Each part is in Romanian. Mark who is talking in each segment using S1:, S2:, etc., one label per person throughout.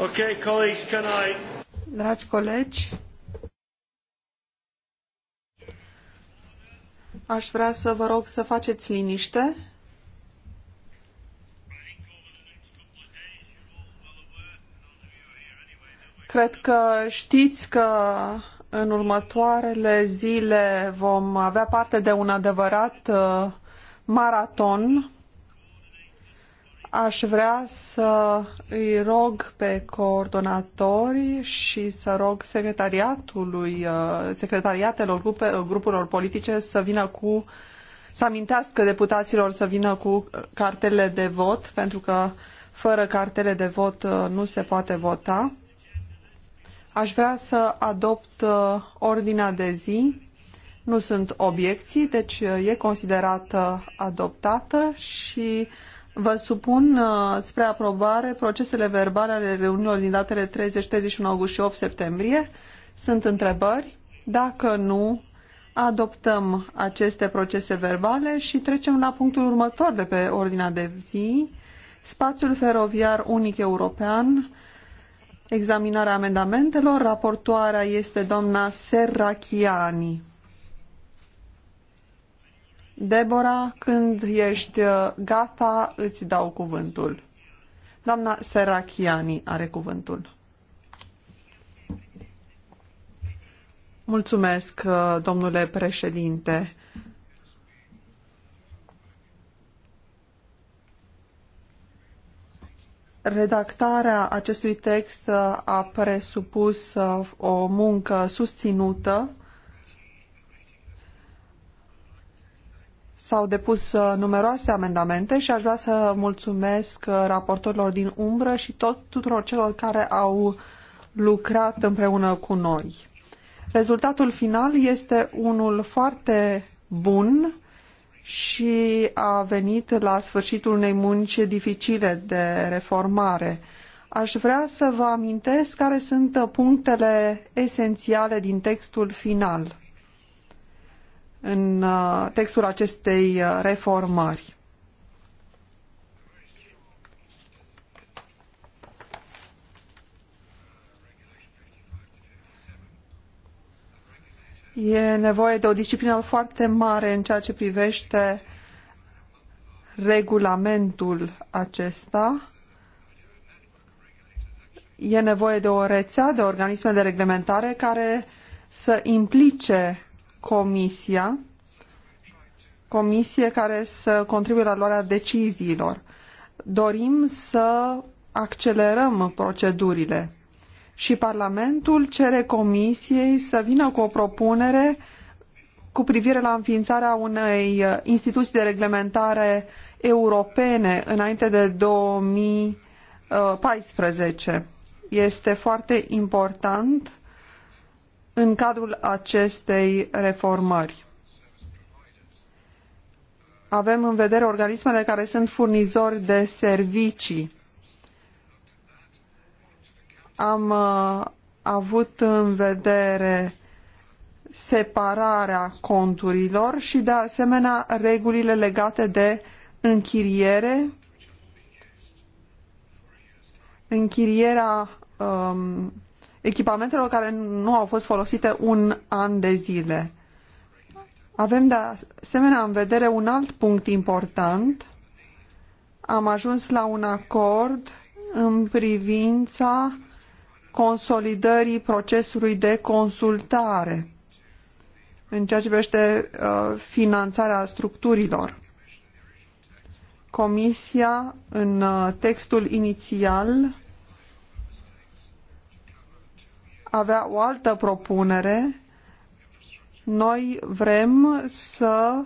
S1: Okay, colleagues, can I...
S2: Dragi colegi, aș vrea să vă rog să faceți liniște. Cred că știți că în următoarele zile vom avea parte de un adevărat uh, maraton Aș vrea să îi rog pe coordonatori și să rog secretariatului, uh, secretariatelor grupe, uh, grupurilor politice să vină cu să amintească deputaților să vină cu cartele de vot, pentru că fără cartele de vot uh, nu se poate vota. Aș vrea să adopt ordinea de zi. Nu sunt obiecții, deci e considerată adoptată și Vă supun uh, spre aprobare procesele verbale ale reuniunilor din datele 30, 31 august și 8 septembrie. Sunt întrebări? Dacă nu, adoptăm aceste procese verbale și trecem la punctul următor de pe ordinea de zi, spațiul feroviar unic european, examinarea amendamentelor, raportoarea este doamna Serrachiani. Debora, când ești uh, gata, îți dau cuvântul. Doamna Serachiani are cuvântul. Mulțumesc, uh, domnule președinte. Redactarea acestui text uh, a presupus o muncă susținută S-au depus uh, numeroase amendamente și aș vrea să mulțumesc uh, raportorilor din umbră și tot, tuturor celor care au lucrat împreună cu noi. Rezultatul final este unul foarte bun și a venit la sfârșitul unei munci dificile de reformare. Aș vrea să vă amintesc care sunt punctele esențiale din textul final în uh, textul acestei uh, reformări. E nevoie de o disciplină foarte mare în ceea ce privește regulamentul acesta. E nevoie de o rețea de organisme de reglementare care să implice comisia, comisie care să contribuie la luarea deciziilor. Dorim să accelerăm procedurile și Parlamentul cere comisiei să vină cu o propunere cu privire la înființarea unei instituții de reglementare europene înainte de 2014. Uh, este foarte important în cadrul acestei reformări. Avem în vedere organismele care sunt furnizori de servicii. Am uh, avut în vedere separarea conturilor și, de asemenea, regulile legate de închiriere, închirierea um, echipamentelor care nu au fost folosite un an de zile. Avem de asemenea în vedere un alt punct important. Am ajuns la un acord în privința consolidării procesului de consultare în ceea ce privește uh, finanțarea structurilor. Comisia, în uh, textul inițial, avea o altă propunere. Noi vrem să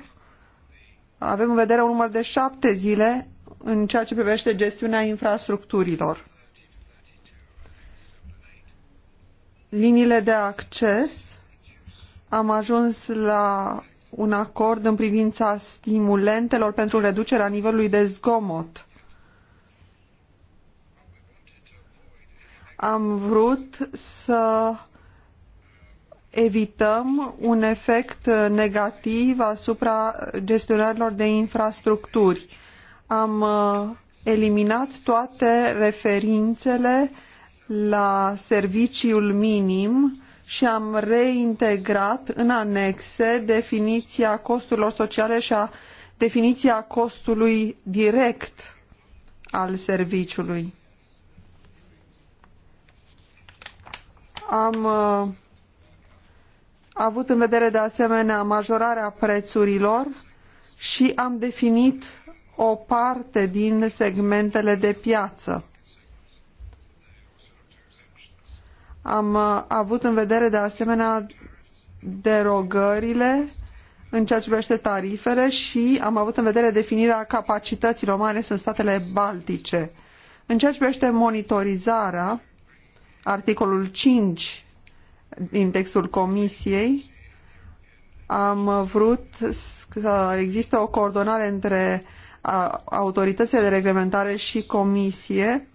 S2: avem în vedere un număr de șapte zile în ceea ce privește gestiunea infrastructurilor. Liniile de acces, am ajuns la un acord în privința stimulentelor pentru reducerea nivelului de zgomot. am vrut să evităm un efect negativ asupra gestionarilor de infrastructuri. Am uh, eliminat toate referințele la serviciul minim și am reintegrat în anexe definiția costurilor sociale și a definiția costului direct al serviciului. Am uh, avut în vedere de asemenea majorarea prețurilor și am definit o parte din segmentele de piață. Am uh, avut în vedere de asemenea derogările în ceea ce privește tarifele și am avut în vedere definirea capacităților, mai ales în statele baltice. În ceea ce privește monitorizarea, articolul 5 din textul comisiei, am vrut să există o coordonare între autoritățile de reglementare și comisie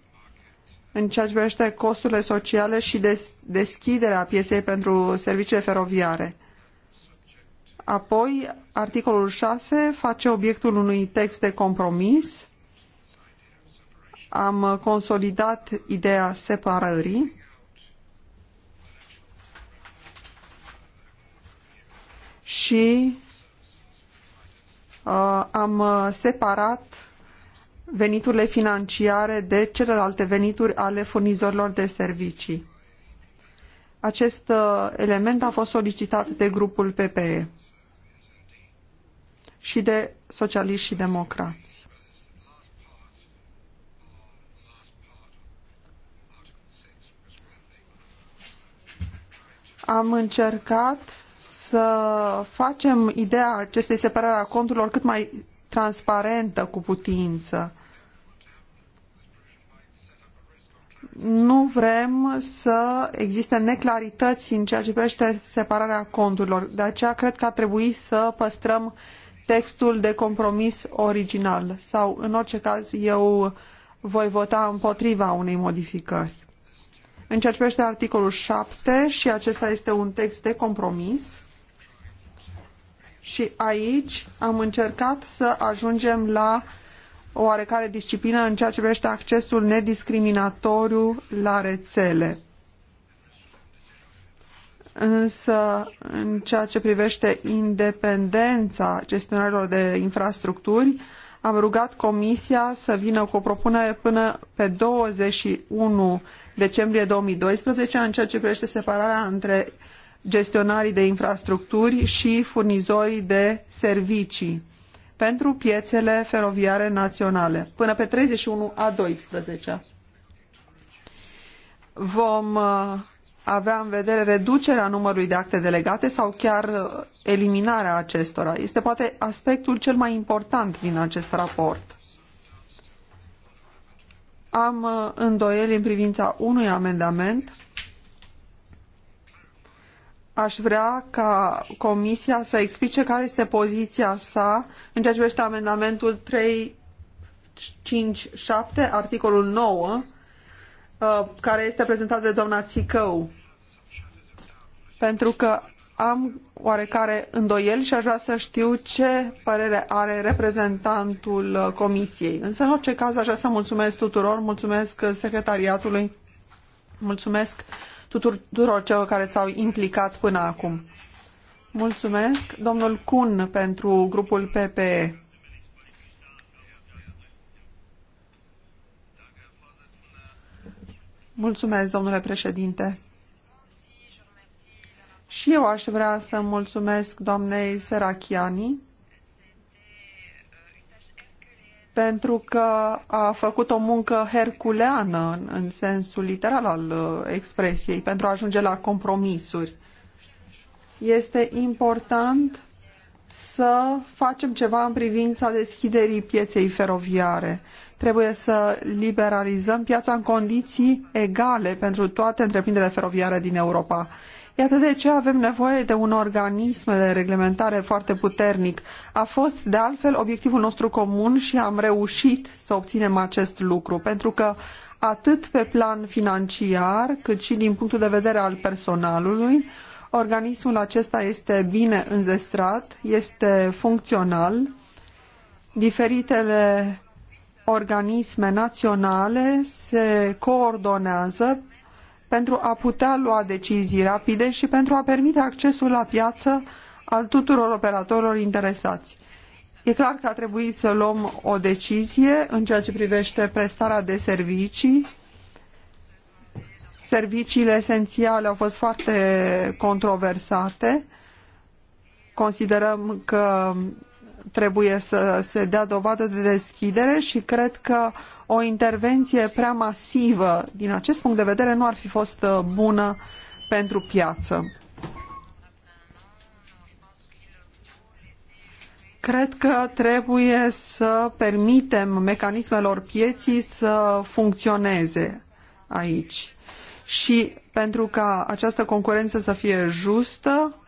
S2: în ceea ce privește costurile sociale și deschiderea pieței pentru serviciile feroviare. Apoi, articolul 6 face obiectul unui text de compromis. Am consolidat ideea separării. și uh, am uh, separat veniturile financiare de celelalte venituri ale furnizorilor de servicii. Acest uh, element a fost solicitat de grupul PPE și de socialiști și democrați. Am încercat să facem ideea acestei separări a conturilor cât mai transparentă cu putință. Nu vrem să existe neclarități în ceea ce privește separarea conturilor. De aceea cred că ar trebui să păstrăm textul de compromis original sau, în orice caz, eu voi vota împotriva unei modificări. În ceea ce privește articolul 7, și acesta este un text de compromis, și aici am încercat să ajungem la o oarecare disciplină în ceea ce privește accesul nediscriminatoriu la rețele. Însă, în ceea ce privește independența gestionarilor de infrastructuri, am rugat Comisia să vină cu o propunere până pe 21 decembrie 2012 în ceea ce privește separarea între gestionarii de infrastructuri și furnizorii de servicii pentru piețele feroviare naționale până pe 31 a 12 Vom uh, avea în vedere reducerea numărului de acte delegate sau chiar uh, eliminarea acestora. Este poate aspectul cel mai important din acest raport. Am uh, îndoieli în privința unui amendament aș vrea ca Comisia să explice care este poziția sa în ceea ce privește amendamentul 357, articolul 9, uh, care este prezentat de doamna Țicău. Pentru că am oarecare îndoieli și aș vrea să știu ce părere are reprezentantul uh, Comisiei. Însă, în orice caz, aș vrea să mulțumesc tuturor, mulțumesc secretariatului, mulțumesc uh, tuturor, celor care s-au implicat până acum. Mulțumesc, domnul Kun, pentru grupul PPE. Mulțumesc, domnule președinte. Și eu aș vrea să mulțumesc doamnei Serachiani pentru că a făcut o muncă herculeană în sensul literal al uh, expresiei pentru a ajunge la compromisuri. Este important să facem ceva în privința deschiderii pieței feroviare. Trebuie să liberalizăm piața în condiții egale pentru toate întreprinderile feroviare din Europa. Iată de ce avem nevoie de un organism de reglementare foarte puternic. A fost, de altfel, obiectivul nostru comun și am reușit să obținem acest lucru, pentru că atât pe plan financiar, cât și din punctul de vedere al personalului, organismul acesta este bine înzestrat, este funcțional, diferitele organisme naționale se coordonează pentru a putea lua decizii rapide și pentru a permite accesul la piață al tuturor operatorilor interesați. E clar că a trebuit să luăm o decizie în ceea ce privește prestarea de servicii. Serviciile esențiale au fost foarte controversate. Considerăm că trebuie să se dea dovadă de deschidere și cred că o intervenție prea masivă din acest punct de vedere nu ar fi fost uh, bună pentru piață. Cred că trebuie să permitem mecanismelor pieții să funcționeze aici. Și pentru ca această concurență să fie justă,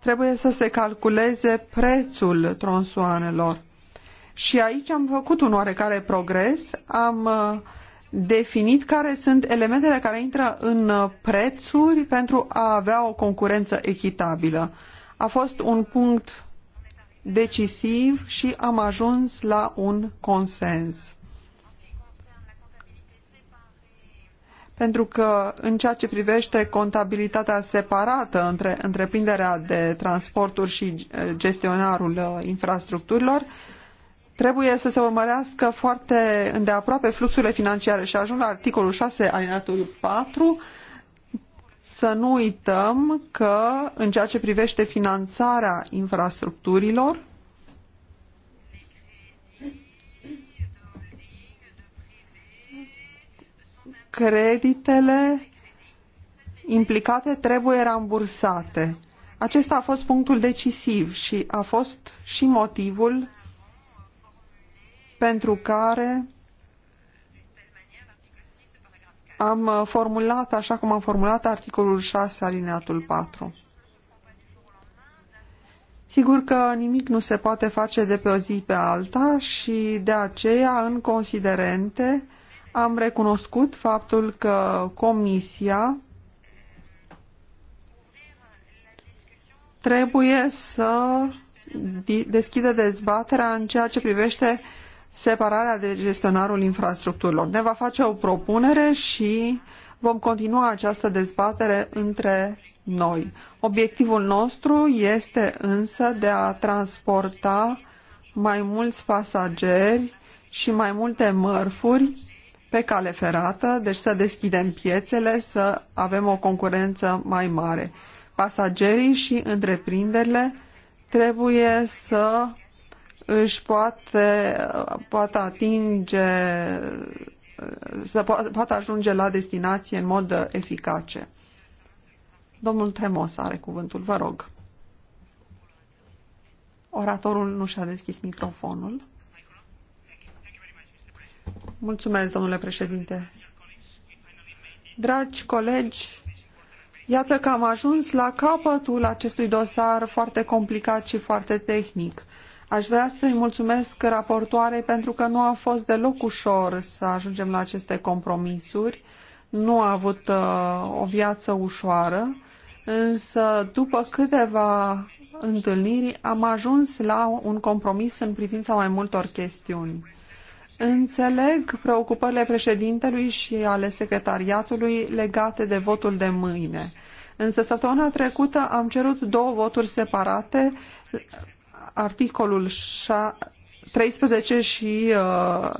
S2: trebuie să se calculeze prețul tronsoanelor. Și aici am făcut un oarecare progres, am uh, definit care sunt elementele care intră în uh, prețuri pentru a avea o concurență echitabilă. A fost un punct decisiv și am ajuns la un consens. pentru că în ceea ce privește contabilitatea separată între întreprinderea de transporturi și uh, gestionarul uh, infrastructurilor, trebuie să se urmărească foarte îndeaproape fluxurile financiare și ajung la articolul 6 alineatul 4 să nu uităm că în ceea ce privește finanțarea infrastructurilor creditele implicate trebuie rambursate. Acesta a fost punctul decisiv și a fost și motivul pentru care am formulat, așa cum am formulat, articolul 6, alineatul 4. Sigur că nimic nu se poate face de pe o zi pe alta și de aceea, în considerente, am recunoscut faptul că Comisia trebuie să deschidă dezbaterea în ceea ce privește separarea de gestionarul infrastructurilor. Ne va face o propunere și vom continua această dezbatere între noi. Obiectivul nostru este însă de a transporta mai mulți pasageri și mai multe mărfuri pe cale ferată, deci să deschidem piețele, să avem o concurență mai mare. Pasagerii și întreprinderile trebuie să își poate, poate atinge, să po- poată ajunge la destinație în mod eficace. Domnul Tremos are cuvântul, vă rog. Oratorul nu și-a deschis microfonul. Mulțumesc, domnule președinte. Dragi colegi, iată că am ajuns la capătul acestui dosar foarte complicat și foarte tehnic. Aș vrea să-i mulțumesc raportoarei pentru că nu a fost deloc ușor să ajungem la aceste compromisuri. Nu a avut uh, o viață ușoară, însă după câteva întâlniri am ajuns la un compromis în privința mai multor chestiuni. Înțeleg preocupările președintelui și ale secretariatului legate de votul de mâine. Însă săptămâna trecută am cerut două voturi separate, articolul 13 și uh,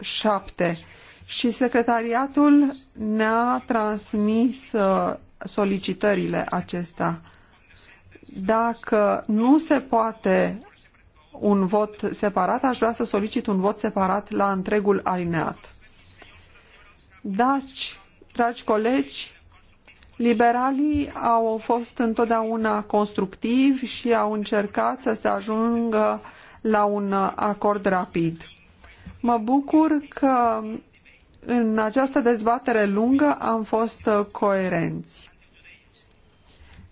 S2: 7. Și secretariatul ne-a transmis uh, solicitările acestea. Dacă nu se poate un vot separat, aș vrea să solicit un vot separat la întregul alineat. Daci, dragi colegi, liberalii au fost întotdeauna constructivi și au încercat să se ajungă la un acord rapid. Mă bucur că în această dezbatere lungă am fost coerenți.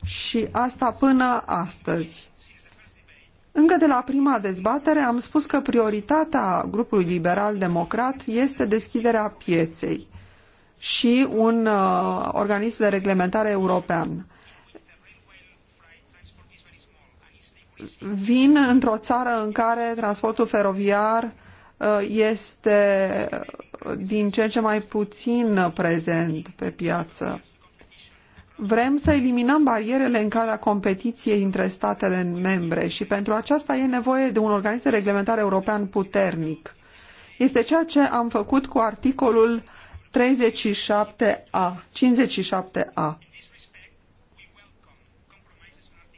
S2: Și asta până astăzi. Încă de la prima dezbatere am spus că prioritatea grupului liberal-democrat este deschiderea pieței și un uh, organism de reglementare european. Vin într-o țară în care transportul feroviar uh, este din ce în ce mai puțin prezent pe piață. Vrem să eliminăm barierele în calea competiției între statele membre și pentru aceasta e nevoie de un organism de reglementare european puternic. Este ceea ce am făcut cu articolul 37A, 57A.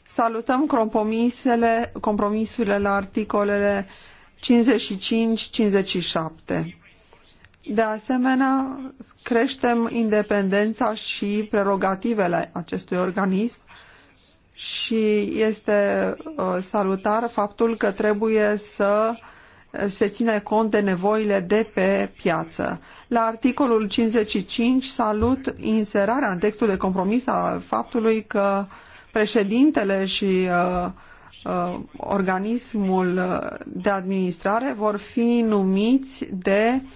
S2: Salutăm compromisele, compromisurile la articolele 55-57. De asemenea, creștem independența și prerogativele acestui organism și este uh, salutar faptul că trebuie să se ține cont de nevoile de pe piață. La articolul 55 salut inserarea în textul de compromis a faptului că președintele și uh, uh, organismul de administrare vor fi numiți de uh,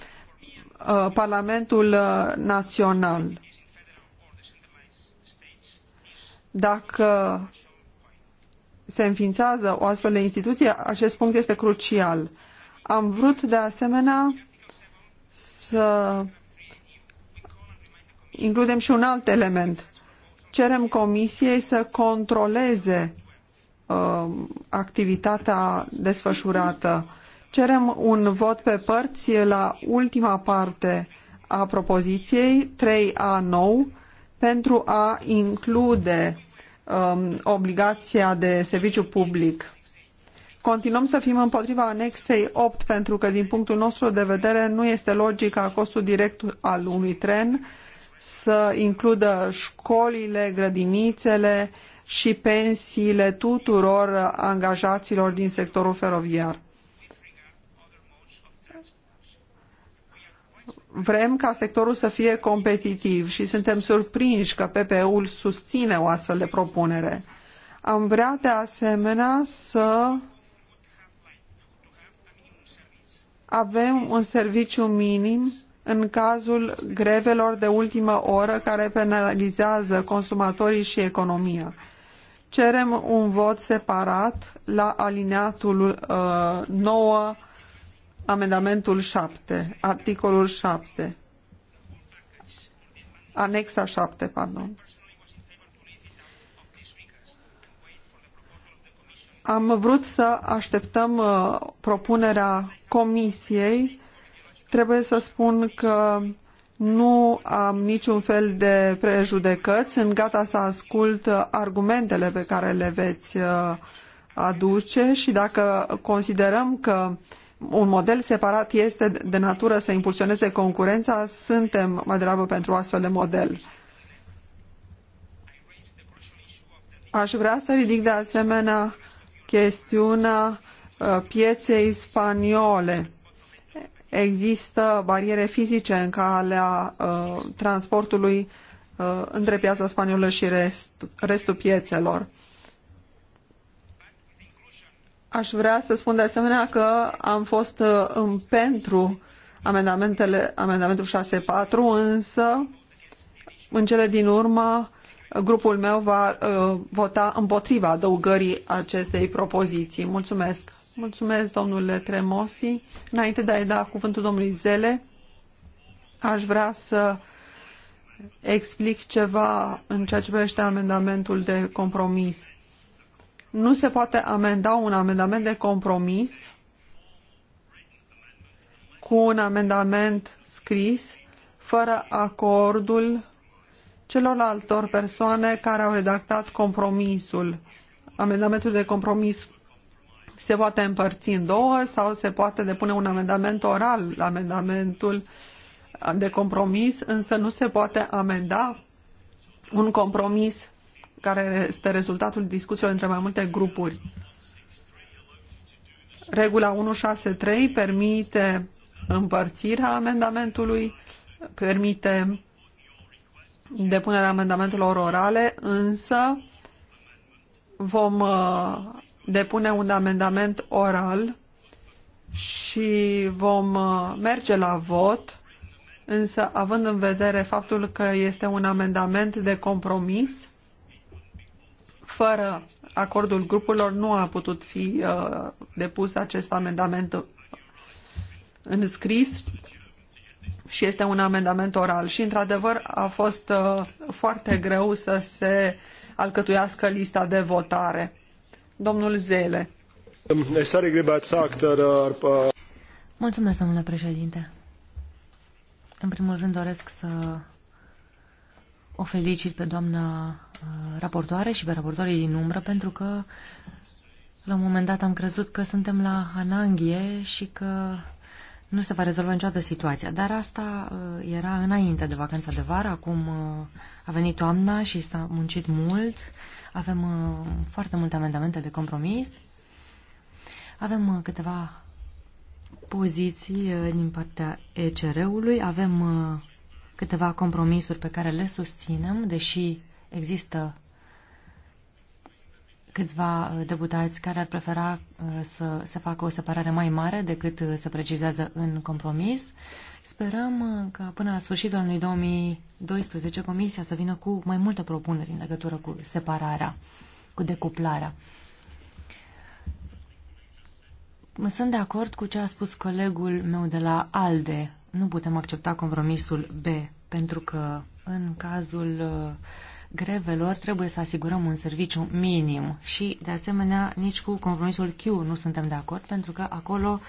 S2: Uh, Parlamentul uh, Național. Dacă se înființează o astfel de instituție, acest punct este crucial. Am vrut de asemenea să includem și un alt element. Cerem comisiei să controleze uh, activitatea desfășurată. Cerem un vot pe părți la ultima parte a propoziției 3A9 pentru a include um, obligația de serviciu public. Continuăm să fim împotriva anexei 8 pentru că din punctul nostru de vedere nu este logic ca costul direct al unui tren să includă școlile, grădinițele și pensiile tuturor angajaților din sectorul feroviar. Vrem ca sectorul să fie competitiv și suntem surprinși că PPE-ul susține o astfel de propunere. Am vrea de asemenea să avem un serviciu minim în cazul grevelor de ultimă oră care penalizează consumatorii și economia. Cerem un vot separat la alineatul uh, 9 amendamentul 7, articolul 7, anexa 7, pardon. Am vrut să așteptăm uh, propunerea comisiei. Trebuie să spun că nu am niciun fel de prejudecăți. Sunt gata să ascult uh, argumentele pe care le veți uh, aduce și dacă considerăm că uh, un model separat este de natură să impulsioneze concurența, suntem mai degrabă pentru astfel de model. Aș vrea să ridic de asemenea chestiunea uh, pieței spaniole. Există bariere fizice în calea uh, transportului uh, între piața spaniolă și rest, restul piețelor. Aș vrea să spun de asemenea că am fost uh, în pentru amendamentele, amendamentul 6.4, însă în cele din urmă grupul meu va uh, vota împotriva adăugării acestei propoziții. Mulțumesc. Mulțumesc, domnule Tremosi. Înainte de a-i da cuvântul domnului Zele, aș vrea să explic ceva în ceea ce privește amendamentul de compromis nu se poate amenda un amendament de compromis cu un amendament scris fără acordul celorlaltor persoane care au redactat compromisul. Amendamentul de compromis se poate împărți în două sau se poate depune un amendament oral la amendamentul de compromis, însă nu se poate amenda un compromis care este rezultatul discuțiilor între mai multe grupuri. Regula 163 permite împărțirea amendamentului, permite depunerea amendamentelor orale, însă vom uh, depune un amendament oral și vom uh, merge la vot, însă având în vedere faptul că este un amendament de compromis, fără acordul grupurilor nu a putut fi uh, depus acest amendament în scris și este un amendament oral. Și, într-adevăr, a fost uh, foarte greu să se alcătuiască lista de votare. Domnul Zele.
S3: Uh,
S4: Mulțumesc, domnule președinte. În primul rând doresc să o felicit pe doamna raportoare și pe raportoarei din umbră pentru că la un moment dat am crezut că suntem la ananghie și că nu se va rezolva niciodată situația. Dar asta uh, era înainte de vacanța de vară, acum uh, a venit toamna și s-a muncit mult, avem uh, foarte multe amendamente de compromis, avem câteva poziții din partea ECR-ului, avem câteva compromisuri pe care le susținem, deși Există câțiva uh, deputați care ar prefera uh, să se facă o separare mai mare decât uh, se precizează în compromis. Sperăm că până la sfârșitul anului 2012 Comisia să vină cu mai multe propuneri în legătură cu separarea, cu decuplarea. Sunt de acord cu ce a spus colegul meu de la ALDE. Nu putem accepta compromisul B, pentru că în cazul uh, grevelor trebuie să asigurăm un serviciu minim și, de asemenea, nici cu compromisul Q nu suntem de acord, pentru că acolo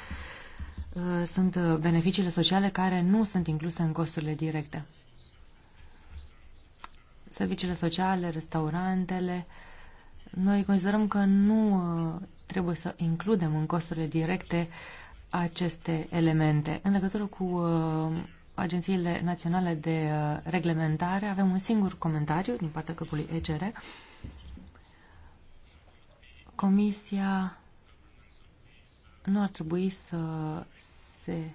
S4: uh, sunt beneficiile sociale care nu sunt incluse în costurile directe. Serviciile sociale, restaurantele, noi considerăm că nu uh, trebuie să includem în costurile directe aceste elemente. În legătură cu uh, agențiile naționale de uh, reglementare, avem un singur comentariu din partea grupului ECR. Comisia nu ar trebui să se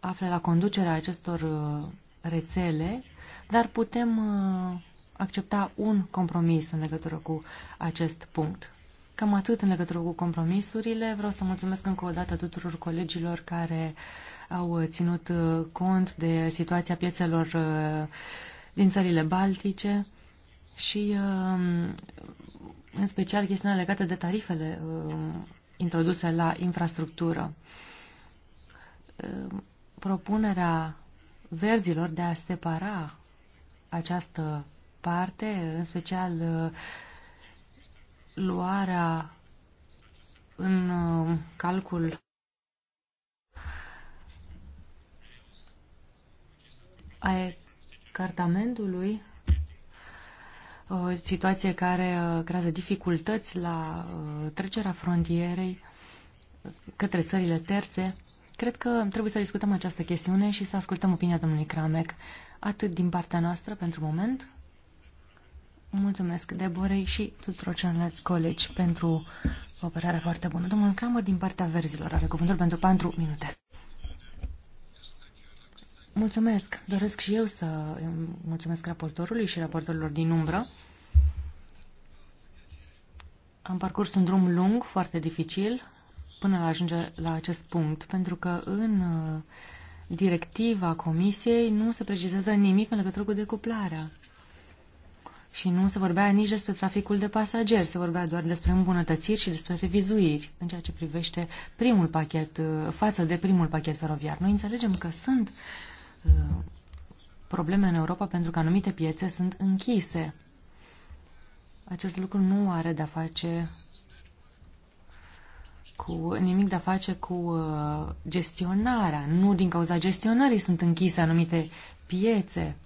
S4: afle la conducerea acestor uh, rețele, dar putem uh, accepta un compromis în legătură cu acest punct. Cam atât în legătură cu compromisurile. Vreau să mulțumesc încă o dată tuturor colegilor care uh, au uh, ținut uh, cont de situația piețelor uh, din țările baltice și um, în special chestiunea legată de tarifele introduse la infrastructură. Propunerea verzilor de a separa această parte, în special luarea în calcul a cartamentului, o situație care uh, creează dificultăți la uh, trecerea frontierei uh, către țările terțe. Cred că trebuie să discutăm această chestiune și să ascultăm opinia domnului Cramec. Atât din partea noastră pentru moment. Mulțumesc Deborei și tuturor celorlalți colegi pentru o operare foarte bună. Domnul Kramer din partea verzilor are cuvântul pentru 4 minute. Mulțumesc. Doresc și eu să mulțumesc raportorului și raportorilor din umbră. Am parcurs un drum lung, foarte dificil, până la ajunge la acest punct, pentru că în uh, directiva Comisiei nu se precizează nimic în legătură cu decuplarea. Și nu se vorbea nici despre traficul de pasageri, se vorbea doar despre îmbunătățiri și despre revizuiri în ceea ce privește primul pachet, uh, față de primul pachet feroviar. Noi înțelegem că sunt uh, Uh, probleme în Europa pentru că anumite piețe sunt închise. Acest lucru nu are de-a face cu nimic de-a face cu uh, gestionarea. Nu din cauza gestionării sunt închise anumite piețe.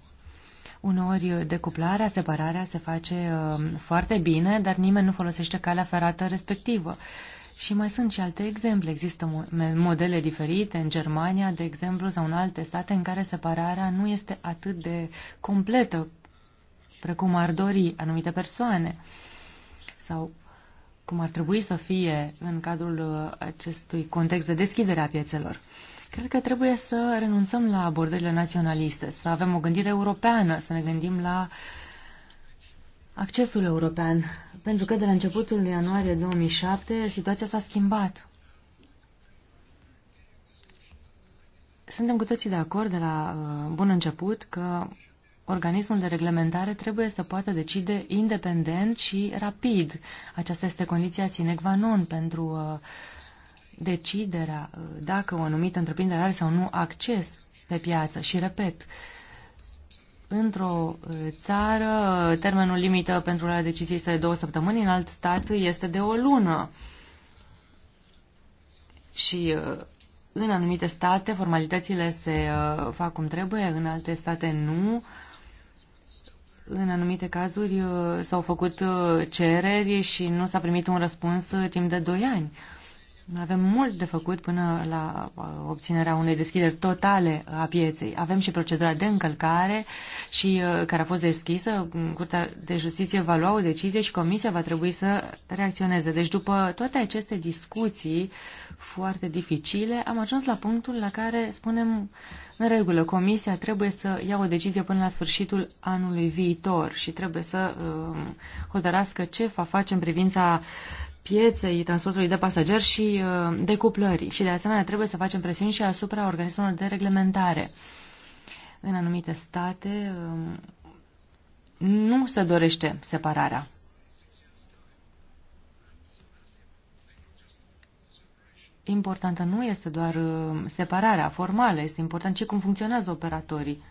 S4: Uneori uh, decuplarea, separarea se face foarte bine, dar nimeni nu folosește calea ferată respectivă. Uh, și mai sunt și alte exemple. Există modele diferite în Germania, de exemplu, sau în alte state în care separarea nu este atât de completă precum ar dori anumite persoane sau cum ar trebui să fie în cadrul uh, acestui context de deschidere a piețelor. Cred că trebuie să renunțăm la abordările naționaliste, să avem o gândire europeană, să ne gândim la uh, accesul european, pentru că de la începutul lui ianuarie 2007 situația s-a schimbat. Suntem cu toții de acord de la uh, bun început că organismul de reglementare trebuie să poată decide independent și rapid. Aceasta este condiția sine qua non pentru uh, deciderea uh, dacă o anumită întreprindere are sau nu acces pe piață. Și repet, într-o uh, țară termenul limită pentru la decizie este de două săptămâni, în alt stat este de o lună. Și uh, în anumite state formalitățile se uh, fac cum trebuie, în alte state nu. În anumite cazuri s-au făcut cereri și nu s-a primit un răspuns timp de doi ani. Avem mult de făcut până la uh, obținerea unei deschideri totale a pieței. Avem și procedura de încălcare și uh, care a fost deschisă. Curtea de Justiție va lua o decizie și Comisia va trebui să reacționeze. Deci după toate aceste discuții foarte dificile, am ajuns la punctul la care spunem în regulă, Comisia trebuie să ia o decizie până la sfârșitul anului viitor și trebuie să uh, hotărască ce va face în privința pieței transportului de pasageri și uh, decuplării. Și de asemenea trebuie să facem presiuni și asupra organismelor de reglementare. În anumite state um, nu se dorește separarea. Importantă nu este doar uh, separarea formală, este important și cum funcționează operatorii.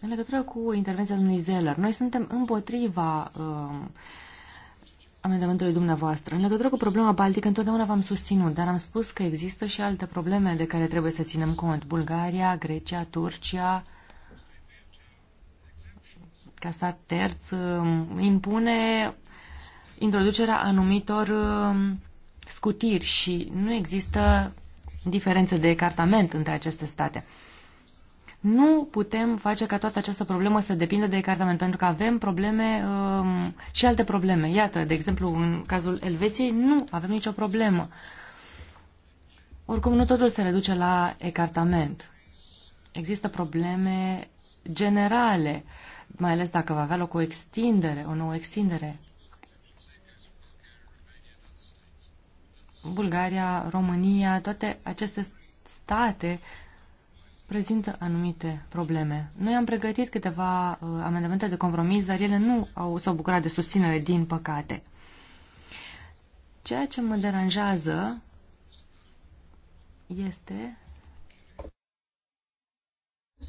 S4: În legătură cu intervenția domnului Zeller, noi suntem împotriva uh, amendamentului dumneavoastră. În legătură cu problema baltică, întotdeauna v-am susținut, dar am spus că există și alte probleme de care trebuie să ținem cont. Bulgaria, Grecia, Turcia, ca terț, um, impune introducerea anumitor um, scutiri și nu există diferențe de cartament între aceste state. Nu putem face ca toată această problemă să depindă de ecartament, pentru că avem probleme um, și alte probleme. Iată, de exemplu, în cazul Elveției nu avem nicio problemă. Oricum, nu totul se reduce la ecartament. Există probleme generale, mai ales dacă va avea loc o extindere, o nouă extindere Bulgaria, România, toate aceste state prezintă anumite probleme. Noi am pregătit câteva uh, amendamente de compromis, dar ele nu au, s-au bucurat de susținere, din păcate. Ceea ce mă deranjează este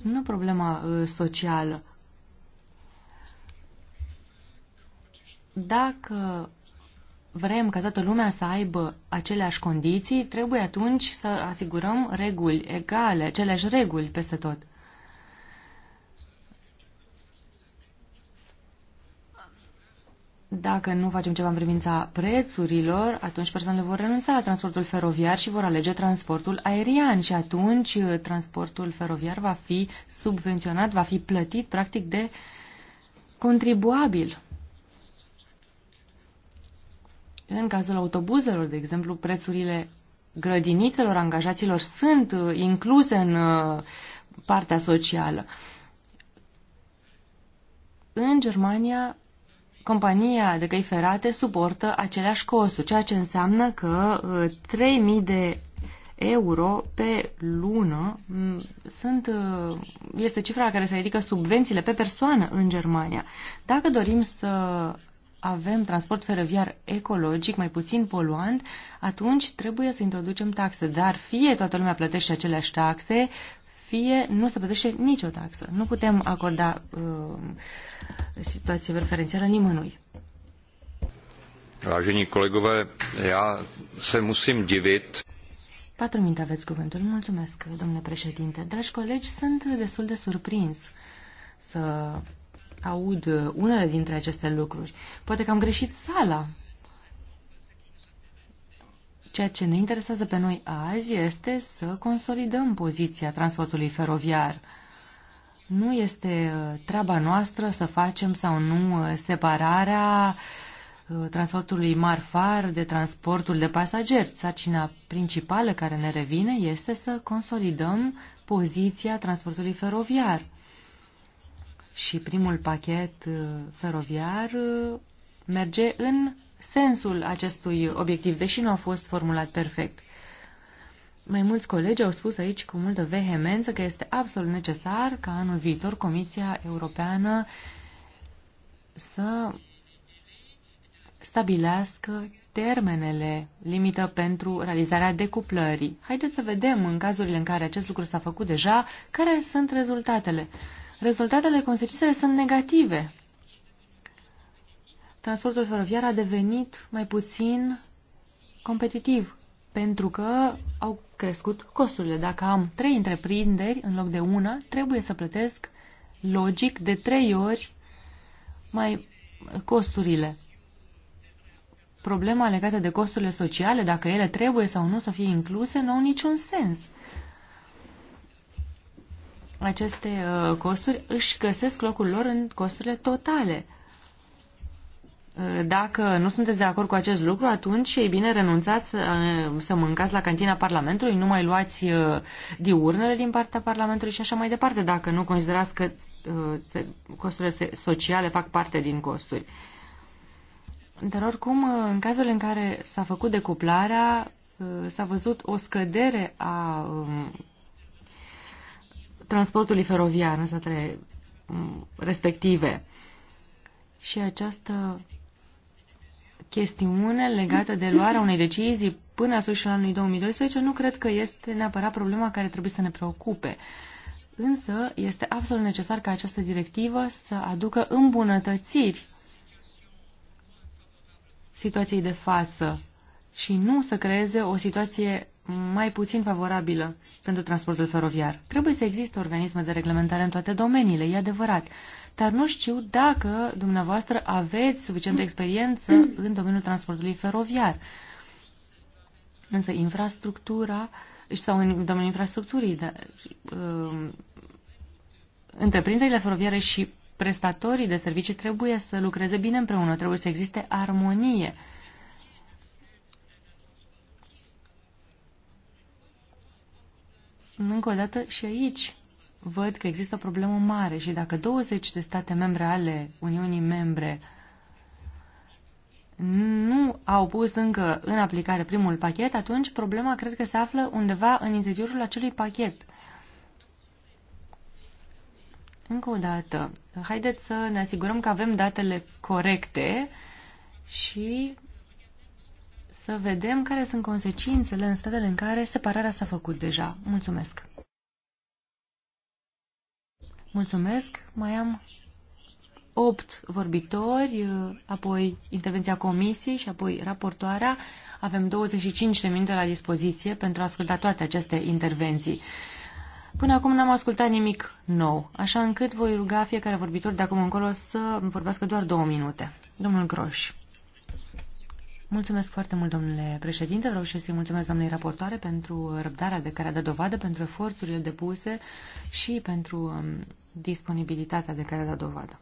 S4: nu problema uh, socială. Dacă vrem ca toată lumea să aibă aceleași condiții, trebuie atunci să asigurăm reguli egale, aceleași reguli peste tot. Dacă nu facem ceva în privința prețurilor, atunci persoanele vor renunța la transportul feroviar și vor alege transportul aerian și atunci uh, transportul feroviar va fi subvenționat, va fi plătit practic de contribuabil. În cazul autobuzelor, de exemplu, prețurile grădinițelor angajaților sunt uh, incluse în uh, partea socială. În Germania, compania de căi ferate suportă aceleași costuri, ceea ce înseamnă că 3.000 uh, de euro pe lună mm, sunt, este cifra care se ridică subvențiile pe persoană în Germania. Dacă dorim să avem transport feroviar ecologic, mai puțin poluant, atunci trebuie să introducem taxe. Dar fie toată lumea plătește aceleași taxe, fie nu se plătește nicio taxă. Nu putem acorda uh, situație preferențială nimănui.
S1: Vážení kolegové, já se musím divit.
S4: Patru minute aveți cuvântul. Mulțumesc, domnule președinte. Dragi colegi, sunt destul de surprins să aud uh, unele dintre aceste lucruri. Poate că am greșit sala. Ceea ce ne interesează pe noi azi este să consolidăm poziția transportului feroviar. Nu este uh, treaba noastră să facem sau nu uh, separarea transportului marfar de transportul de pasageri. Sarcina principală care ne revine este să consolidăm poziția transportului feroviar și primul pachet uh, feroviar uh, merge în sensul acestui obiectiv, deși nu a fost formulat perfect. Mai mulți colegi au spus aici cu multă vehemență că este absolut necesar ca anul viitor Comisia Europeană să stabilească termenele limită pentru realizarea decuplării. Haideți să vedem, în cazurile în care acest lucru s-a făcut deja, care sunt rezultatele rezultatele, consecințele sunt negative. Transportul feroviar a devenit mai puțin competitiv pentru că au crescut costurile. Dacă am trei întreprinderi în loc de una, trebuie să plătesc logic de trei ori mai costurile. Problema legată de costurile sociale, dacă ele trebuie sau nu să fie incluse, nu au niciun sens aceste uh, costuri își găsesc locul lor în costurile totale. Uh, dacă nu sunteți de acord cu acest lucru, atunci e bine renunțați să, uh, să mâncați la cantina Parlamentului, nu mai luați diurnele din partea Parlamentului și așa mai departe, dacă nu considerați că costurile sociale fac parte din costuri. Dar oricum, în cazul în care s-a făcut decuplarea, s-a văzut o scădere a um, transportului feroviar în statele mm, respective. Și această chestiune legată de luarea unei decizii până la sfârșitul anului 2012 nu cred că este neapărat problema care trebuie să ne preocupe. Însă este absolut necesar ca această directivă să aducă îmbunătățiri situației de față și nu să creeze o situație mai puțin favorabilă pentru transportul feroviar. Trebuie să existe organisme de reglementare în toate domeniile, e adevărat, dar nu știu dacă dumneavoastră aveți suficientă experiență în domeniul transportului feroviar. Însă infrastructura sau în domeniul infrastructurii, de, da, uh, um, întreprinderile feroviare și prestatorii de servicii trebuie să lucreze bine împreună, trebuie să existe armonie uh, Încă o dată și aici văd că există o problemă mare și dacă 20 de state membre ale Uniunii membre nu au pus încă în aplicare primul pachet, atunci problema cred că se află undeva în interiorul acelui pachet. Încă o dată, haideți să ne asigurăm că avem datele corecte și să vedem care sunt consecințele în statele în care separarea s-a făcut deja. Mulțumesc! Mulțumesc! Mai am opt vorbitori, apoi intervenția comisiei și apoi raportoarea. Avem 25 de minute la dispoziție pentru a asculta toate aceste intervenții. Până acum n-am ascultat nimic nou, așa încât voi ruga fiecare vorbitor de acum încolo să vorbească doar două minute. Domnul Groș. Mulțumesc foarte mult, domnule președinte. Vreau și să-i mulțumesc doamnei raportoare pentru răbdarea de care a dat dovadă, pentru eforturile depuse și pentru um, disponibilitatea de care a dat dovadă.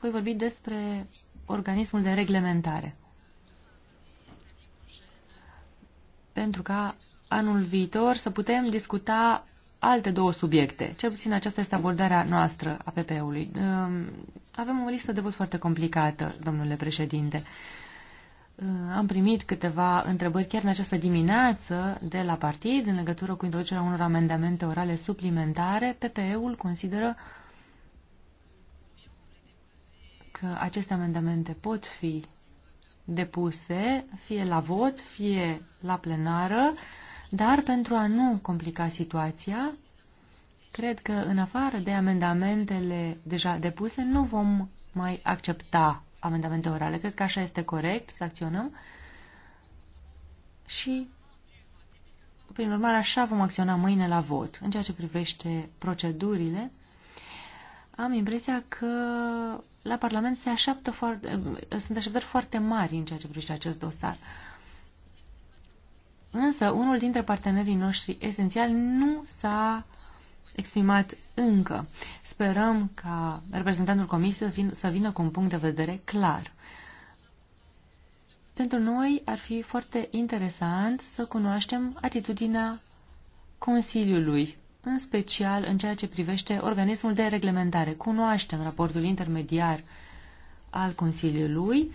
S4: Voi vorbi despre organismul de reglementare. Pentru ca anul viitor să putem discuta alte două subiecte. Cel puțin aceasta este abordarea noastră a PP-ului. Ehm, avem o listă de vot foarte complicată, domnule președinte. Ehm, am primit câteva întrebări chiar în această dimineață de la partid în legătură cu introducerea unor amendamente orale suplimentare. PPE-ul consideră că aceste amendamente pot fi depuse fie la vot, fie la plenară dar pentru a nu complica situația, cred că în afară de amendamentele deja depuse, nu vom mai accepta amendamente orale. Cred că așa este corect să acționăm și, prin urmare, așa vom acționa mâine la vot. În ceea ce privește procedurile, am impresia că la Parlament se așteaptă foarte, sunt așteptări foarte mari în ceea ce privește acest dosar. Însă, unul dintre partenerii noștri esențiali nu s-a exprimat încă. Sperăm ca reprezentantul comisiei să, vin, să vină cu un punct de vedere clar. Pentru noi ar fi foarte interesant să cunoaștem atitudinea Consiliului, în special în ceea ce privește organismul de reglementare. Cunoaștem raportul intermediar al Consiliului,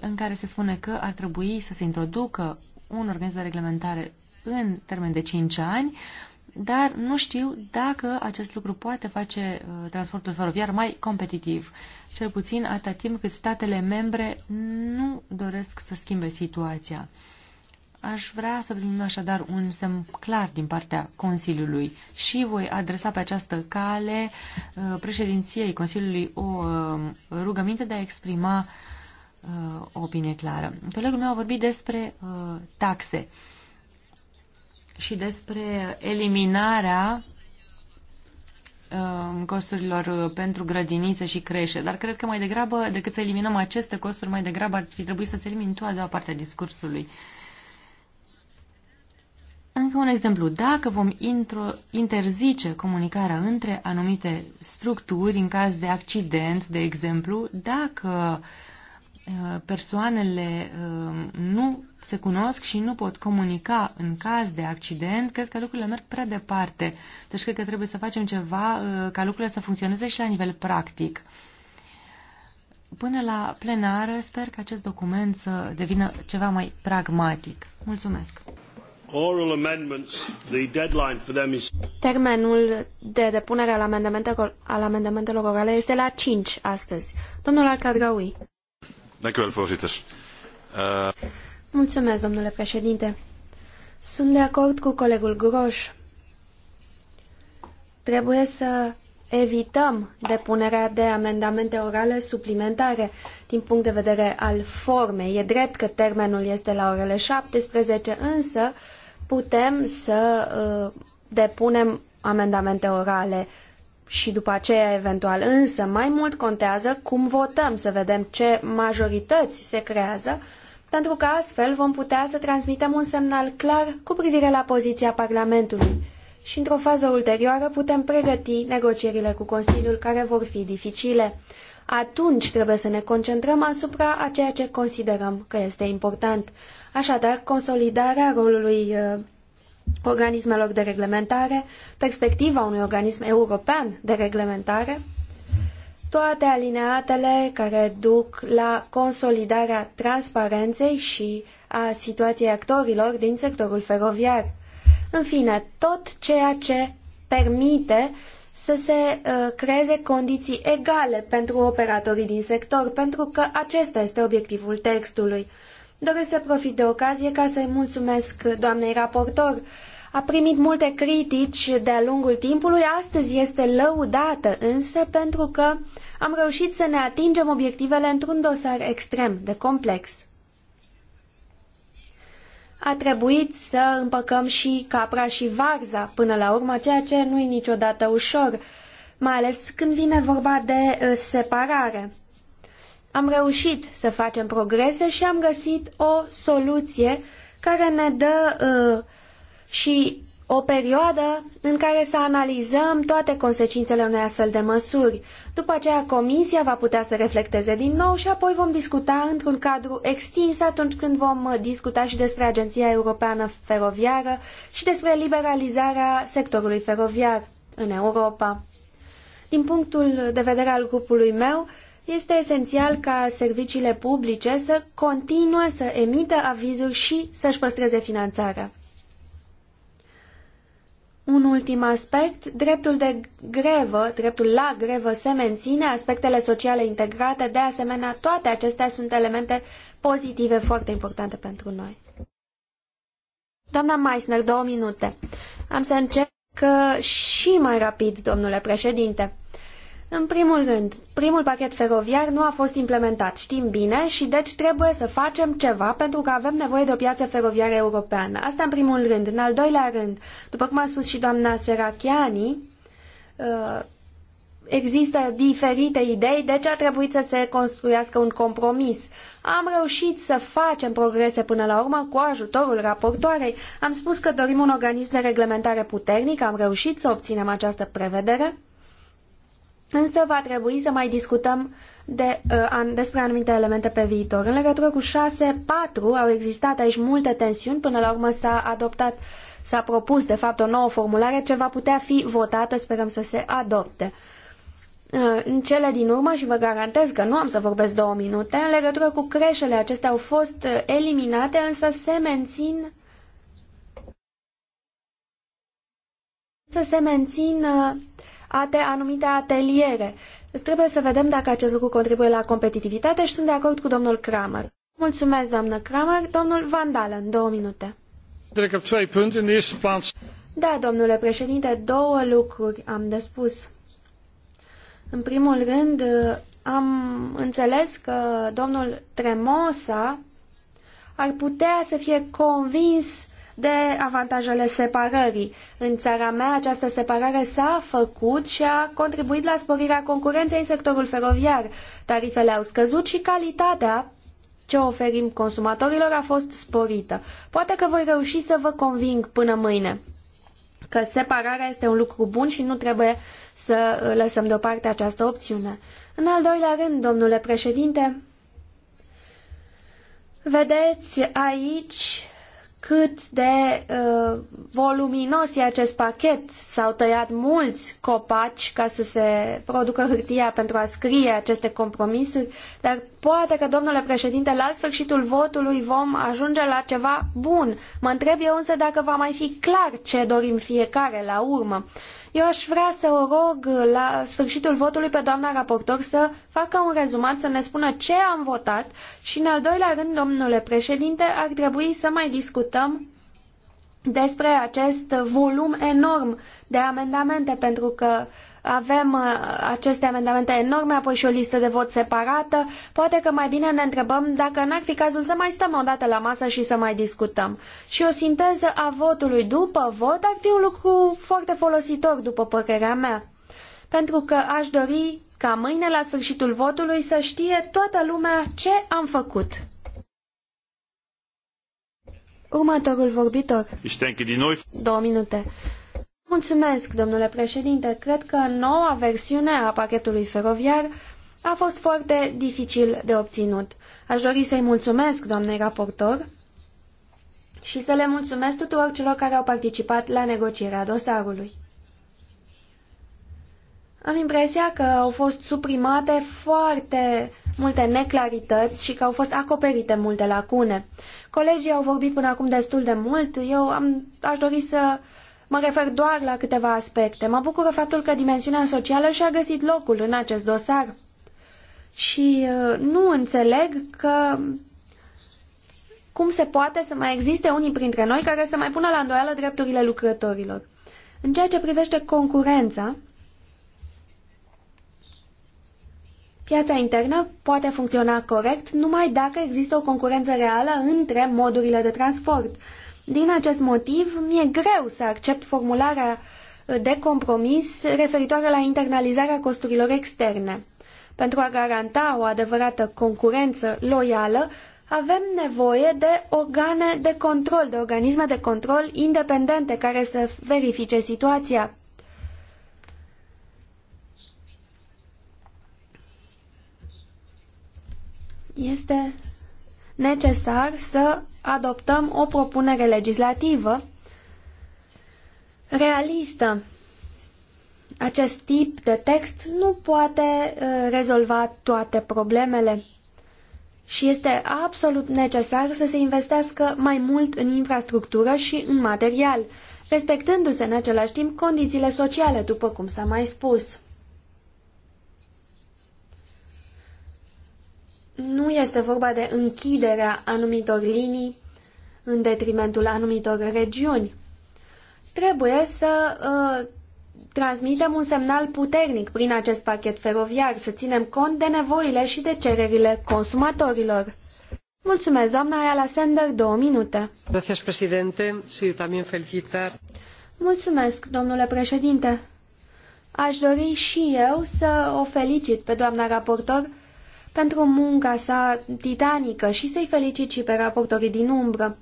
S4: în care se spune că ar trebui să se introducă un organism de reglementare în termen de 5 ani, dar nu știu dacă acest lucru poate face uh, transportul feroviar mai competitiv, cel puțin atât timp cât statele membre nu doresc să schimbe situația. Aș vrea să primim așadar un semn clar din partea Consiliului și voi adresa pe această cale uh, președinției Consiliului o uh, rugăminte de a exprima uh, uh, opinie clară. Colegul meu a vorbit despre uh, taxe și despre eliminarea uh, costurilor uh, pentru grădinițe și creșe, dar cred că mai degrabă, decât să eliminăm aceste costuri, mai degrabă ar fi trebuit să-ți elimini tu a doua parte a discursului. Încă un exemplu. Dacă vom intro, interzice comunicarea între anumite structuri în caz de accident, de exemplu, dacă uh, Uh, persoanele uh, nu se cunosc și nu pot comunica în caz de accident, cred că lucrurile merg prea departe. Deci cred că trebuie să facem ceva uh, ca lucrurile să funcționeze și la nivel practic. Până la plenară sper că acest document să devină ceva mai pragmatic. Mulțumesc!
S1: Oral amendments, the deadline for them is...
S3: Termenul de depunere al amendamentelor, al amendamentelor orale este la 5 astăzi. Domnul Alcadraui. Eh, Mulțumesc, domnule președinte. Sunt de acord cu colegul Groș. Trebuie să evităm depunerea de amendamente orale suplimentare din punct de vedere al formei. E drept că termenul este la orele 17, însă putem să uh, depunem amendamente orale și după aceea eventual. Însă mai mult contează cum votăm, să vedem ce majorități se creează, pentru că astfel vom putea să transmitem un semnal clar cu privire la poziția Parlamentului. Și într-o fază ulterioară putem pregăti negocierile cu Consiliul care vor fi dificile. Atunci trebuie să ne concentrăm asupra a ceea ce considerăm că este important. Așadar, consolidarea rolului uh, organismelor de reglementare, perspectiva unui organism european de reglementare, toate alineatele care duc la consolidarea transparenței și a situației actorilor din sectorul feroviar. În fine, tot ceea ce permite să se uh, creeze condiții egale pentru operatorii din sector, pentru că acesta este obiectivul textului. Uh, Doresc să profit de ocazie ca să-i mulțumesc doamnei raportor. A primit multe critici de-a lungul timpului, astăzi este lăudată însă pentru că am reușit să ne atingem obiectivele într-un dosar extrem de complex. A trebuit să împăcăm și capra și varza până la urmă, ceea ce nu e niciodată ușor, mai ales când vine vorba de uh, separare. Am reușit să facem progrese și am găsit o soluție care ne dă uh, și o perioadă în care să analizăm toate consecințele unei astfel de măsuri. După aceea, Comisia va putea să reflecteze din nou și apoi vom discuta într-un cadru extins atunci când vom uh, discuta și despre Agenția Europeană Feroviară și despre liberalizarea sectorului feroviar în Europa. Din punctul de vedere al grupului meu, este esențial ca serviciile publice să continue să emită avizuri și să-și păstreze finanțarea. Un ultim aspect, dreptul de grevă, dreptul la grevă se menține, aspectele sociale integrate, de asemenea, toate acestea sunt elemente pozitive foarte importante pentru noi. Doamna Meissner, două minute. Am să încep și mai rapid, domnule președinte. În primul rând, primul pachet feroviar nu a fost implementat, știm bine, și deci trebuie să facem ceva pentru că avem nevoie de o piață feroviară europeană. Asta în primul rând. În al doilea rând, după cum a spus și doamna Serachiani, uh, există diferite idei, deci a trebuit să se construiască un compromis. Am reușit să facem progrese până la urmă cu ajutorul raportoarei. Am spus că dorim un organism de reglementare puternic, am reușit să obținem această prevedere Însă va trebui să mai discutăm de, uh, despre anumite elemente pe viitor. În legătură cu patru au existat aici multe tensiuni, până la urmă s-a adoptat, s-a propus de fapt o nouă formulare ce va putea fi votată, sperăm să se adopte. Uh, în cele din urmă, și vă garantez că nu am să vorbesc două minute, în legătură cu creșele acestea au fost uh, eliminate, însă se mențin să se mențină de anumite ateliere. Trebuie să vedem dacă acest lucru contribuie la competitivitate și sunt de acord cu domnul Kramer. Mulțumesc, doamnă Kramer. Domnul Van Dalen, două minute. Da, domnule președinte, două lucruri am de spus. În primul rând, am înțeles că domnul Tremosa ar putea să fie convins de avantajele separării. În țara mea această separare s-a făcut și a contribuit la sporirea concurenței în sectorul feroviar. Tarifele au scăzut și calitatea ce oferim consumatorilor a fost sporită. Poate că voi reuși să vă conving până mâine că separarea este un lucru bun și nu trebuie să lăsăm deoparte această opțiune. În al doilea rând, domnule președinte, vedeți aici cât de uh, voluminos e acest pachet. S-au tăiat mulți copaci ca să se producă hârtia pentru a scrie aceste compromisuri, dar poate că, domnule președinte, la sfârșitul votului vom ajunge la ceva bun. Mă întreb eu însă dacă va mai fi clar ce dorim fiecare la urmă. Eu aș vrea să o rog la sfârșitul votului pe doamna raportor să facă un rezumat, să ne spună ce am votat și, în al doilea rând, domnule președinte, ar trebui să mai discutăm despre acest volum enorm de amendamente, pentru că uh, avem uh, aceste amendamente enorme, apoi și o listă de vot separată, poate că mai bine ne întrebăm dacă n-ar fi cazul să mai stăm o dată la masă și să mai discutăm. Și o sinteză a votului după vot ar fi un lucru foarte folositor, după părerea mea. Pentru că aș dori ca mâine la sfârșitul votului să știe toată lumea ce am făcut. Următorul vorbitor. Două minute. Mulțumesc, domnule președinte. Cred că noua versiune a pachetului feroviar a fost foarte dificil de obținut. Aș dori să-i mulțumesc, doamnei raportor, și să le mulțumesc tuturor celor care au participat la negocierea dosarului. Am impresia că au fost suprimate foarte multe neclarități și că au fost acoperite multe lacune. Colegii au vorbit până acum destul de mult, eu am, aș dori să Mă refer doar la câteva aspecte. Mă bucură faptul că dimensiunea socială și-a găsit locul în acest dosar. Și uh, nu înțeleg că cum se poate să mai existe unii printre noi care să mai pună la îndoială drepturile lucrătorilor. În ceea ce privește concurența, Piața internă poate funcționa corect numai dacă există o concurență reală între modurile de transport. Din acest motiv, mi-e greu să accept formularea uh, de compromis referitoare la internalizarea costurilor externe. Pentru a garanta o adevărată concurență loială, avem nevoie de organe de control, de organisme de control independente care să verifice situația. Este necesar să adoptăm o propunere legislativă realistă. Acest tip de text nu poate uh, rezolva toate problemele și este absolut necesar să se investească mai mult în infrastructură și în material, respectându-se în același timp condițiile sociale, după cum s-a mai spus. nu este vorba de închiderea anumitor linii în detrimentul anumitor regiuni. Trebuie să uh, transmitem un semnal puternic prin acest pachet feroviar, să ținem cont de nevoile și de cererile consumatorilor. Mulțumesc, doamna Ayala Sender, două minute.
S4: Gracias, presidente. Sí,
S5: también felicitar.
S3: Mulțumesc, domnule președinte. Aș dori și eu să o felicit pe doamna raportor pentru munca sa titanică și să-i felicit și pe raportorii din umbră.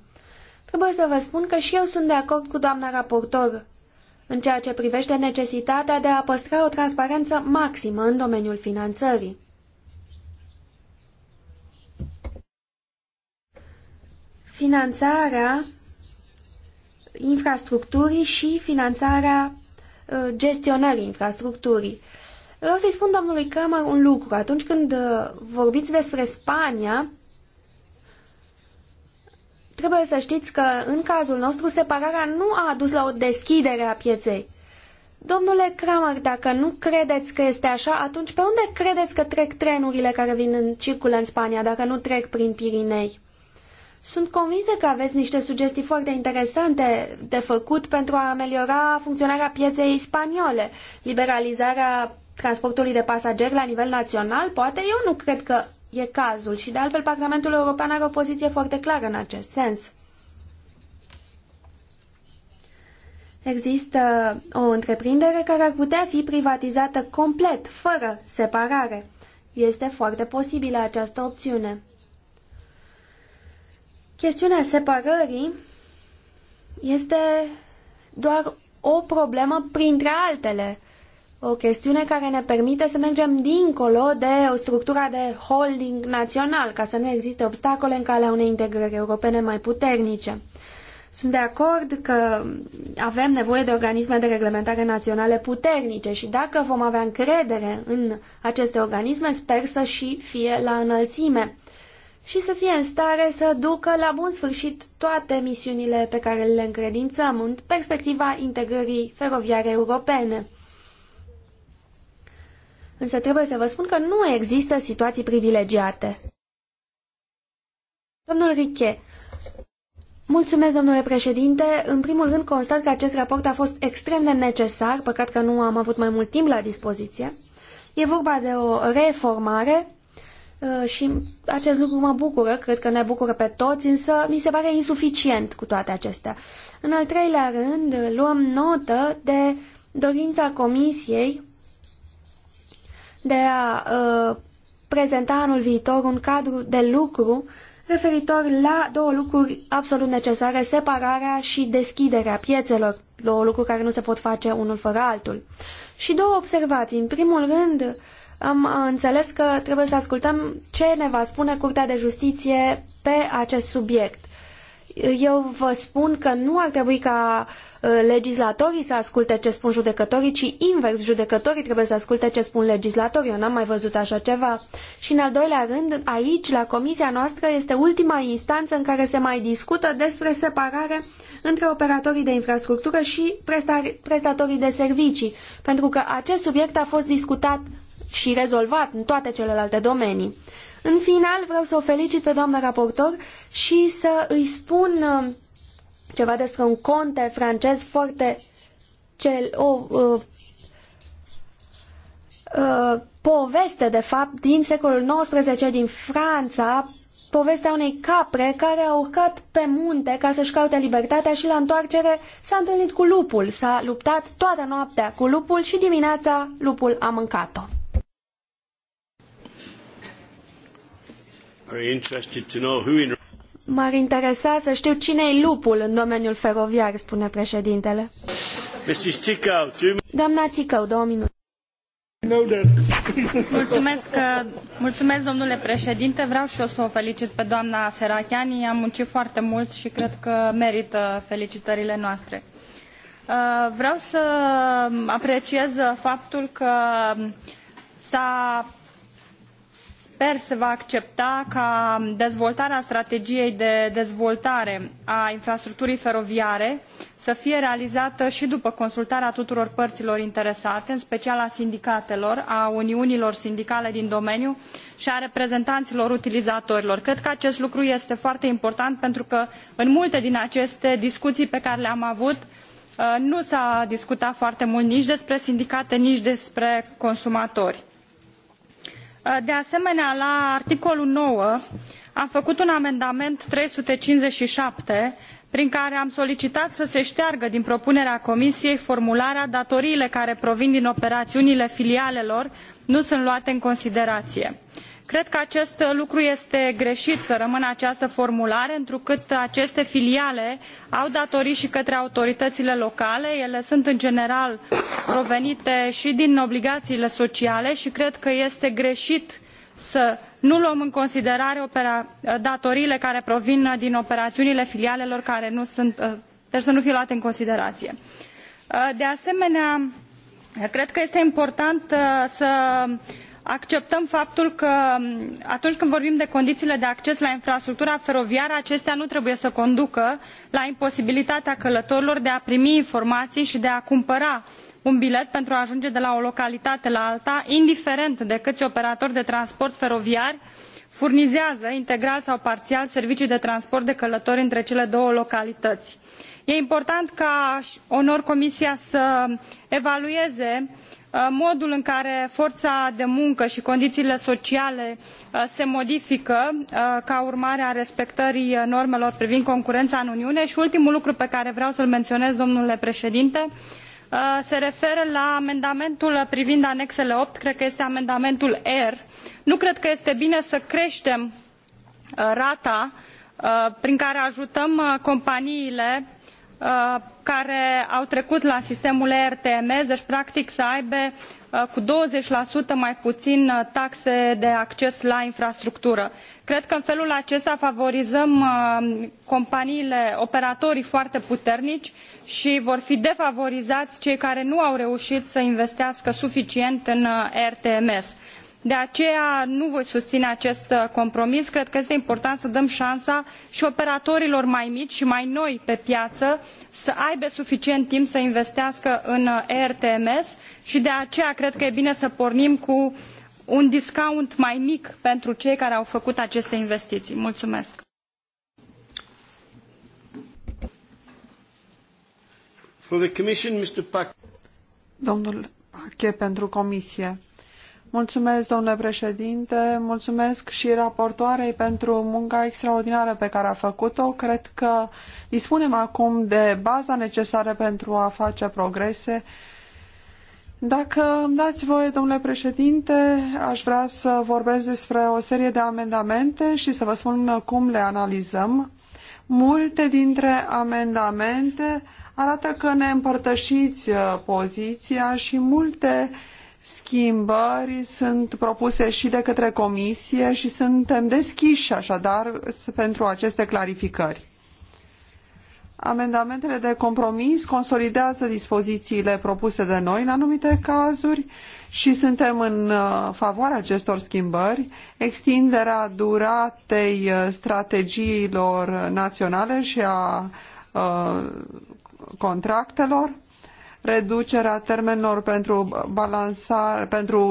S3: Trebuie să vă spun că și eu sunt de acord cu doamna raportor în ceea ce privește necesitatea de a păstra o transparență maximă în domeniul finanțării. Finanțarea infrastructurii și finanțarea uh, gestionării infrastructurii. Vreau să-i spun domnului Cramer un lucru. Atunci când uh, vorbiți despre Spania, trebuie să știți că în cazul nostru separarea nu a adus la o deschidere a pieței. Domnule Cramer, dacă nu credeți că este așa, atunci pe unde credeți că trec trenurile care vin în circulă în Spania, dacă nu trec prin Pirinei? Sunt convinsă că aveți niște sugestii foarte interesante de făcut pentru a ameliora funcționarea pieței spaniole. Liberalizarea transportului de pasageri la nivel național, poate eu nu cred că e cazul și de altfel Parlamentul European are o poziție foarte clară în acest sens. Există o întreprindere care ar putea fi privatizată complet, fără separare. Este foarte posibilă această opțiune. Chestiunea separării este doar o problemă printre altele o chestiune care ne permite să mergem dincolo de o structură de holding național, ca să nu existe obstacole în calea unei integrări europene mai puternice. Sunt de acord că avem nevoie de organisme de reglementare naționale puternice și dacă vom avea încredere în aceste organisme, sper să și fie la înălțime și să fie în stare să ducă la bun sfârșit toate misiunile pe care le încredințăm în perspectiva integrării feroviare europene. Însă trebuie să vă spun că nu există situații privilegiate. Domnul Riche, mulțumesc, domnule președinte. În primul rând constat că acest raport a fost extrem de necesar, păcat că nu am avut mai mult timp la dispoziție. E vorba de o reformare uh, și acest lucru mă bucură, cred că ne bucură pe toți, însă mi se pare insuficient cu toate acestea. În al treilea rând, luăm notă de dorința Comisiei de a uh, prezenta anul viitor un cadru de lucru referitor la două lucruri absolut necesare, separarea și deschiderea piețelor, două lucruri care nu se pot face unul fără altul. Și două observații. În primul rând, am înțeles că trebuie să ascultăm ce ne va spune Curtea de Justiție pe acest subiect eu vă spun că nu ar trebui ca uh, legislatorii să asculte ce spun judecătorii, ci invers, judecătorii trebuie să asculte ce spun legislatorii. Eu n-am mai văzut așa ceva. Și în al doilea rând, aici, la comisia noastră, este ultima instanță în care se mai discută despre separare între operatorii de infrastructură și prestatorii de servicii, pentru că acest subiect a fost discutat și rezolvat în toate celelalte domenii. În final, vreau să o felicit pe doamna raportor și să îi spun uh, ceva despre un conte francez foarte cel, o uh, uh, poveste, de fapt, din secolul XIX din Franța, povestea unei capre care a urcat pe munte ca să-și caute libertatea și la întoarcere s-a întâlnit cu lupul, s-a luptat toată noaptea cu lupul și dimineața lupul a mâncat-o. M-ar interesa să știu cine e lupul în domeniul feroviar, spune președintele.
S1: Mrs. Ticău,
S3: Doamna Țicău, două minute. Mulțumesc,
S5: uh, mulțumesc, domnule președinte. Vreau și eu să o felicit pe doamna Serachiani. Am muncit foarte mult și cred că merită felicitările noastre. Uh, vreau să apreciez faptul că s-a sper se va accepta ca dezvoltarea strategiei de dezvoltare a infrastructurii feroviare să fie realizată i după consultarea tuturor părilor interesate în special a sindicatelor a uniunilor sindicale din domeniu i a reprezentanilor utilizatorilor. cred că acest lucru este foarte important pentru că în multe din aceste discuii pe care le am avut uh, nu s a discutat foarte mult nici despre sindicate nici despre consumatori. Uh, de asemenea la articolul nouă am făcut un amendament trei sute cincizeci și șapte prin care am solicitat să se șteargă din propunerea comisiei formularea datoriile care provin din operaiunile filialelor nu sunt luate în considerare cred că acest lucru este greit să rămână această formulare întrucât aceste filiale au datorii i către autorităile locale ele sunt în general provenite i din obligaiile sociale i cred că este greit să nu luăm în considerare datoriile care provin din operaiunile filialelor care nu sunt uh, deci să nu fie luate în considerație. Uh, de asemenea cred că este important uh, să acceptăm faptul că atunci când vorbim de condiiile de acces la infrastructura feroviară acestea nu trebuie să conducă la imposibilitatea călătorilor de a primi informaii i de a cumpăra un bilet pentru a ajunge de la o localitate la alta indiferent de câi operatori de transport feroviar furnizează integral sau parial servicii de transport de călători între cele două localităi. Este important ca onor comisia să evalueze Uh, modul în care fora de muncă i condiiile sociale uh, se modifică uh, ca urmare a respectării normelor privind concurena în uniune i ultimul lucru pe care vreau să l menionez domnule preedinte se referă la amendamentul privind anexele opt cred că este amendamentul r. nu cred că este bine să cretem rata prin care ajutăm companiile Uh, care au trecut la sistemul ertms deci practic să aibă uh, cu douăzeci mai puin uh, taxe de acces la infrastructură. cred că în felul acesta favorizăm companiile operatorii foarte puternici i vor fi defavorizai cei care nu au reuit să investească suficient în ertms de aceea nu voi susine acest uh, compromis cred că este important să dăm ansa i operatorilor mai mici i mai noi pe piaă să aibă suficient timp să investească în ertms uh, i de aceea cred că e bine să pornim cu un discount mai mic pentru cei care au făcut aceste investiii. Mulțumesc!
S1: For the commission, Mr.
S2: Domnul Pache pentru comisie. Mulțumesc, domnule președinte, mulțumesc și raportoarei pentru munca extraordinară pe care a făcut-o. Cred că dispunem acum de baza necesară pentru a face progrese. Dacă îmi dați voie, domnule președinte, aș vrea să vorbesc despre o serie de amendamente și să vă spun cum le analizăm. Multe dintre amendamente arată că ne împărtășiți uh, poziția și multe uh, schimbări sunt propuse și de către comisie și suntem deschiși așadar pentru aceste clarificări. Amendamentele de compromis consolidează dispozițiile propuse de noi în anumite cazuri și suntem în uh, favoarea acestor schimbări. Extinderea duratei uh, strategiilor naționale și a uh, contractelor reducerea termenelor pentru balansare, pentru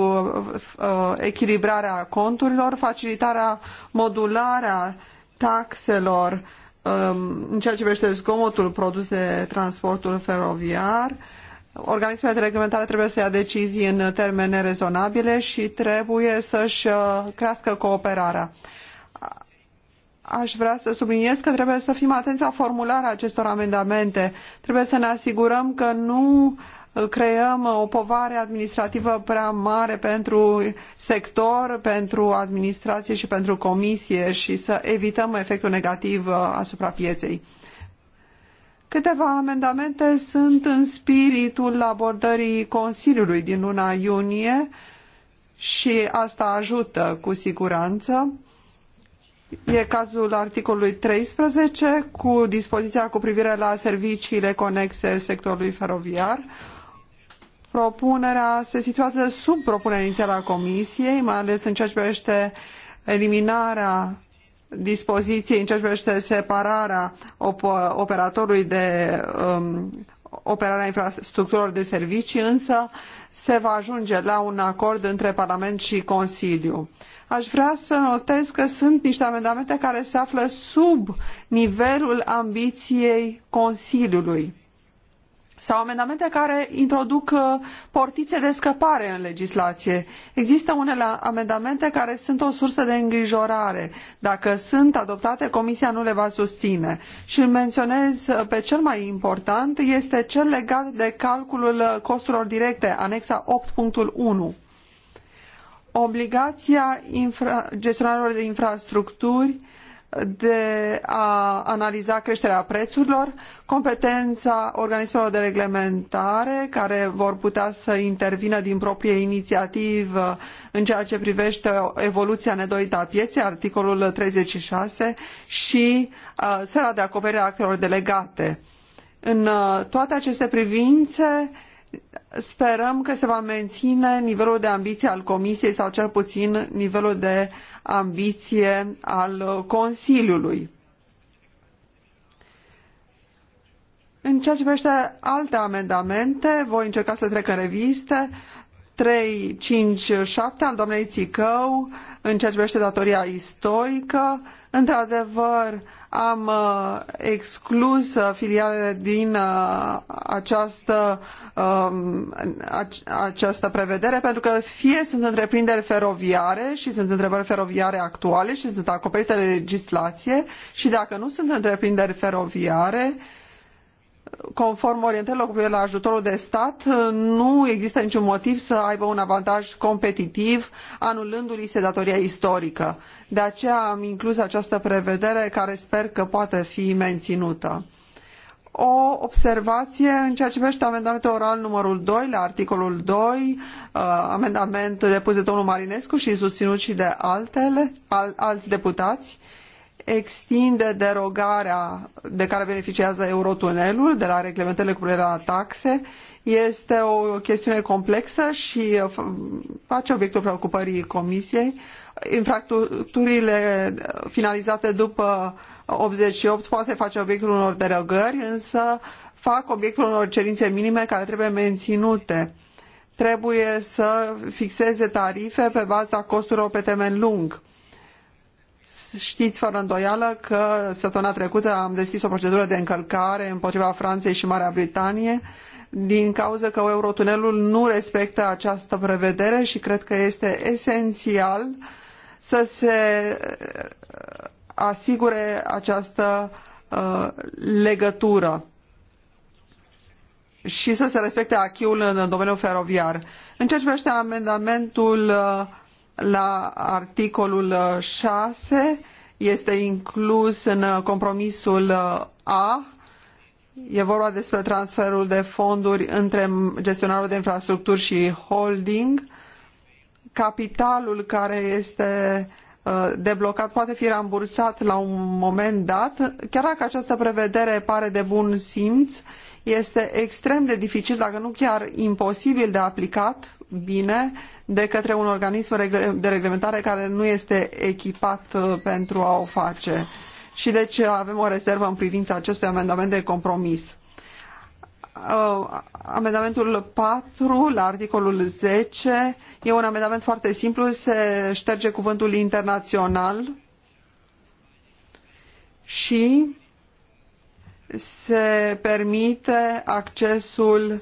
S2: uh, echilibrarea conturilor, facilitarea, modularea taxelor um, în ceea ce privește zgomotul produs de transportul feroviar. Organismele de reglementare trebuie să ia decizii în termene rezonabile și trebuie să-și uh, crească cooperarea aș vrea să subliniez că trebuie să fim atenți la formularea acestor amendamente. Trebuie să ne asigurăm că nu uh, creăm uh, o povară administrativă prea mare pentru sector, pentru administrație și pentru comisie și să evităm efectul negativ uh, asupra pieței. Câteva amendamente sunt în spiritul abordării Consiliului din luna iunie și asta ajută cu siguranță. E cazul articolului 13 cu dispoziția cu privire la serviciile conexe sectorului feroviar. Propunerea se situează sub propunerea inițială a Comisiei, mai ales în ceea ce privește eliminarea dispoziției, în ceea ce privește separarea operatorului de um, operarea infrastructurilor de servicii, însă se va ajunge la un acord între Parlament și Consiliu. Aș vrea să notez că sunt niște amendamente care se află sub nivelul ambiției Consiliului sau amendamente care introduc uh, portițe de scăpare în legislație. Există unele amendamente care sunt o sursă de îngrijorare. Dacă sunt adoptate, Comisia nu le va susține. Și îl menționez uh, pe cel mai important, este cel legat de calculul uh, costurilor directe, anexa 8.1 obligația infra, gestionarilor de infrastructuri de a analiza creșterea prețurilor, competența organismelor de reglementare care vor putea să intervină din proprie inițiativă în ceea ce privește evoluția nedoită a pieței, articolul 36, și uh, sfera de acoperire a actelor delegate. În uh, toate aceste privințe, uh, sperăm că se va menține nivelul de ambiție al Comisiei sau cel puțin nivelul de ambiție al Consiliului. În ceea ce privește alte amendamente, voi încerca să trec în reviste. 3, 5, 7 al doamnei Țicău, în ceea ce privește datoria istorică, Într-adevăr, am uh, exclus uh, filialele din uh, această, um, această prevedere pentru că fie sunt întreprinderi feroviare și sunt întreprinderi feroviare actuale și sunt acoperite de legislație și dacă nu sunt întreprinderi feroviare, uh, conform orientărilor cu privire la ajutorul de stat, nu există niciun motiv să aibă un avantaj competitiv anulându-li se datoria istorică. De aceea am inclus această prevedere care sper că poate fi menținută. O observație în ceea ce privește amendamentul oral numărul doi la articolul doi, uh, amendament depus de domnul Marinescu și susținut și de altele, al, alți deputați. Uh, extinde derogarea de care beneficiază Eurotunelul de la reglementările cu privire la taxe. Este o chestiune complexă și uh, face obiectul preocupării Comisiei. Infracturile uh, finalizate după 88 poate face obiectul unor derogări, însă fac obiectul unor cerințe minime care trebuie menținute. Trebuie să fixeze tarife pe baza costurilor pe termen lung Știți fără îndoială că săptămâna trecută am deschis o procedură de încălcare împotriva Franței și Marea Britanie din cauza că Eurotunelul nu respectă această prevedere și cred că este esențial să se uh, asigure această uh, legătură și să se respecte achiul în domeniul feroviar. În ceea ce privește amendamentul uh, la articolul 6, uh, este inclus în uh, compromisul uh, A, e vorba despre transferul de fonduri între gestionarul de infrastructuri și holding. Capitalul care este deblocat poate fi rambursat la un moment dat, chiar dacă această prevedere pare de bun simț, este extrem de dificil, dacă nu chiar imposibil de aplicat bine de către un organism de reglementare care nu este echipat uh, pentru a o face. Și deci uh, avem o rezervă în privința acestui amendament de compromis. Uh, amendamentul 4 la articolul 10 e un amendament foarte simplu, se șterge cuvântul internațional și se permite accesul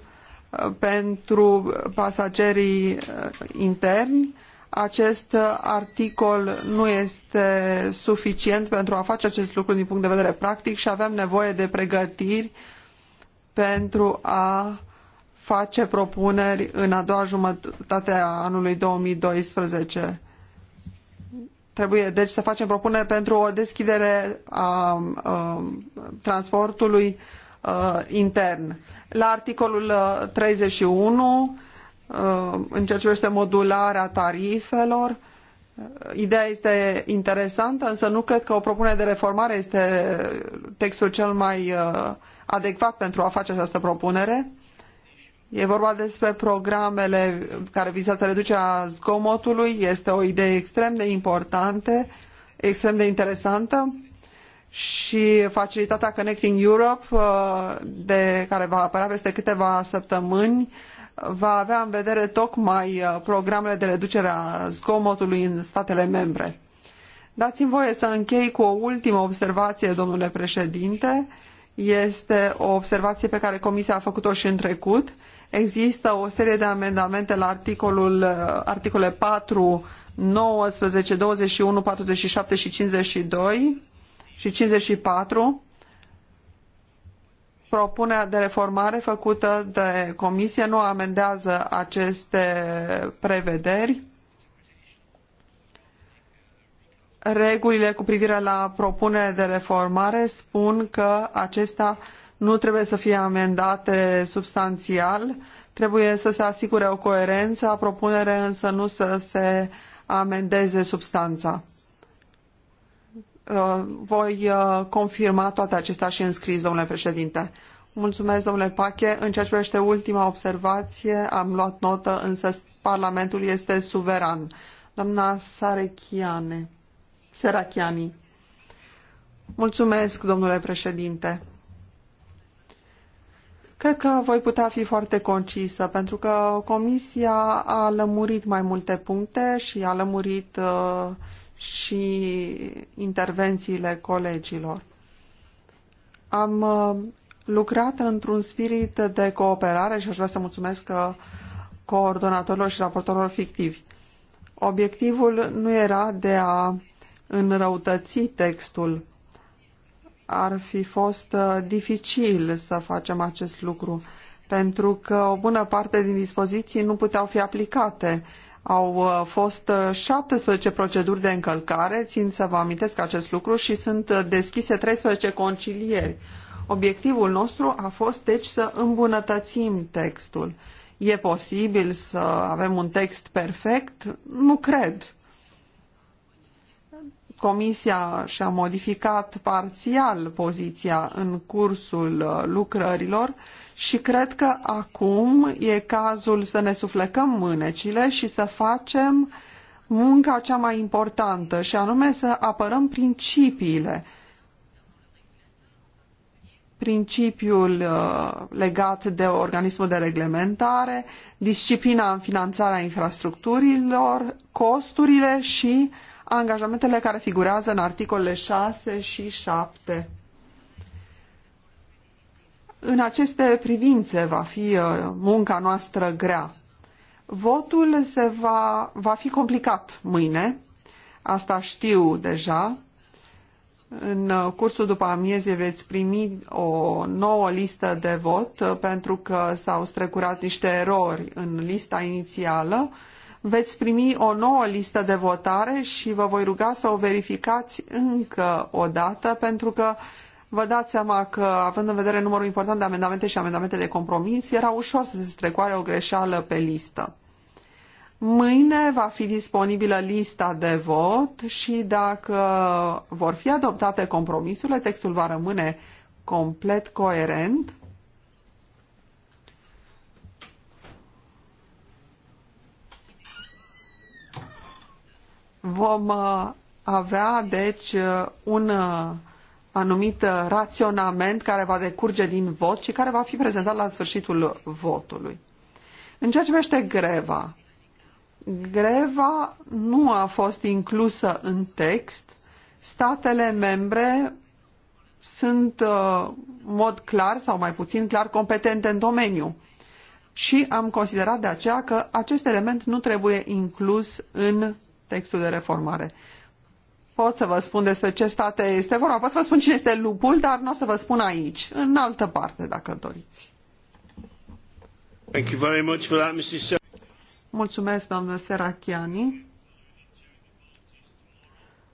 S2: pentru pasagerii uh, interni. Acest uh, articol nu este suficient pentru a face acest lucru din punct de vedere practic și avem nevoie de pregătiri pentru a face propuneri în a doua jumătate a anului 2012. Trebuie, deci, să facem propuneri pentru o deschidere a, a uh, transportului uh, intern. La articolul 31, uh, uh, în ceea ce privește modularea tarifelor, uh, Ideea este interesantă, însă nu cred că o propunere de reformare este textul cel mai uh, adecvat pentru a face această propunere. E vorba despre programele care vizează reducerea zgomotului. Este o idee extrem de importantă, extrem de interesantă și facilitatea Connecting Europe, uh, de care va apărea peste câteva săptămâni, va avea în vedere tocmai uh, programele de reducere a zgomotului în statele membre. Dați-mi voie să închei cu o ultimă observație, domnule președinte. Este o observație pe care Comisia a făcut-o și în trecut. Există o serie de amendamente la articolul, uh, articole 4, 19, 21, 47 și 52 și 54 propunerea de reformare făcută de comisie nu amendează aceste prevederi. Regulile cu privire la propunerea de reformare spun că acestea nu trebuie să fie amendate substanțial, trebuie să se asigure o coerență, a propunere însă nu să se amendeze substanța. Uh, voi uh, confirma toate acestea și în scris, domnule președinte. Mulțumesc, domnule Pache. În ceea ce privește ultima observație, am luat notă, însă Parlamentul este suveran. Doamna Sarechiane, Serachiani. Mulțumesc, domnule președinte. Cred că voi putea fi foarte concisă, pentru că Comisia a lămurit mai multe puncte și a lămurit uh, și intervențiile colegilor. Am uh, lucrat într-un spirit de cooperare și aș vrea să mulțumesc uh, coordonatorilor și raportorilor fictivi. Obiectivul nu era de a înrăutăți textul. Ar fi fost uh, dificil să facem acest lucru, pentru că o bună parte din dispoziții nu puteau fi aplicate au uh, fost 17 uh, proceduri de încălcare, țin să vă amintesc acest lucru, și sunt uh, deschise 13 concilieri. Obiectivul nostru a fost, deci, să îmbunătățim textul. E posibil să avem un text perfect? Nu cred. Comisia și-a modificat parțial poziția în cursul lucrărilor și cred că acum e cazul să ne suflecăm mânecile și să facem munca cea mai importantă și anume să apărăm principiile principiul uh, legat de organismul de reglementare, disciplina în finanțarea infrastructurilor, costurile și angajamentele care figurează în articolele 6 și 7 în aceste privințe va fi uh, munca noastră grea. Votul se va, va fi complicat mâine, asta știu deja. În uh, cursul după amiezie veți primi o nouă listă de vot uh, pentru că s-au strecurat niște erori în lista inițială. Veți primi o nouă listă de votare și vă voi ruga să o verificați încă o dată pentru că uh, Vă dați seama că, având în vedere numărul important de amendamente și amendamente de compromis, era ușor să se strecoare o greșeală pe listă. Mâine va fi disponibilă lista de vot și dacă vor fi adoptate compromisurile, textul va rămâne complet coerent. Vom uh, avea, deci, uh, un uh, anumit uh, raționament care va decurge din vot și care va fi prezentat la sfârșitul votului. În ceea ce privește greva, greva nu a fost inclusă în text. Statele membre sunt uh, în mod clar sau mai puțin clar competente în domeniu. Și am considerat de aceea că acest element nu trebuie inclus în textul de reformare pot să vă spun despre ce state este vorba. Pot să vă spun cine este lupul, dar nu o să vă spun aici, în altă parte, dacă doriți.
S1: Thank you very much for that, Mrs.
S2: Mulțumesc, doamnă Serachiani.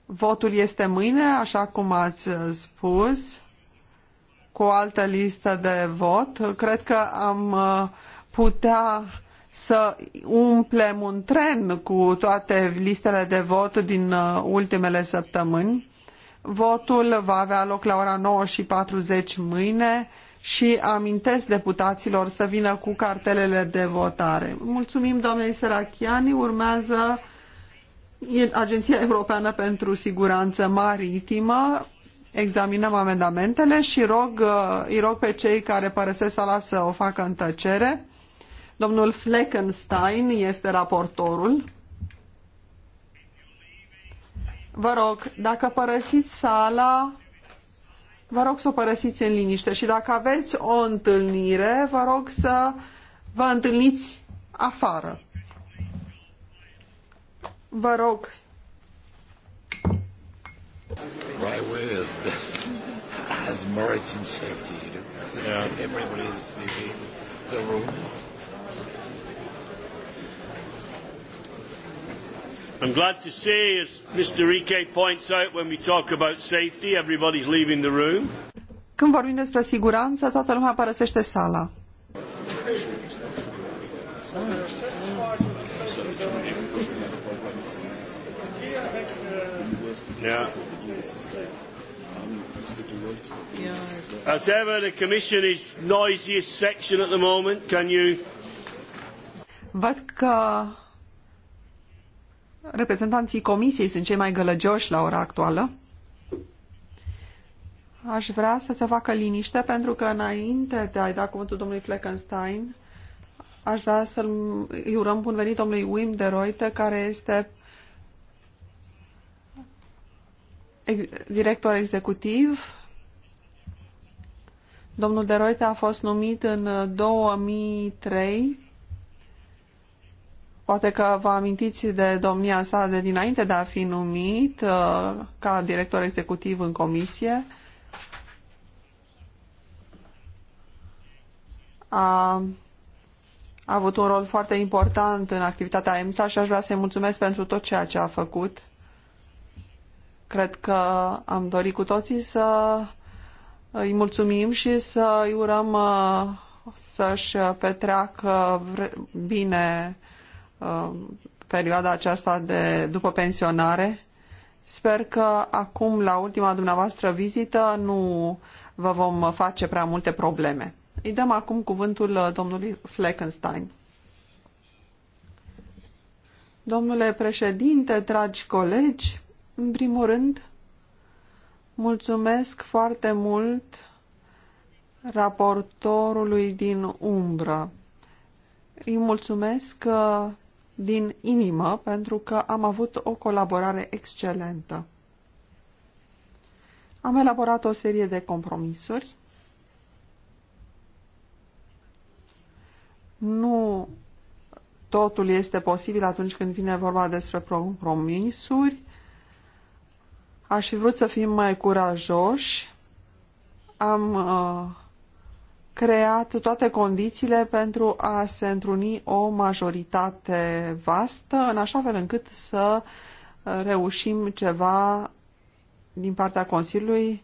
S2: Votul este mâine, așa cum ați uh, spus, cu o altă listă de vot. Cred că am uh, putea să umplem un tren cu toate listele de vot din uh, ultimele săptămâni. Votul va avea loc la ora 9 și 40 mâine și amintesc deputaților să vină cu cartelele de votare. Mulțumim doamnei Serachiani. Urmează Agenția Europeană pentru Siguranță Maritimă. Examinăm amendamentele și rog, uh, îi rog pe cei care părăsesc sala să o facă în tăcere. Domnul Fleckenstein este raportorul. Vă rog, dacă părăsiți sala, vă rog să o părăsiți în liniște și dacă aveți o întâlnire, vă rog să vă întâlniți afară. Vă rog. is
S4: you know? yeah. Everybody is
S1: leaving the room. I'm glad to see, as Mr. Rike points out when we talk about safety, everybody's leaving the room.
S2: Când vorbim despre siguranță, toată lumea părăsește sala.
S5: Yeah.
S1: As ever, the Commission is noisiest section at the moment. Can you? Văd că
S2: reprezentanții comisiei sunt cei mai gălăgioși la ora actuală. Aș vrea să se facă liniște pentru că înainte de a-i da cuvântul domnului Fleckenstein, aș vrea să-l îi urăm bun venit domnului Wim de Reuter, care este director executiv. Domnul de Reuter a fost numit în 2003 Poate că vă amintiți de domnia sa de dinainte de a fi numit uh, ca director executiv în comisie. A a avut un rol foarte important în activitatea EMSA și aș vrea să-i mulțumesc pentru tot ceea ce a făcut. Cred că am dorit cu toții să îi mulțumim și să îi urăm uh, să-și petreacă bine Uh, perioada aceasta de după pensionare. Sper că acum, la ultima dumneavoastră vizită, nu vă vom face prea multe probleme. Îi dăm acum cuvântul uh, domnului Fleckenstein. Domnule președinte, dragi colegi, în primul rând, mulțumesc foarte mult raportorului din umbră. Îi mulțumesc uh, din inimă pentru că am avut o colaborare excelentă. Am elaborat o serie de compromisuri. Nu totul este posibil atunci când vine vorba despre compromisuri. Aș fi vrut să fim mai curajoși. Am uh, creat toate condițiile pentru a se întruni o majoritate vastă, în așa fel încât să uh, reușim ceva din partea Consiliului,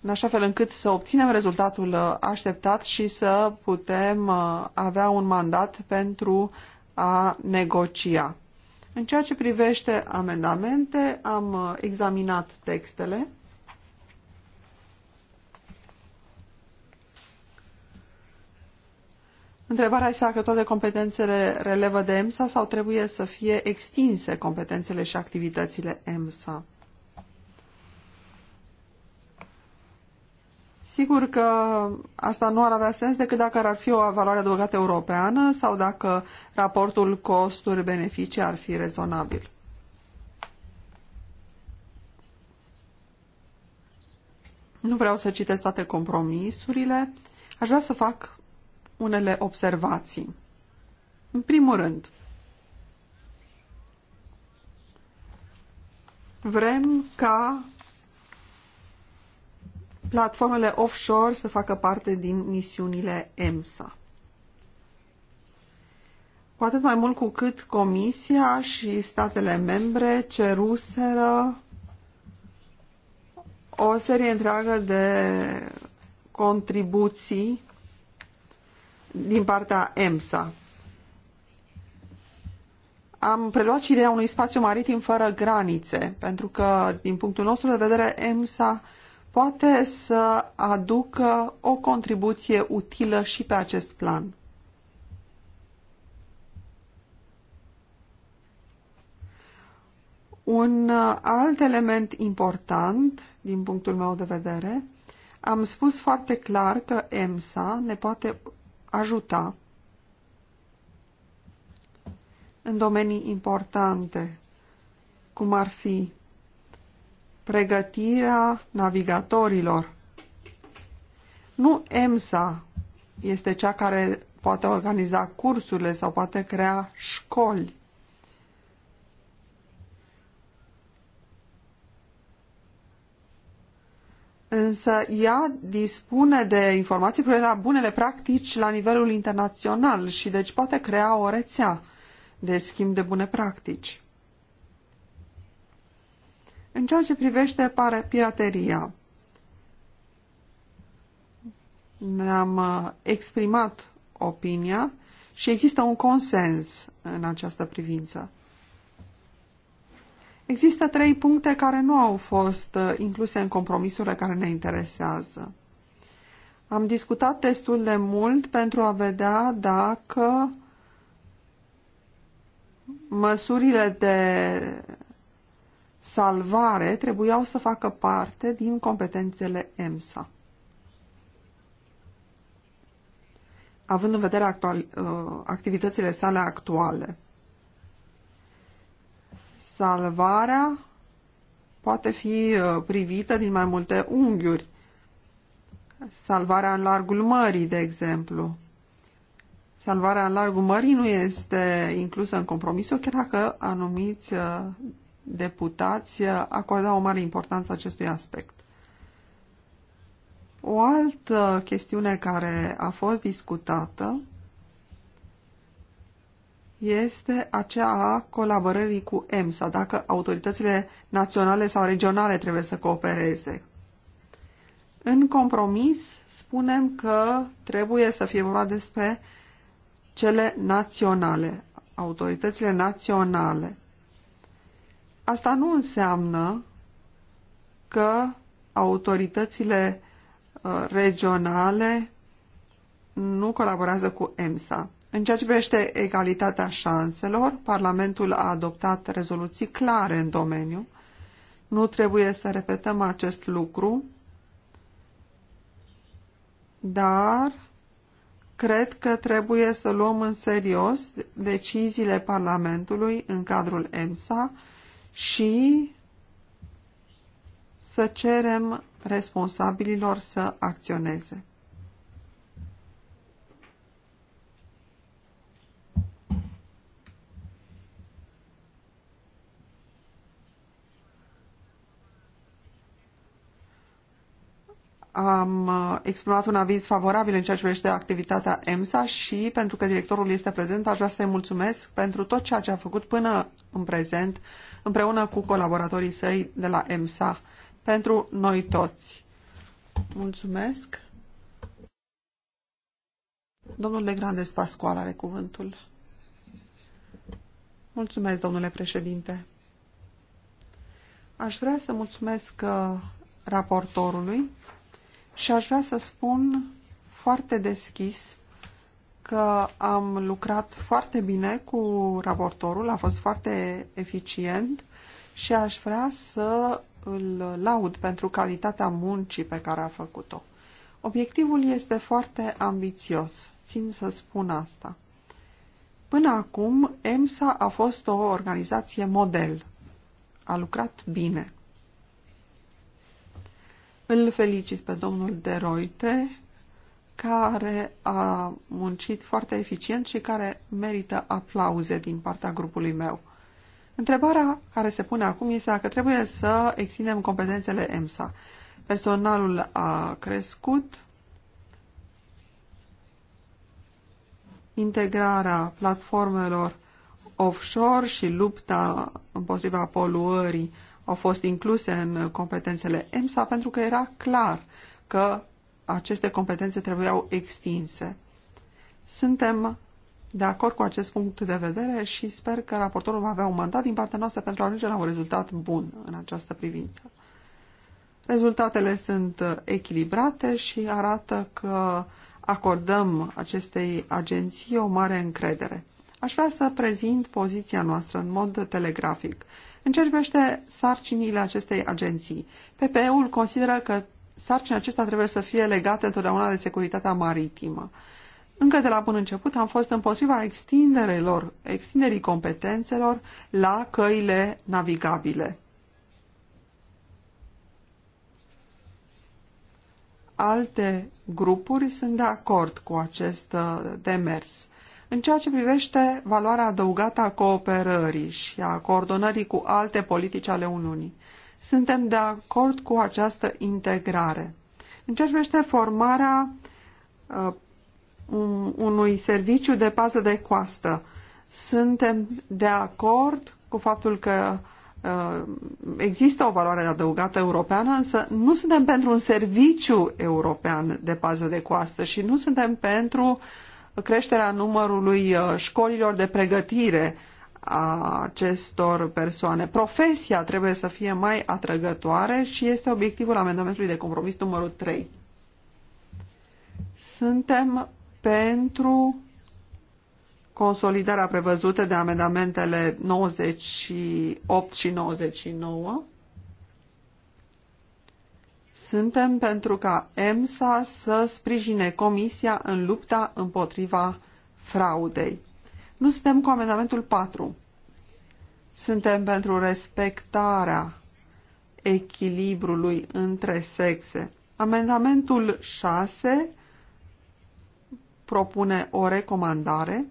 S2: în așa fel încât să obținem rezultatul uh, așteptat și să putem uh, avea un mandat pentru a negocia. În ceea ce privește amendamente, am examinat textele. Întrebarea este dacă toate competențele relevă de EMSA sau trebuie să fie extinse competențele și activitățile EMSA. Sigur că asta nu ar avea sens decât dacă ar fi o valoare adăugată europeană sau dacă raportul costuri-beneficii ar fi rezonabil. Nu vreau să citesc toate compromisurile. Aș vrea să fac unele observații. În primul rând, vrem ca platformele offshore să facă parte din misiunile EMSA. Cu atât mai mult cu cât Comisia și statele membre ceruseră o serie întreagă de contribuții din partea EMSA. Am preluat și ideea unui spațiu maritim fără granițe, pentru că, din punctul nostru de vedere, EMSA poate să aducă o contribuție utilă și pe acest plan. Un alt element important, din punctul meu de vedere, am spus foarte clar că EMSA ne poate ajuta în domenii importante, cum ar fi pregătirea navigatorilor. Nu EMSA este cea care poate organiza cursurile sau poate crea școli. însă ea dispune de informații privind la bunele practici la nivelul internațional și deci poate crea o rețea de schimb de bune practici. În ceea ce privește pirateria, ne-am uh, exprimat opinia și există un consens în această privință. Există trei puncte care nu au fost uh, incluse în compromisurile care ne interesează. Am discutat destul de mult pentru a vedea dacă măsurile de salvare trebuiau să facă parte din competențele EMSA. având în vedere actual, uh, activitățile sale actuale salvarea poate fi uh, privită din mai multe unghiuri. Salvarea în largul mării, de exemplu. Salvarea în largul mării nu este inclusă în compromisul, chiar dacă anumiți uh, deputați uh, acordau o mare importanță acestui aspect. O altă chestiune care a fost discutată este aceea a colaborării cu EMSA, dacă autoritățile naționale sau regionale trebuie să coopereze. În compromis, spunem că trebuie să fie vorba despre cele naționale, autoritățile naționale. Asta nu înseamnă că autoritățile uh, regionale nu colaborează cu EMSA. În ceea ce privește egalitatea șanselor, Parlamentul a adoptat rezoluții clare în domeniu. Nu trebuie să repetăm acest lucru, dar cred că trebuie să luăm în serios deciziile Parlamentului în cadrul EMSA și să cerem responsabililor să acționeze. am uh, exprimat un aviz favorabil în ceea ce privește activitatea EMSA și pentru că directorul este prezent, aș vrea să-i mulțumesc pentru tot ceea ce a făcut până în prezent, împreună cu colaboratorii săi de la EMSA, pentru noi toți. Mulțumesc. Domnul Legrandes Pascual are cuvântul. Mulțumesc, domnule președinte. Aș vrea să mulțumesc uh, raportorului și aș vrea să spun foarte deschis că am lucrat foarte bine cu raportorul, a fost foarte eficient și aș vrea să îl laud pentru calitatea muncii pe care a făcut-o. Obiectivul este foarte ambițios, țin să spun asta. Până acum, EMSA a fost o organizație model. A lucrat bine. Îl felicit pe domnul De Roite, care a muncit foarte eficient și care merită aplauze din partea grupului meu. Întrebarea care se pune acum este dacă trebuie să extindem competențele EMSA. Personalul a crescut, integrarea platformelor offshore și lupta împotriva poluării au fost incluse în competențele EMSA pentru că era clar că aceste competențe trebuiau extinse. Suntem de acord cu acest punct de vedere și sper că raportorul va avea un mandat din partea noastră pentru a ajunge la un rezultat bun în această privință. Rezultatele sunt echilibrate și arată că acordăm acestei agenții o mare încredere. Aș vrea să prezint poziția noastră în mod telegrafic. În ce privește sarcinile acestei agenții, PPE-ul consideră că sarcina acesta trebuie să fie legată întotdeauna de securitatea maritimă. Încă de la bun început am fost împotriva extinderilor, extinderii competențelor la căile navigabile. Alte grupuri sunt de acord cu acest uh, demers. În ceea ce privește valoarea adăugată a cooperării și a coordonării cu alte politici ale Uniunii, suntem de acord cu această integrare. În ceea ce privește formarea uh, unui serviciu de pază de coastă, suntem de acord cu faptul că uh, există o valoare adăugată europeană, însă nu suntem pentru un serviciu european de pază de coastă și nu suntem pentru uh, creșterea numărului uh, școlilor de pregătire a acestor persoane. Profesia trebuie să fie mai atrăgătoare și este obiectivul amendamentului de compromis numărul 3. Suntem pentru consolidarea prevăzută de amendamentele 98 și 99 suntem pentru ca EMSA să sprijine Comisia în lupta împotriva fraudei. Nu suntem cu amendamentul 4. Suntem pentru respectarea echilibrului între sexe. Amendamentul 6 propune o recomandare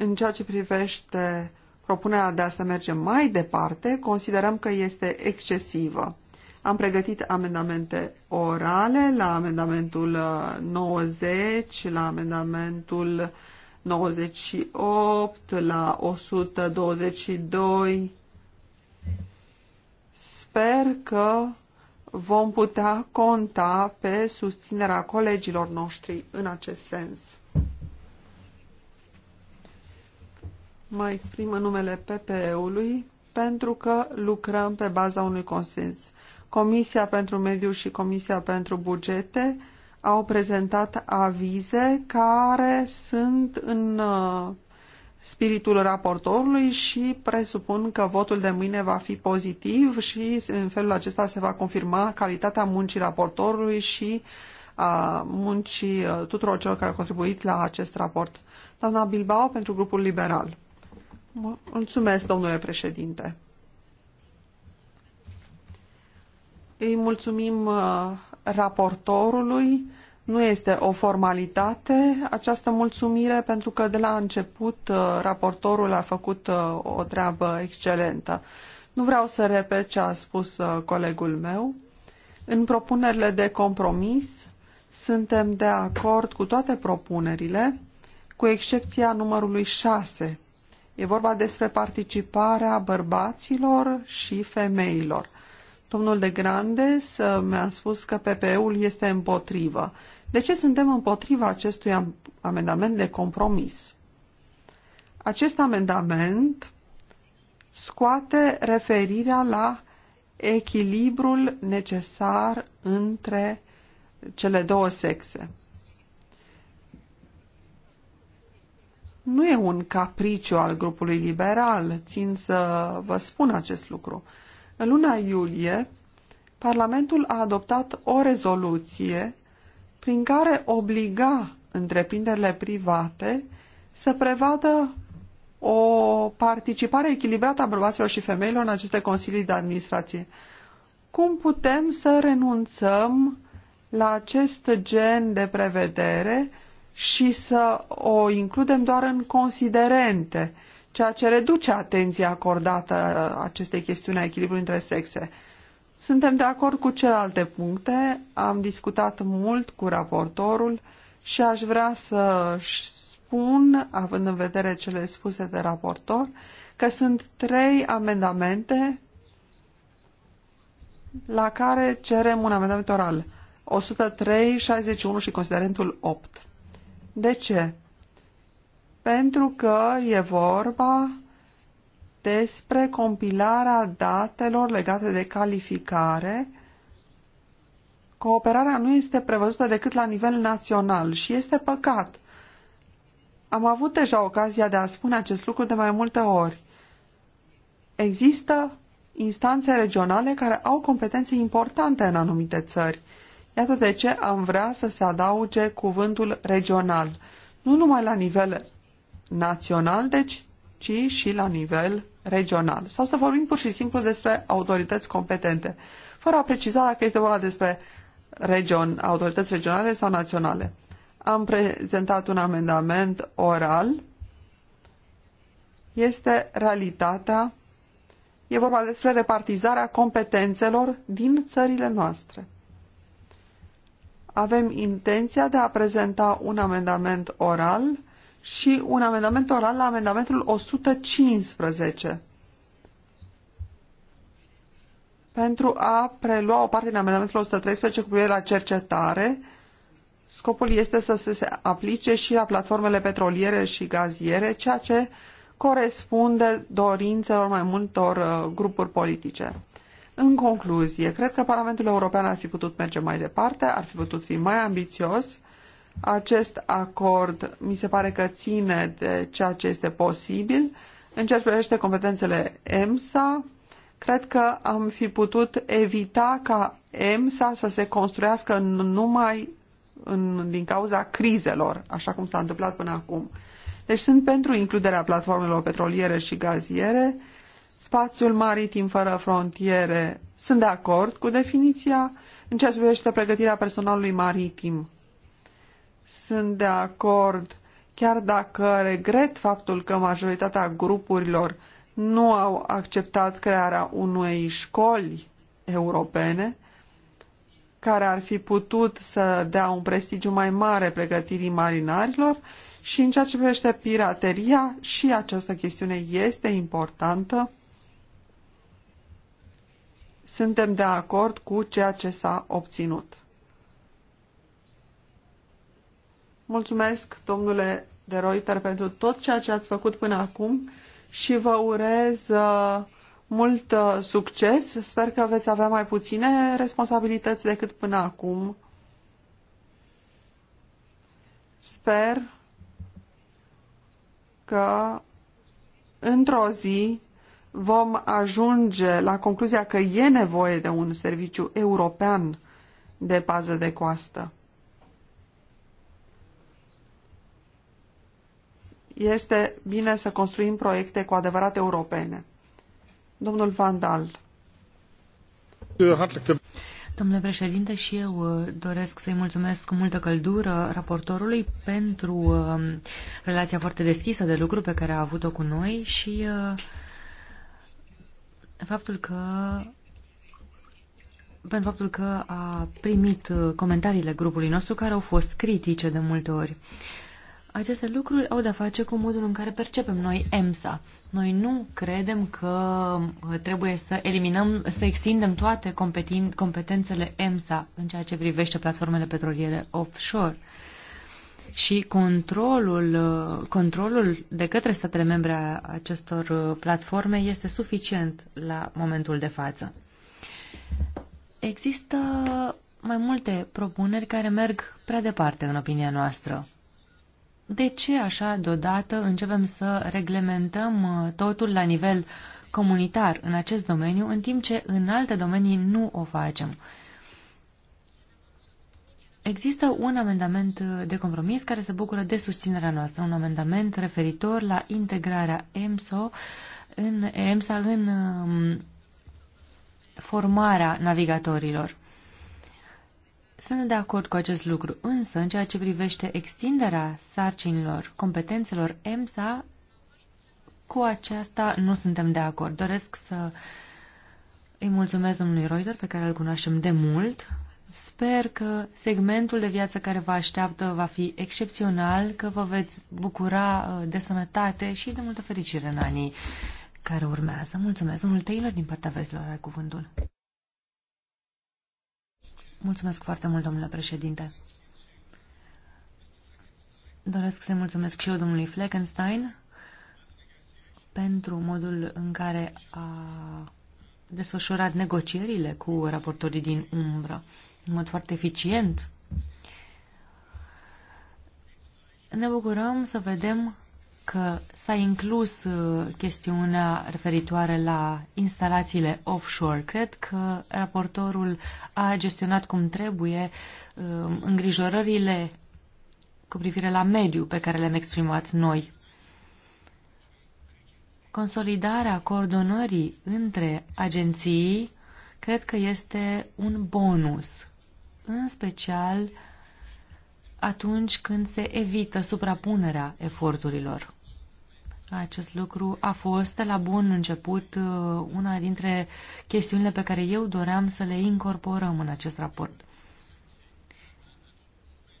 S2: în ceea ce privește propunerea de a se merge mai departe, considerăm că este excesivă. Am pregătit amendamente orale la amendamentul 90, uh, la amendamentul 98, la 122. Sper că vom putea conta pe susținerea colegilor noștri în acest sens. mă exprim în numele PPE-ului pentru că lucrăm pe baza unui consens. Comisia pentru Mediu și Comisia pentru Bugete au prezentat avize care sunt în uh, spiritul raportorului și presupun că votul de mâine va fi pozitiv și în felul acesta se va confirma calitatea muncii raportorului și a muncii uh, tuturor celor care au contribuit la acest raport. Doamna Bilbao pentru grupul liberal. Mulțumesc, domnule președinte. Îi mulțumim uh, raportorului. Nu este o formalitate această mulțumire, pentru că de la început uh, raportorul a făcut uh, o treabă excelentă. Nu vreau să repet ce a spus colegul meu. În propunerile de compromis suntem de acord cu toate propunerile, cu excepția numărului 6 E vorba despre participarea bărbaților și femeilor. Domnul de Grandes uh, mi-a spus că PPE-ul este împotrivă. De ce suntem împotriva acestui amendament de compromis? Acest amendament scoate referirea la echilibrul necesar între cele două sexe. nu e un capriciu al grupului liberal, țin să vă spun acest lucru. În luna iulie, Parlamentul a adoptat o rezoluție prin care obliga întreprinderile private să prevadă o participare echilibrată a bărbaților și femeilor în aceste consilii de administrație. Cum putem să renunțăm la acest gen de prevedere și să o includem doar în considerente, ceea ce reduce atenția acordată acestei chestiuni a echilibrului între sexe. Suntem de acord cu celelalte puncte, am discutat mult cu raportorul și aș vrea să spun, având în vedere cele spuse de raportor, că sunt trei amendamente la care cerem un amendament oral. 103, 61 și considerentul 8. De ce? Pentru că e vorba despre compilarea datelor legate de calificare. Cooperarea nu este prevăzută decât la nivel național și este păcat. Am avut deja ocazia de a spune acest lucru de mai multe ori. Există instanțe regionale care au competențe importante în anumite țări Iată de ce am vrea să se adauge cuvântul regional, nu numai la nivel național, deci, ci și la nivel regional. Sau să vorbim pur și simplu despre autorități competente, fără a preciza dacă este vorba despre region, autorități regionale sau naționale. Am prezentat un amendament oral. Este realitatea. E vorba despre repartizarea competențelor din țările noastre avem intenția de a prezenta un amendament oral și un amendament oral la amendamentul 115 pentru a prelua o parte din amendamentul 113 cu privire la cercetare. Scopul este să se aplice și la platformele petroliere și gaziere, ceea ce corespunde dorințelor mai multor uh, grupuri politice. În concluzie, cred că Parlamentul European ar fi putut merge mai departe, ar fi putut fi mai ambițios. Acest acord mi se pare că ține de ceea ce este posibil. În ceea ce privește competențele EMSA, cred că am fi putut evita ca EMSA să se construiască numai în, din cauza crizelor, așa cum s-a întâmplat până acum. Deci sunt pentru includerea platformelor petroliere și gaziere, spațiul maritim fără frontiere. Sunt de acord cu definiția în ceea ce privește pregătirea personalului maritim. Sunt de acord, chiar dacă regret faptul că majoritatea grupurilor nu au acceptat crearea unei școli europene care ar fi putut să dea un prestigiu mai mare pregătirii marinarilor și în ceea ce privește pirateria și această chestiune este importantă suntem de acord cu ceea ce s-a obținut. Mulțumesc, domnule de Reuter, pentru tot ceea ce ați făcut până acum și vă urez uh, mult uh, succes. Sper că veți avea mai puține responsabilități decât până acum. Sper că într-o zi vom ajunge la concluzia că e nevoie de un serviciu european de pază de coastă. Este bine să construim proiecte cu adevărat europene. Domnul
S4: Vandal. Domnule președinte, și eu uh, doresc să-i mulțumesc cu multă căldură raportorului pentru um, relația foarte deschisă de lucru pe care a avut-o cu noi și uh, faptul că pentru faptul că a primit uh, comentariile grupului nostru care au fost critice de multe ori. Aceste lucruri au de-a face cu modul în care percepem noi EMSA. Noi nu credem că uh, trebuie să eliminăm, să extindem toate competențele EMSA în ceea ce privește platformele petroliere offshore și controlul, uh, controlul de către statele membre a acestor uh, platforme este suficient la momentul de față. Există mai multe propuneri care merg prea departe, în opinia noastră. De ce așa deodată începem să reglementăm uh, totul la nivel comunitar în acest domeniu, în timp ce în alte domenii nu o facem? Există un amendament uh, de compromis care se bucură de susținerea noastră, un amendament referitor la integrarea EMSO în, EMSA în um, formarea navigatorilor. Sunt de acord cu acest lucru, însă în ceea ce privește extinderea sarcinilor, competențelor EMSA, cu aceasta nu suntem de acord. Doresc să îi mulțumesc domnului Reuter, pe care îl cunoaștem de mult, Sper că segmentul de viață care vă așteaptă va fi excepțional, că vă veți bucura uh, de sănătate și de multă fericire în anii care urmează. Mulțumesc, domnul Taylor, din partea vezilor, are cuvântul. Mulțumesc foarte mult, domnule președinte. Doresc să-i mulțumesc și eu domnului Fleckenstein pentru modul în care a desfășurat negocierile cu raportorii din umbră în mod foarte eficient. Ne bucurăm să vedem că s-a inclus uh, chestiunea referitoare la instalațiile offshore. Cred că raportorul a gestionat cum trebuie um, îngrijorările cu privire la mediu pe care le-am exprimat noi. Consolidarea coordonării între agenții cred că este un bonus în special atunci când se evită suprapunerea eforturilor. Acest lucru a fost la bun început uh, una dintre chestiunile pe care eu doream să le incorporăm în acest raport.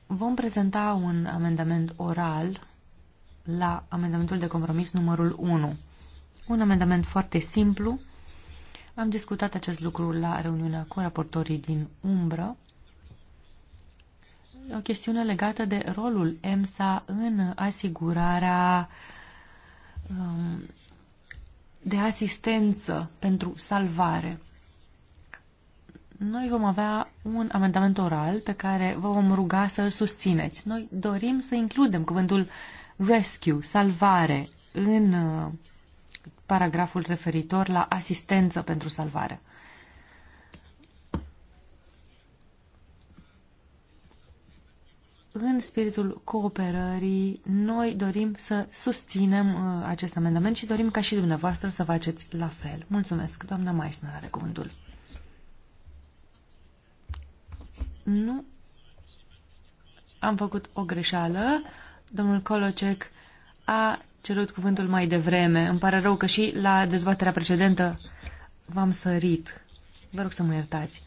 S4: Vom prezenta un amendament oral la amendamentul de compromis numărul 1. Un amendament foarte simplu. Am discutat acest lucru la reuniunea cu raportorii din umbră o chestiune legată de rolul EMSA în asigurarea um, de asistență pentru salvare. Noi vom avea un amendament oral pe care vă vom ruga să îl susțineți. Noi dorim să includem cuvântul rescue, salvare, în uh, paragraful referitor la asistență pentru salvare. în spiritul cooperării, noi dorim să susținem uh, acest amendament și dorim ca și dumneavoastră să faceți la fel. Mulțumesc. Doamna Maisner are cuvântul. Nu. Am făcut o greșeală. Domnul Kolocek a cerut cuvântul mai devreme. Îmi pare rău că și la dezbaterea precedentă v-am sărit. Vă rog să mă iertați.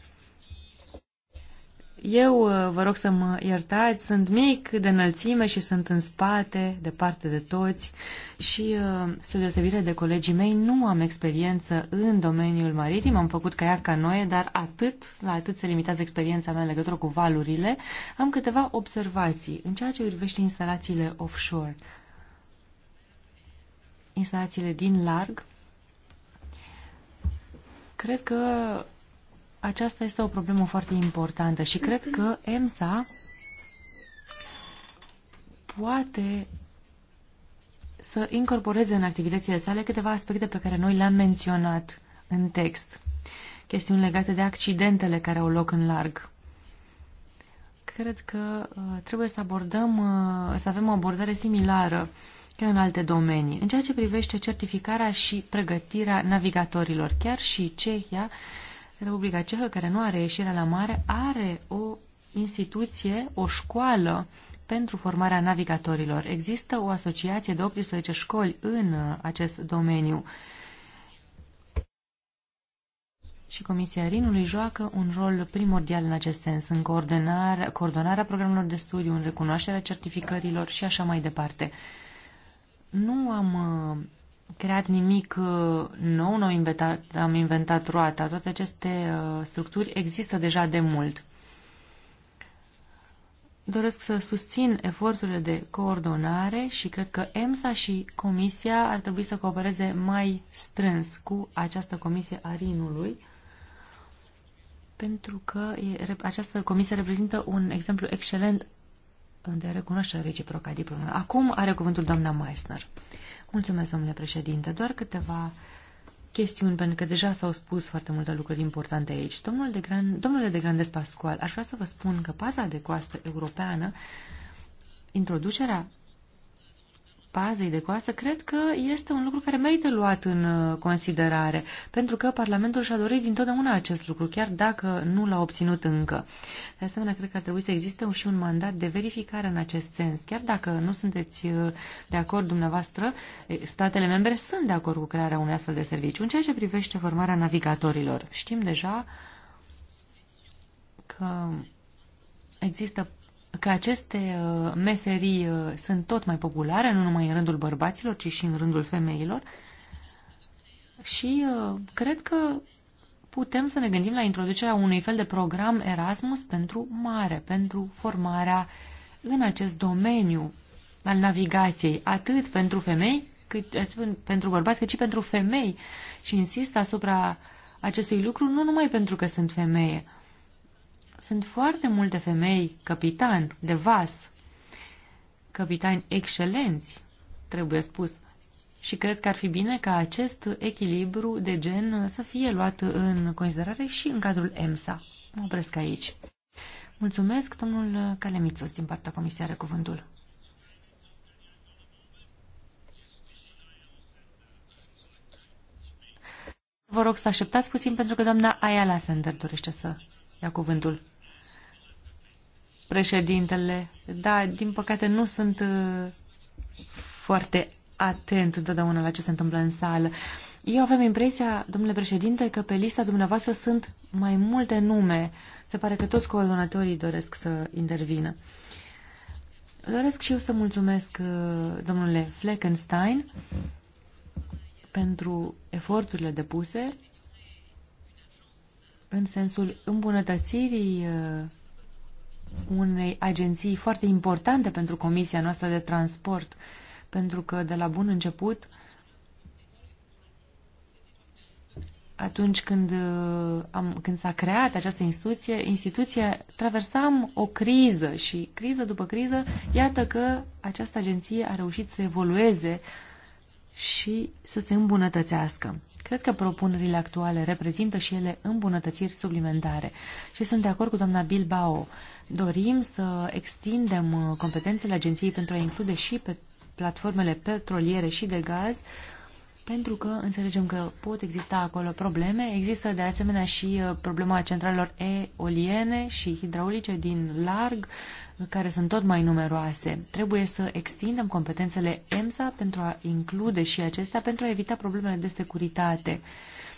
S4: Eu uh, vă rog să mă iertați, sunt mic de înălțime și sunt în spate, departe de toți și, uh, spre deosebire de colegii mei, nu am experiență în domeniul maritim, am făcut caiac ca noi, dar atât, la atât se limitează experiența mea în legătură cu valurile, am câteva observații în ceea ce privește instalațiile offshore. Instalațiile din larg, cred că aceasta este o problemă foarte importantă și cred că EMSA poate să incorporeze în activitățile sale câteva aspecte pe care noi le-am menționat în text. Chestiuni legate de accidentele care au loc în larg. Cred că uh, trebuie să abordăm, uh, să avem o abordare similară ca în alte domenii. În ceea ce privește certificarea și pregătirea navigatorilor, chiar și Cehia Republica Cehă, care nu are ieșire la mare, are o instituție, o școală pentru formarea navigatorilor. Există o asociație de 18 școli în uh, acest domeniu. Și Comisia Rinului joacă un rol primordial în acest sens, în coordonarea, coordonarea programelor de studiu, în recunoașterea certificărilor și așa mai departe. Nu am uh, creat nimic uh, nou, nu inventat, am inventat roata. Toate aceste uh, structuri există deja de mult. Doresc să susțin eforturile de coordonare și cred că EMSA și Comisia ar trebui să coopereze mai strâns cu această Comisie a Rinului, pentru că această comisie reprezintă un exemplu excelent de recunoaștere reciprocă a diplomelor. Acum are cuvântul doamna Meissner. Mulțumesc, domnule președinte. Doar câteva chestiuni, pentru că deja s-au spus foarte multe lucruri importante aici. Domnul de Gran, domnule de Grandes Pascual, aș vrea să vă spun că paza de coastă europeană, introducerea pazei de coastă, cred că este un lucru care merită luat în uh, considerare, pentru că Parlamentul și-a dorit dintotdeauna acest lucru, chiar dacă nu l-a obținut încă. De asemenea, cred că ar trebui să existe și un mandat de verificare în acest sens. Chiar dacă nu sunteți uh, de acord dumneavoastră, statele membre sunt de acord cu crearea unui astfel de serviciu. În ceea ce privește formarea navigatorilor, știm deja că există că aceste uh, meserii uh, sunt tot mai populare, nu numai în rândul bărbaților, ci și în rândul femeilor. Și uh, cred că putem să ne gândim la introducerea unui fel de program Erasmus pentru mare, pentru formarea în acest domeniu al navigației, atât pentru femei, cât, eh, pentru bărbați, cât și pentru femei. Și insist asupra acestui lucru nu numai pentru că sunt femeie, sunt foarte multe femei capitan de vas, capitani excelenți, trebuie spus, și cred că ar fi bine ca acest echilibru de gen să fie luat în considerare și în cadrul EMSA. Mă opresc aici. Mulțumesc, domnul Calemițos, din partea Comisiei cuvântul. Vă rog să așteptați puțin pentru că doamna Ayala se dorește să ia cuvântul. Președintele, da, din păcate nu sunt uh, foarte atent întotdeauna la ce se întâmplă în sală. Eu avem impresia, domnule președinte, că pe lista dumneavoastră sunt mai multe nume. Se pare că toți coordonatorii doresc să intervină. Doresc și eu să mulțumesc uh, domnule Fleckenstein pentru eforturile depuse în sensul îmbunătățirii uh, unei agenții foarte importante pentru Comisia noastră de transport, pentru că de la bun început, atunci când, uh, am, când s-a creat această instituție, instituție, traversam o criză și criză după criză, iată că această agenție a reușit să evolueze și să se îmbunătățească. Cred că propunerile actuale reprezintă și ele îmbunătățiri suplimentare și sunt de acord cu doamna Bilbao. Dorim să extindem uh, competențele agenției pentru a include și pe platformele petroliere și de gaz, pentru că înțelegem că pot exista acolo probleme. Există de asemenea și uh, problema centralelor eoliene și hidraulice din larg, care sunt tot mai numeroase. Trebuie să extindem competențele EMSA pentru a include și acestea, pentru a evita problemele de securitate.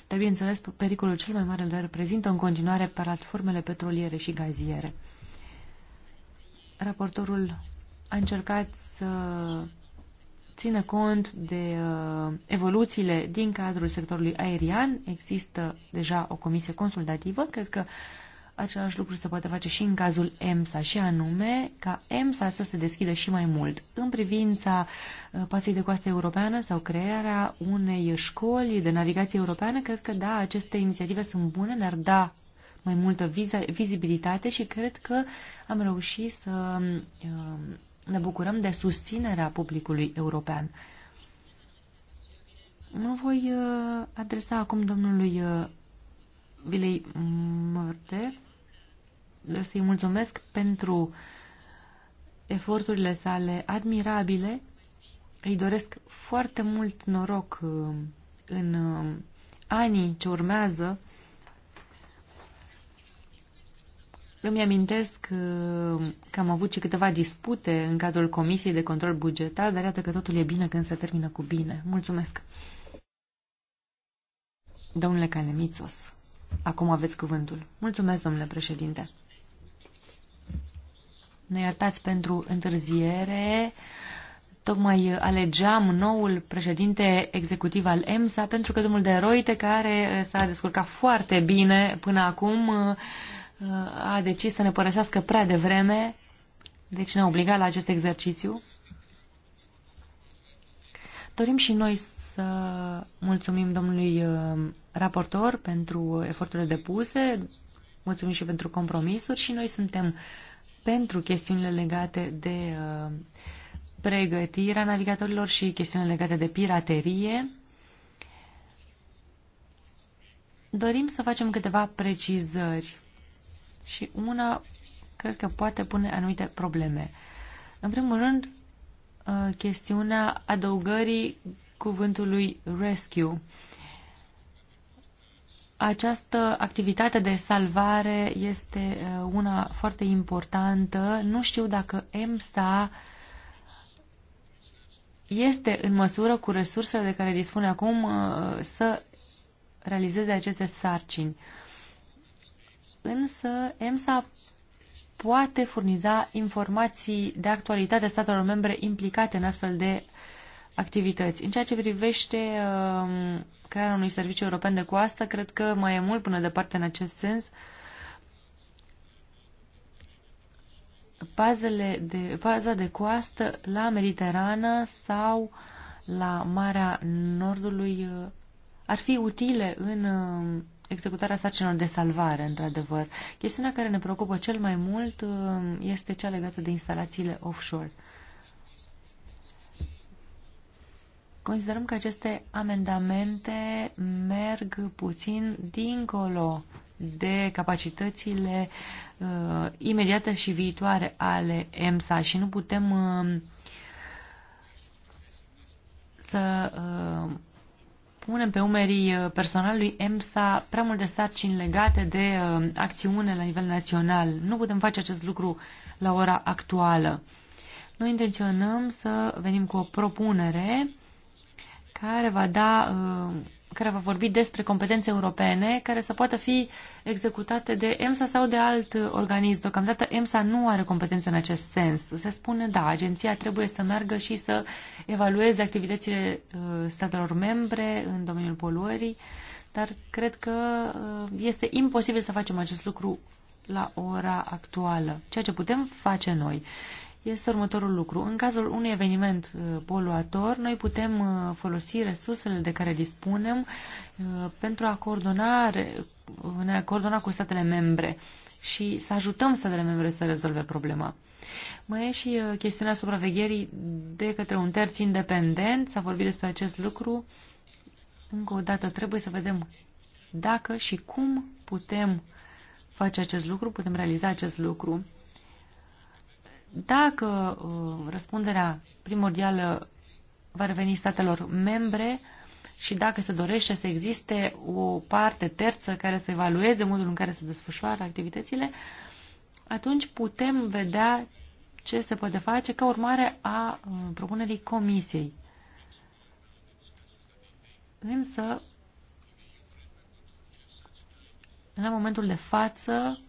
S4: Dar, bineînțeles, pericolul cel mai mare îl reprezintă în continuare platformele petroliere și gaziere. Raportorul a încercat să țină cont de uh, evoluțiile din cadrul sectorului aerian. Există deja o comisie consultativă. Cred că uh, Același lucru se poate face și în cazul EMSA, și anume ca EMSA să se deschidă și mai mult în privința uh, pasei de coastă europeană sau crearea unei școli de navigație europeană. Cred că da, aceste inițiative sunt bune, ne-ar da mai multă vizibilitate și cred că am reușit să um, ne bucurăm de susținerea publicului european. Mă voi uh, adresa acum domnului uh, Vilei Mărte să-i mulțumesc pentru eforturile sale admirabile. Îi doresc foarte mult noroc uh, în uh, anii ce urmează. Îmi amintesc uh, că am avut și câteva dispute în cadrul Comisiei de Control Bugetar, dar iată că totul e bine când se termină cu bine. Mulțumesc! Domnule Calemițos, acum aveți cuvântul. Mulțumesc, domnule președinte. Ne iertați pentru întârziere. Tocmai alegeam noul președinte executiv al EMSA pentru că domnul de Roite, care uh, s-a descurcat foarte bine până acum, uh, uh, a decis să ne părăsească prea devreme, deci ne-a obligat la acest exercițiu. Dorim și noi să mulțumim domnului raportor pentru eforturile depuse, mulțumim și pentru compromisuri și noi suntem pentru chestiunile legate de uh, pregătirea navigatorilor și chestiunile legate de piraterie. Dorim să facem câteva precizări și una cred că poate pune anumite probleme. În primul rând, uh, chestiunea adăugării cuvântului rescue această activitate de salvare este uh, una foarte importantă. Nu știu dacă EMSA este în măsură cu resursele de care dispune acum uh, să realizeze aceste sarcini. Însă EMSA poate furniza informații de actualitate statelor membre implicate în astfel de activități. În ceea ce privește uh, crearea unui serviciu european de coastă, cred că mai e mult până departe în acest sens. Pazele de, paza de coastă la Mediterană sau la Marea Nordului uh, ar fi utile în uh, executarea sarcinilor de salvare, într-adevăr. Chestiunea care ne preocupă cel mai mult uh, este cea legată de instalațiile offshore. Considerăm că aceste amendamente merg puțin dincolo de capacitățile uh, imediate și viitoare ale EMSA și nu putem uh, să uh, punem pe umerii uh, personalului EMSA prea multe sarcini legate de uh, acțiune la nivel național. Nu putem face acest lucru la ora actuală. Noi intenționăm să venim cu o propunere care va da uh, care va vorbi despre competențe europene care să poată fi executate de EMSA sau de alt organism. Deocamdată EMSA nu are competențe în acest sens. Se spune, da, agenția trebuie să meargă și să evalueze activitățile uh, statelor membre în domeniul poluării, dar cred că uh, este imposibil să facem acest lucru la ora actuală. Ceea ce putem face noi este următorul lucru. În cazul unui eveniment uh, poluator, noi putem uh, folosi resursele de care dispunem uh, pentru a coordona, ne coordona cu statele membre și să ajutăm statele membre să rezolve problema. Mai e și chestiunea supravegherii de către un terț independent. S-a vorbit despre acest lucru. Încă o dată trebuie să vedem dacă și cum putem face acest lucru, putem realiza acest lucru dacă uh, răspunderea primordială va reveni statelor membre și dacă se dorește să existe o parte terță care să evalueze modul în care se desfășoară activitățile, atunci putem vedea ce se poate face ca urmare a uh, propunerii comisiei. Însă, în momentul de față,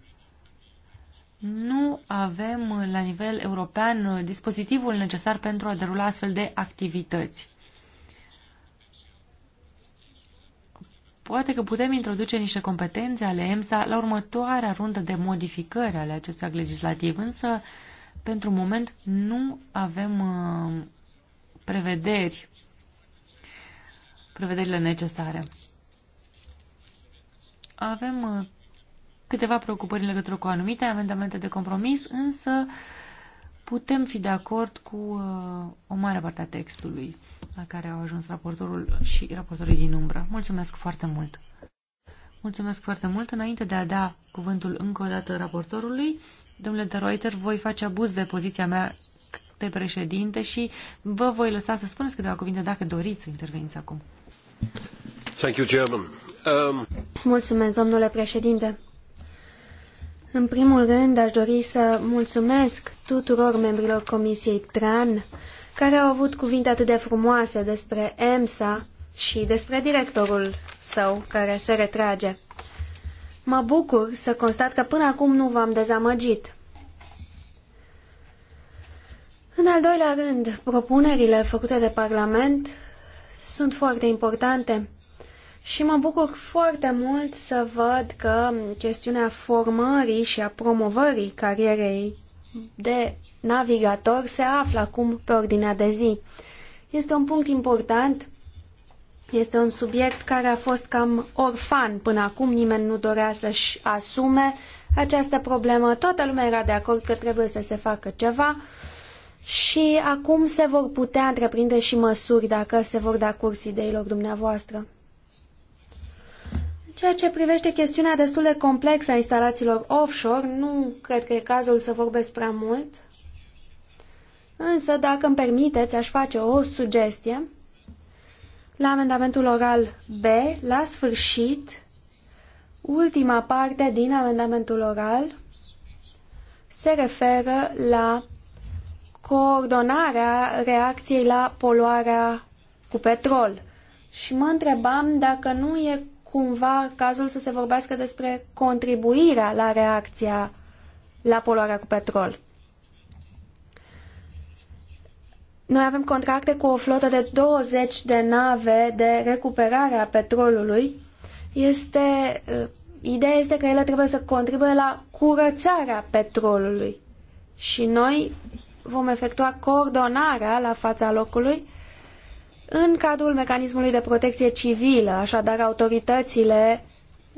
S4: nu avem uh, la nivel european uh, dispozitivul necesar pentru a derula astfel de activități. Poate că putem introduce niște competențe ale EMSA la următoarea rundă de modificări ale acestui act legislativ, însă pentru moment nu avem uh, prevederi, prevederile necesare. Avem uh, câteva preocupări în legătură cu anumite amendamente de compromis, însă putem fi de acord cu uh, o mare parte a textului la care au ajuns raportorul și raportorii din umbră. Mulțumesc foarte mult! Mulțumesc foarte mult! Înainte de a da cuvântul încă o dată raportorului, domnule de Reuter, voi face abuz de poziția mea de președinte și vă voi lăsa să spuneți câteva cuvinte dacă doriți să interveniți acum.
S1: Thank you, Chairman. Um...
S3: Mulțumesc, domnule președinte. În primul rând, aș dori să mulțumesc tuturor membrilor Comisiei TRAN care au avut cuvinte atât de frumoase despre EMSA și despre directorul său care se retrage. Mă bucur să constat că până acum nu v-am dezamăgit. În al doilea rând, propunerile făcute de Parlament sunt foarte importante și mă bucur foarte mult să văd că chestiunea formării și a promovării carierei de navigator se află acum pe ordinea de zi. Este un punct important, este un subiect care a fost cam orfan până acum, nimeni nu dorea să-și asume această problemă, toată lumea era de acord că trebuie să se facă ceva și acum se vor putea întreprinde și măsuri dacă se vor da curs ideilor dumneavoastră. Ceea ce privește chestiunea destul de complexă a instalațiilor offshore, nu cred că e cazul să vorbesc prea mult, însă, dacă îmi permiteți, aș face o sugestie. La amendamentul oral B, la sfârșit, ultima parte din amendamentul oral se referă la coordonarea reacției la poluarea cu petrol. Și mă întrebam dacă nu e cumva cazul să se vorbească despre contribuirea la reacția la poluarea cu petrol. Noi avem contracte cu o flotă de 20 de nave de recuperare a petrolului. Este, uh, ideea este că ele trebuie să contribuie la curățarea petrolului. Și noi vom efectua coordonarea la fața locului în cadrul mecanismului de protecție civilă, așadar autoritățile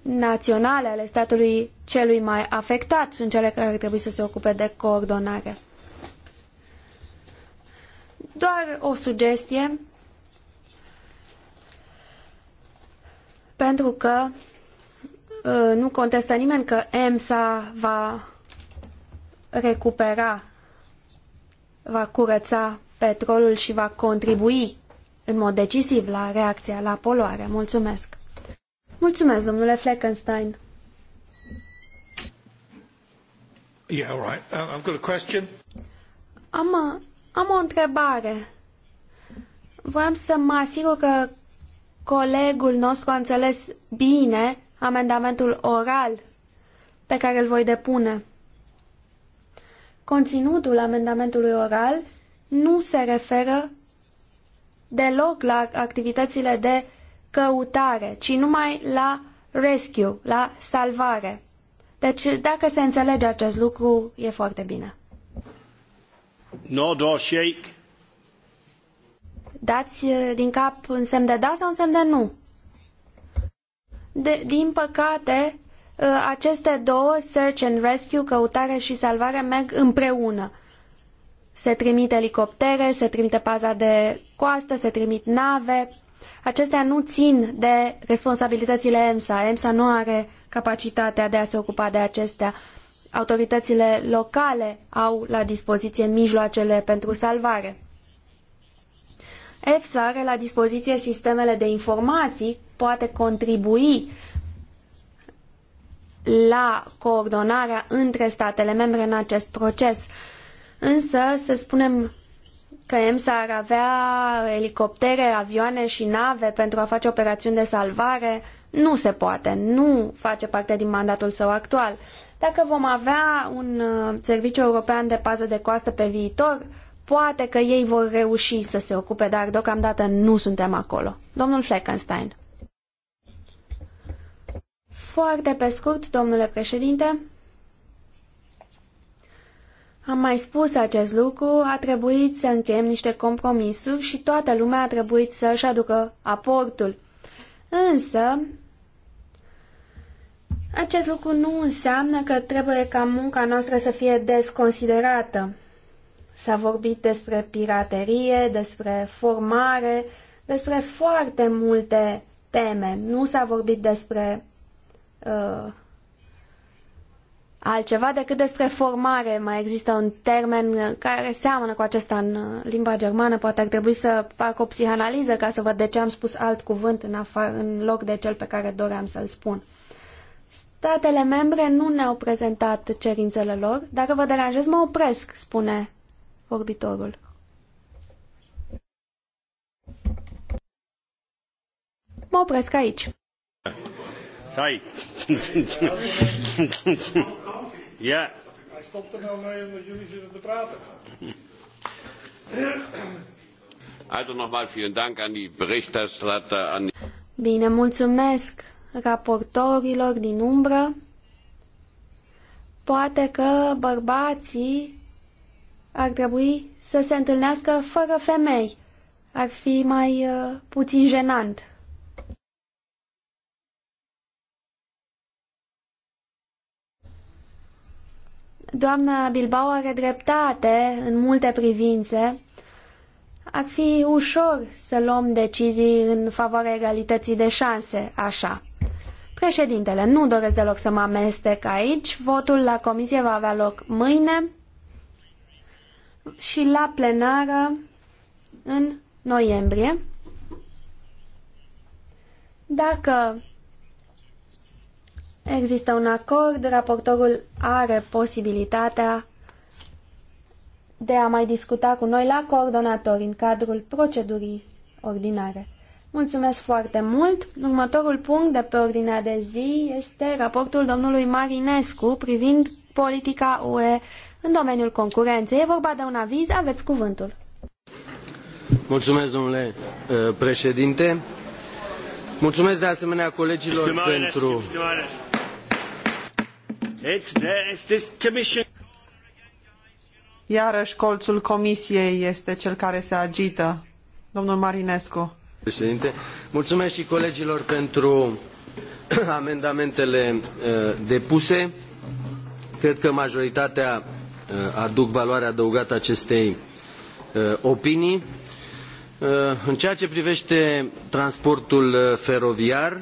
S3: naționale ale statului celui mai afectat sunt cele care ar trebui să se ocupe de coordonare. Doar o sugestie, pentru că ă, nu contestă nimeni că EMSA va recupera, va curăța petrolul și va contribui în mod decisiv la reacția la poluare. Mulțumesc! Mulțumesc, domnule Fleckenstein!
S5: Yeah, all right. Uh, I've got a question.
S3: Am, uh, am o întrebare. Vreau să mă asigur că colegul nostru a înțeles bine amendamentul oral pe care îl voi depune. Conținutul amendamentului oral nu se referă deloc la activitățile de căutare, ci numai la rescue, la salvare. Deci, dacă se înțelege acest lucru, e foarte bine.
S1: Nod or shake.
S3: Dați eh, din cap în semn de da sau în semn de nu? De, din păcate, eh, aceste două, search and rescue, căutare și salvare, merg împreună. Se trimit elicoptere, se trimite paza de coastă, se trimit nave. Acestea nu țin de responsabilitățile EMSA. EMSA nu are capacitatea de a se ocupa de acestea. Autoritățile locale au la dispoziție mijloacele pentru salvare. EFSA are la dispoziție sistemele de informații, poate contribui la coordonarea între statele membre în acest proces. Uh, Însă, să spunem că EMSA ar avea elicoptere, avioane și nave pentru a face operațiuni de salvare, nu se poate, nu face parte din mandatul său actual. Dacă vom avea un uh, serviciu european de pază de coastă pe viitor, poate că ei vor reuși să se ocupe, dar deocamdată nu suntem acolo. Domnul Fleckenstein. Foarte pe scurt, domnule președinte, am mai spus acest lucru, a trebuit să încheiem niște compromisuri și toată lumea a trebuit să-și aducă aportul. Însă, acest lucru nu înseamnă că trebuie ca munca noastră să fie desconsiderată. S-a vorbit despre piraterie, despre formare, despre foarte multe teme. Nu s-a vorbit despre uh, altceva decât despre formare. Mai există un termen care seamănă cu acesta în limba germană. Poate ar trebui să fac o psihanaliză ca să văd de ce am spus alt cuvânt în, afar, în loc de cel pe care doream să-l spun. Statele membre nu ne-au prezentat cerințele lor. Dacă vă deranjez, mă opresc, spune vorbitorul. Mă opresc aici. Sai. Ja.
S1: Hij stopt er nou mee omdat jullie zitten te praten. Also nogmaal vielen Dank aan die Berichterstatter. An...
S3: Bine, mulțumesc raportorilor din umbră. Poate că bărbații ar trebui să se întâlnească fără femei. Ar fi mai uh, puțin jenant. Doamna Bilbao are dreptate în multe privințe. Ar fi ușor să luăm decizii în favoarea egalității de șanse, așa. Președintele, nu doresc deloc să mă amestec aici. Votul la comisie va avea loc mâine și la plenară în noiembrie. Dacă Există un acord, raportorul are posibilitatea de a mai discuta cu noi la coordonatori în cadrul procedurii ordinare. Mulțumesc foarte mult! Următorul punct de pe ordinea de zi este raportul domnului Marinescu privind politica UE în domeniul concurenței. E vorba de un aviz, aveți cuvântul.
S1: Mulțumesc, domnule uh, președinte. Mulțumesc de asemenea colegilor pentru... Marinescu
S2: iarăi colul comisiei este cel care se agită. Domnul Marinescu.
S1: Președinte, mulțumesc colegilor pentru amendamentele uh, depuse. Cred că majoritatea uh, aduc valoare adăugată acestei uh, opinii. În ceea ce privete transportul feroviar,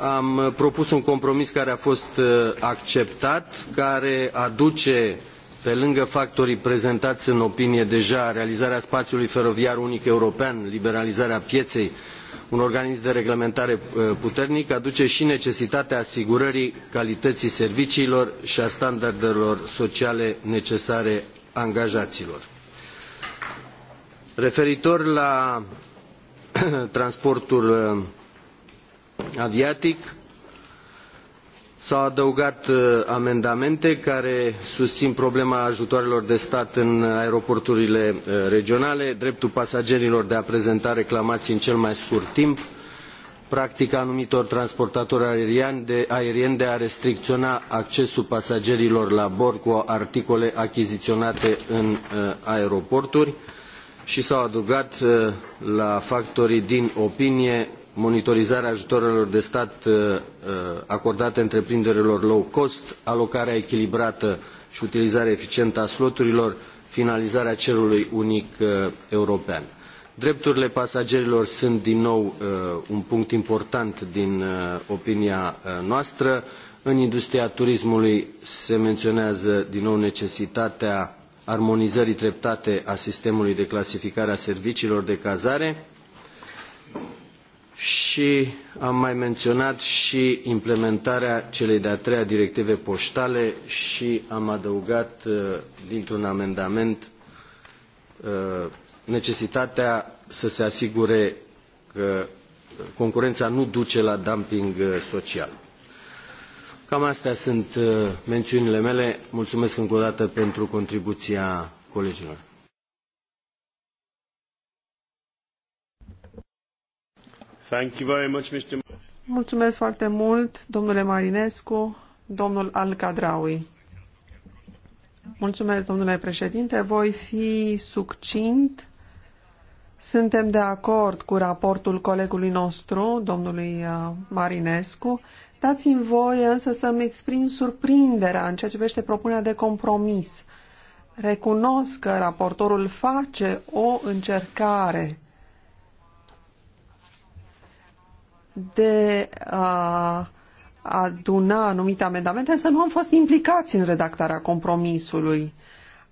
S1: am uh, propus un compromis care a fost uh, acceptat, care aduce pe lângă factorii prezentați în opinie deja, realizarea spațiului feroviar unic european, liberalizarea pieței, un organism de reglementare uh, puternic, aduce și necesitatea asigurării calității serviciilor și a standardelor sociale necesare angajaților. Referitor la transportul Aviatic. S-au adăugat uh, amendamente care susțin problema ajutoarelor de stat în aeroporturile uh, regionale, dreptul pasagerilor de a prezenta reclamații în cel mai scurt timp, practica anumitor transportatori aerieni de, aerien de a restricționa accesul pasagerilor la bord cu articole achiziționate în uh, aeroporturi și s-au adăugat la factorii din opinie monitorizarea ajutoarelor de stat uh, uh, acordate întreprinderilor low cost, alocarea echilibrată și utilizarea eficientă a sloturilor, finalizarea cerului unic uh, european. Drepturile pasagerilor sunt din nou un punct important din opinia noastră. În industria turismului se menționează din nou necesitatea armonizării treptate a sistemului de clasificare a serviciilor de cazare și am mai menționat și implementarea celei de-a treia directive poștale și am adăugat uh, dintr-un amendament uh, necesitatea să se asigure că uh, concurența nu duce la dumping social. Cam astea sunt mențiunile mele. Mulțumesc încă o dată pentru contribuția colegilor. Thank you very much, Mr.
S2: Mulțumesc foarte mult, domnule Marinescu, domnul Al-Kadraui. Mulțumesc, domnule președinte. Voi fi succint. Suntem de acord cu raportul colegului nostru, domnului uh, Marinescu. Dați-mi voie însă să-mi exprim surprinderea în ceea ce privește propunerea de compromis. Recunosc că raportorul face o încercare de a aduna anumite amendamente, însă nu am fost implicați în redactarea compromisului.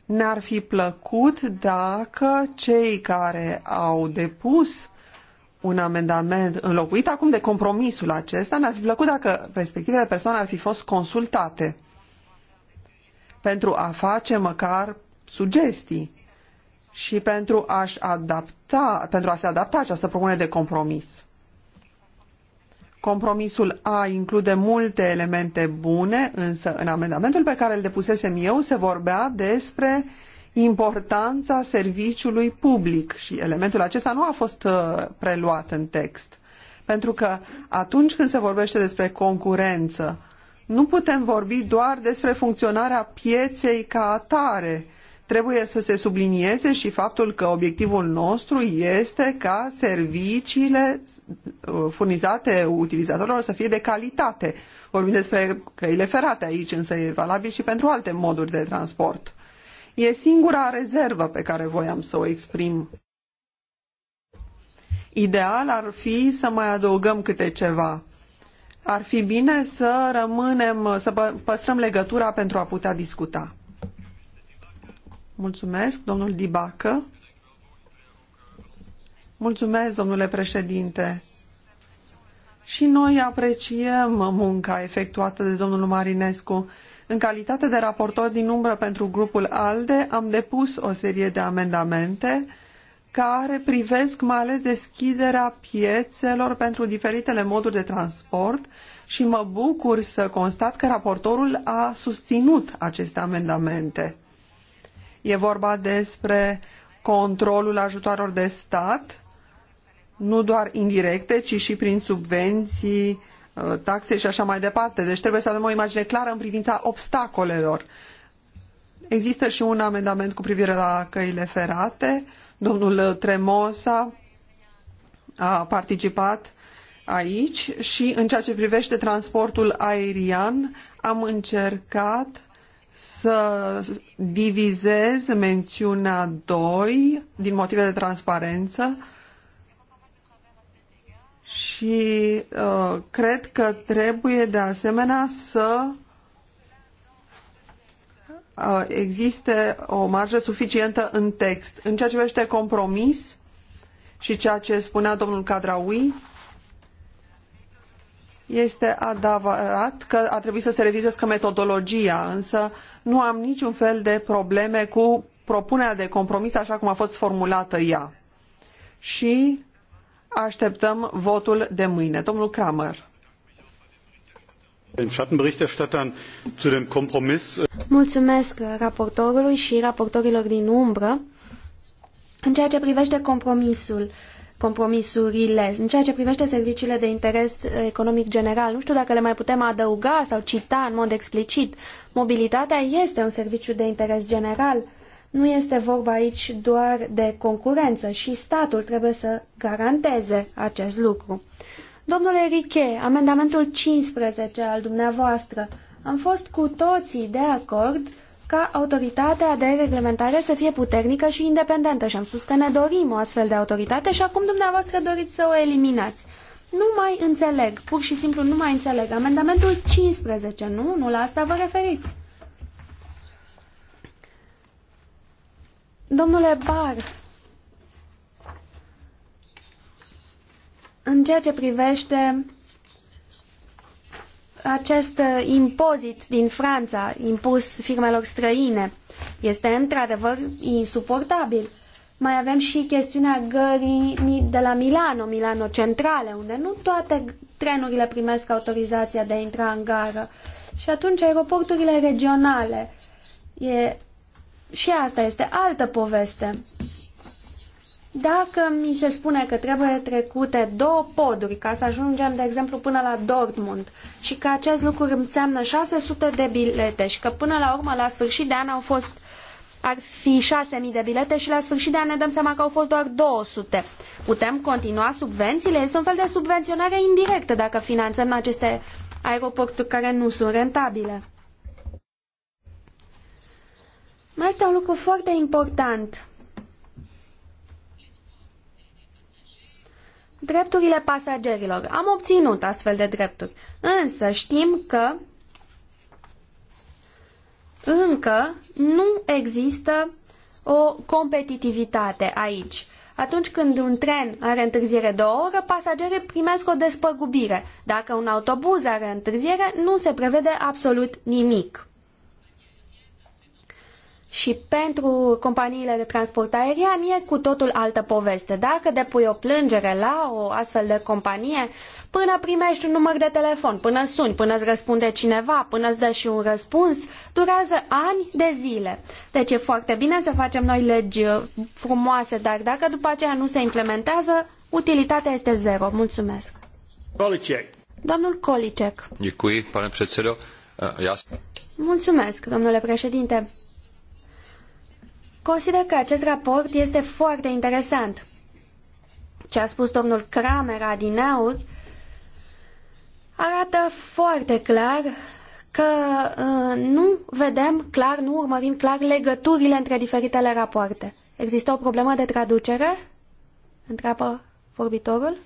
S2: Ne-ar fi plăcut dacă cei care au depus un amendament înlocuit acum de compromisul acesta, ne-ar fi plăcut dacă respectivele persoane ar fi fost consultate pentru a face măcar sugestii și pentru, a adapta, pentru a se adapta această propunere de compromis. Compromisul A include multe elemente bune, însă în amendamentul pe care îl depusesem eu se vorbea despre importanța serviciului public și elementul acesta nu a fost uh, preluat în text. Pentru că atunci când se vorbește despre concurență, nu putem vorbi doar despre funcționarea pieței ca atare, Trebuie să se sublinieze și faptul că obiectivul nostru este ca serviciile uh, furnizate utilizatorilor să fie de calitate. Vorbim despre căile ferate aici, însă e valabil și pentru alte moduri de transport. E singura rezervă pe care voiam să o exprim. Ideal ar fi să mai adăugăm câte ceva. Ar fi bine să rămânem, să păstrăm legătura pentru a putea discuta. Mulțumesc, domnul Dibacă. Mulțumesc, domnule președinte. Și noi apreciem munca efectuată de domnul Marinescu. În calitate de raportor din umbră pentru grupul ALDE, am depus o serie de amendamente care privesc mai ales deschiderea piețelor pentru diferitele moduri de transport și mă bucur să constat că raportorul a susținut aceste amendamente. E vorba despre controlul ajutoarelor de stat, nu doar indirecte, ci și prin subvenții, uh, taxe și așa mai departe. Deci trebuie să avem o imagine clară în privința obstacolelor. Există și un amendament cu privire la căile ferate. Domnul Tremosa a participat aici și în ceea ce privește transportul aerian am încercat să divizez mențiunea 2 din motive de transparență și uh, cred că trebuie de asemenea să uh, existe o marjă suficientă în text. În ceea ce vește compromis și ceea ce spunea domnul Cadraui, este adevărat că ar trebui să se revizuiască metodologia, însă nu am niciun fel de probleme cu propunerea de compromis așa cum a fost formulată ea. Și așteptăm votul de mâine. Domnul Kramer.
S3: Mulțumesc raportorului și raportorilor din umbră. În ceea ce privește compromisul, compromisurile. În ceea ce privește serviciile de interes economic general, nu știu dacă le mai putem adăuga sau cita în mod explicit. Mobilitatea este un serviciu de interes general. Nu este vorba aici doar de concurență și statul trebuie să garanteze acest lucru. Domnule Riche, amendamentul 15 al dumneavoastră, am fost cu toții de acord ca autoritatea de reglementare să fie puternică și independentă și am spus că ne dorim o astfel de autoritate și acum dumneavoastră doriți să o eliminați. Nu mai înțeleg, pur și simplu nu mai înțeleg. Amendamentul 15, nu? Nu la asta vă referiți. Domnule Bar, în ceea ce privește acest uh, impozit din Franța impus firmelor străine este într-adevăr insuportabil. Mai avem și chestiunea gării de la Milano, Milano Centrale, unde nu toate trenurile primesc autorizația de a intra în gară. Și atunci aeroporturile regionale. E... Și asta este altă poveste. Dacă mi se spune că trebuie trecute două poduri ca să ajungem, de exemplu, până la Dortmund și că acest lucru înseamnă 600 de bilete și că până la urmă, la sfârșit de an, au fost ar fi 6.000 de bilete și la sfârșit de an ne dăm seama că au fost doar 200. Putem continua subvențiile? Este un fel de subvenționare indirectă dacă finanțăm aceste aeroporturi care nu sunt rentabile. Mai este un lucru foarte important drepturile pasagerilor. Am obținut astfel de drepturi, însă știm că încă nu există o competitivitate aici. Atunci când un tren are întârziere de o oră, pasagerii primesc o despăgubire. Dacă un autobuz are întârziere, nu se prevede absolut nimic și pentru companiile de transport aerian e cu totul altă poveste. Dacă depui o plângere la o astfel de companie, până primești un număr de telefon, până suni, până îți răspunde cineva, până îți dă și un răspuns, durează ani de zile. Deci e foarte bine să facem noi legi frumoase, dar dacă după aceea nu se implementează, utilitatea este zero. Mulțumesc. Kolicek. Domnul Kolicek.
S2: Děkuji, pane předsedo.
S3: Mulțumesc, domnule președinte. Consider că acest raport este foarte interesant. Ce a spus domnul Kramer adineauri arată foarte clar că uh, nu vedem clar, nu urmărim clar legăturile între diferitele rapoarte. Există o problemă de traducere? Întreabă vorbitorul.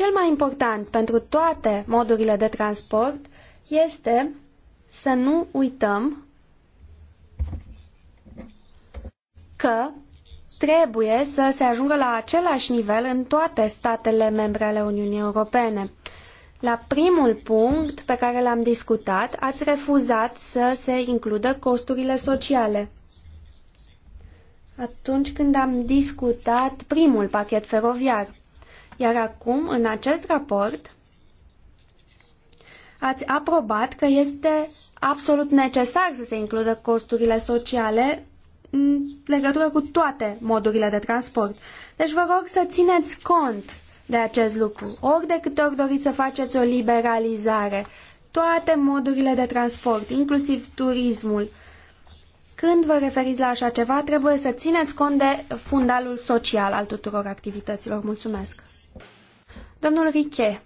S3: Cel mai important pentru toate modurile de transport este să nu uităm că trebuie să se ajungă la același nivel în toate statele membre ale Uniunii Europene. La primul punct pe care l-am discutat, ați refuzat să se includă costurile sociale. Atunci când am discutat primul pachet feroviar, iar acum, în acest raport, ați aprobat că este absolut necesar să se includă costurile sociale în legătură cu toate modurile de transport. Deci vă rog să țineți cont de acest lucru. Ori de câte ori doriți să faceți o liberalizare, toate modurile de transport, inclusiv turismul, când vă referiți la așa ceva, trebuie să țineți cont de fundalul social al tuturor activităților. Mulțumesc! Domnul Riche.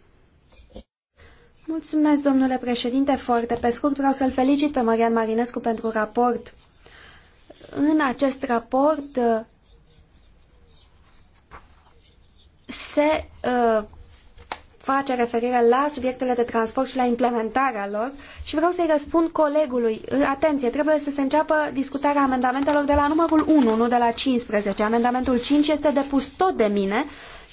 S3: Mulțumesc, domnule președinte, foarte pe scurt. Vreau să-l felicit pe Marian Marinescu pentru raport. În acest raport uh, se uh, face referire la subiectele de transport și la implementarea lor și vreau să-i răspund colegului. Uh, atenție, trebuie să se înceapă discutarea amendamentelor de la numărul 1, nu de la 15. Amendamentul 5 este depus tot de mine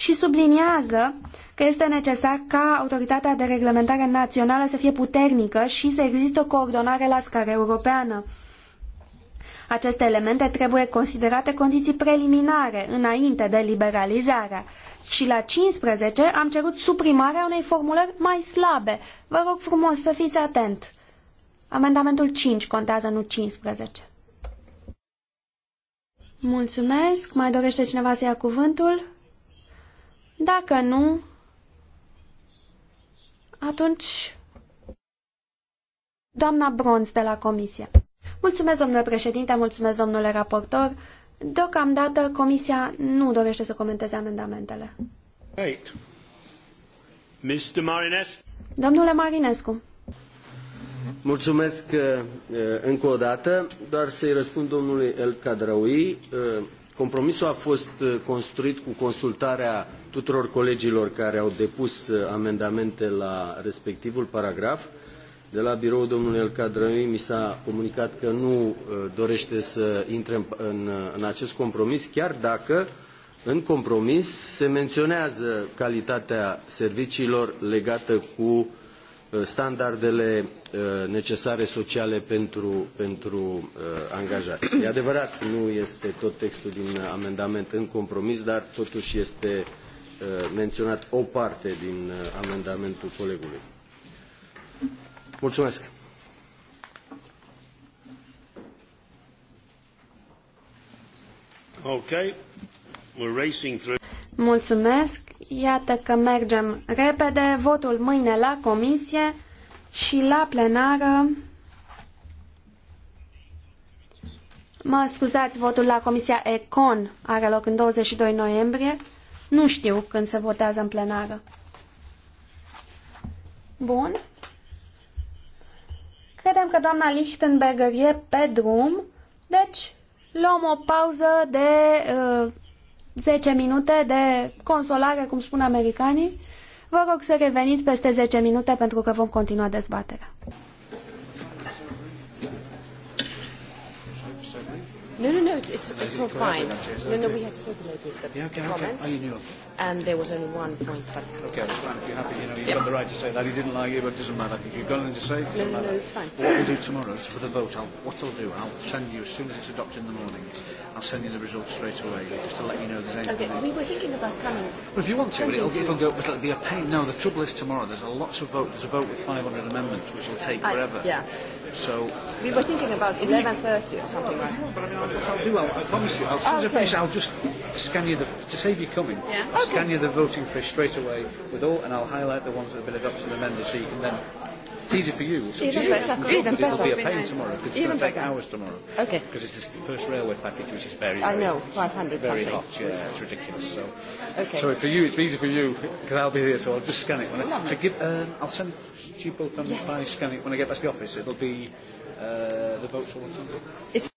S3: și subliniază că este necesar ca autoritatea de reglementare națională să fie puternică și să existe o coordonare la scară europeană. Aceste elemente trebuie considerate condiții preliminare înainte de liberalizare. Și la 15 am cerut suprimarea unei formulări mai slabe. Vă rog frumos să fiți atent. Amendamentul 5 contează, nu 15. Mulțumesc. Mai dorește cineva să ia cuvântul? Dacă nu, atunci doamna Bronz de la Comisie. Mulțumesc, domnule președinte, mulțumesc, domnule raportor. Deocamdată, Comisia nu dorește să comenteze amendamentele.
S1: Eight. Mr. Marinescu.
S3: Domnule Marinescu.
S1: Mulțumesc eh, încă o dată, doar să-i răspund domnului El Cadraui eh, Compromisul a fost uh, construit cu consultarea tuturor colegilor care au depus uh, amendamente la respectivul paragraf. De la biroul domnului El mi s-a comunicat că nu uh, dorește să intre în, în, în acest compromis, chiar dacă în compromis se menționează calitatea serviciilor legată cu Uh, standardele uh, necesare sociale pentru, pentru uh, angajați. E adevărat, nu este tot textul din amendament în compromis, dar totuși este menționat o parte din amendamentul colegului. Mulțumesc!
S3: Okay, we're racing through. Mulțumesc. Iată că mergem repede. Votul mâine la comisie și la plenară. Mă scuzați, votul la Comisia Econ are loc în 22 noiembrie. Nu știu când se votează în plenară. Bun. Credem că doamna Lichtenberger e pe drum, deci luăm o pauză de uh, 10 minute de consolare, cum spun americanii. Vă rog să reveniți peste 10 minute pentru că vom continua dezbaterea. No, no, no, it's, it's, all fine.
S4: No, no, we had to circulate the, yeah, okay, comments. Okay. Oh, you knew. And there was only one point. But
S3: okay, it's fine. If you're happy, you know, you've got the right to say that. He didn't like you, but it doesn't matter. If you've got anything to say, it doesn't no, no, No,
S4: it's fine. What we'll do
S5: tomorrow is for the vote, I'll, what I'll do, I'll send you, as soon as it's adopted in the morning, I'll send you the results straight away, just to let you know there's anything.
S3: Okay, we were thinking about coming. Well,
S5: if you want to, but it'll, it'll, go, it'll be a pain. No, the trouble is tomorrow, there's a lots of vote. There's a vote with 500 amendments, which will take forever. I, yeah. So
S2: we were thinking about 11:30 or something. Well, but I
S5: mean, I'll, do. Well, I promise you. I'll, as soon as I finish, I'll just scan you the to save you coming. Yeah. I'll okay. scan you the voting fish straight away with all, and I'll highlight the ones that have been adopted and amended, so you can then It's easy for you. even better. Even better. It'll be a pain nice. tomorrow because it's even going to take better. hours tomorrow. Okay. Because it's the first railway package, which is very, very I know, 500
S3: very something. hot. Yeah, it's
S5: ridiculous. So, okay. Sorry, for you, it's easy for you because I'll be here, so I'll just scan it. When I, so give, um, I'll send you both on yes. by scan it when I get back to the office. It'll be
S1: uh, the votes will. It's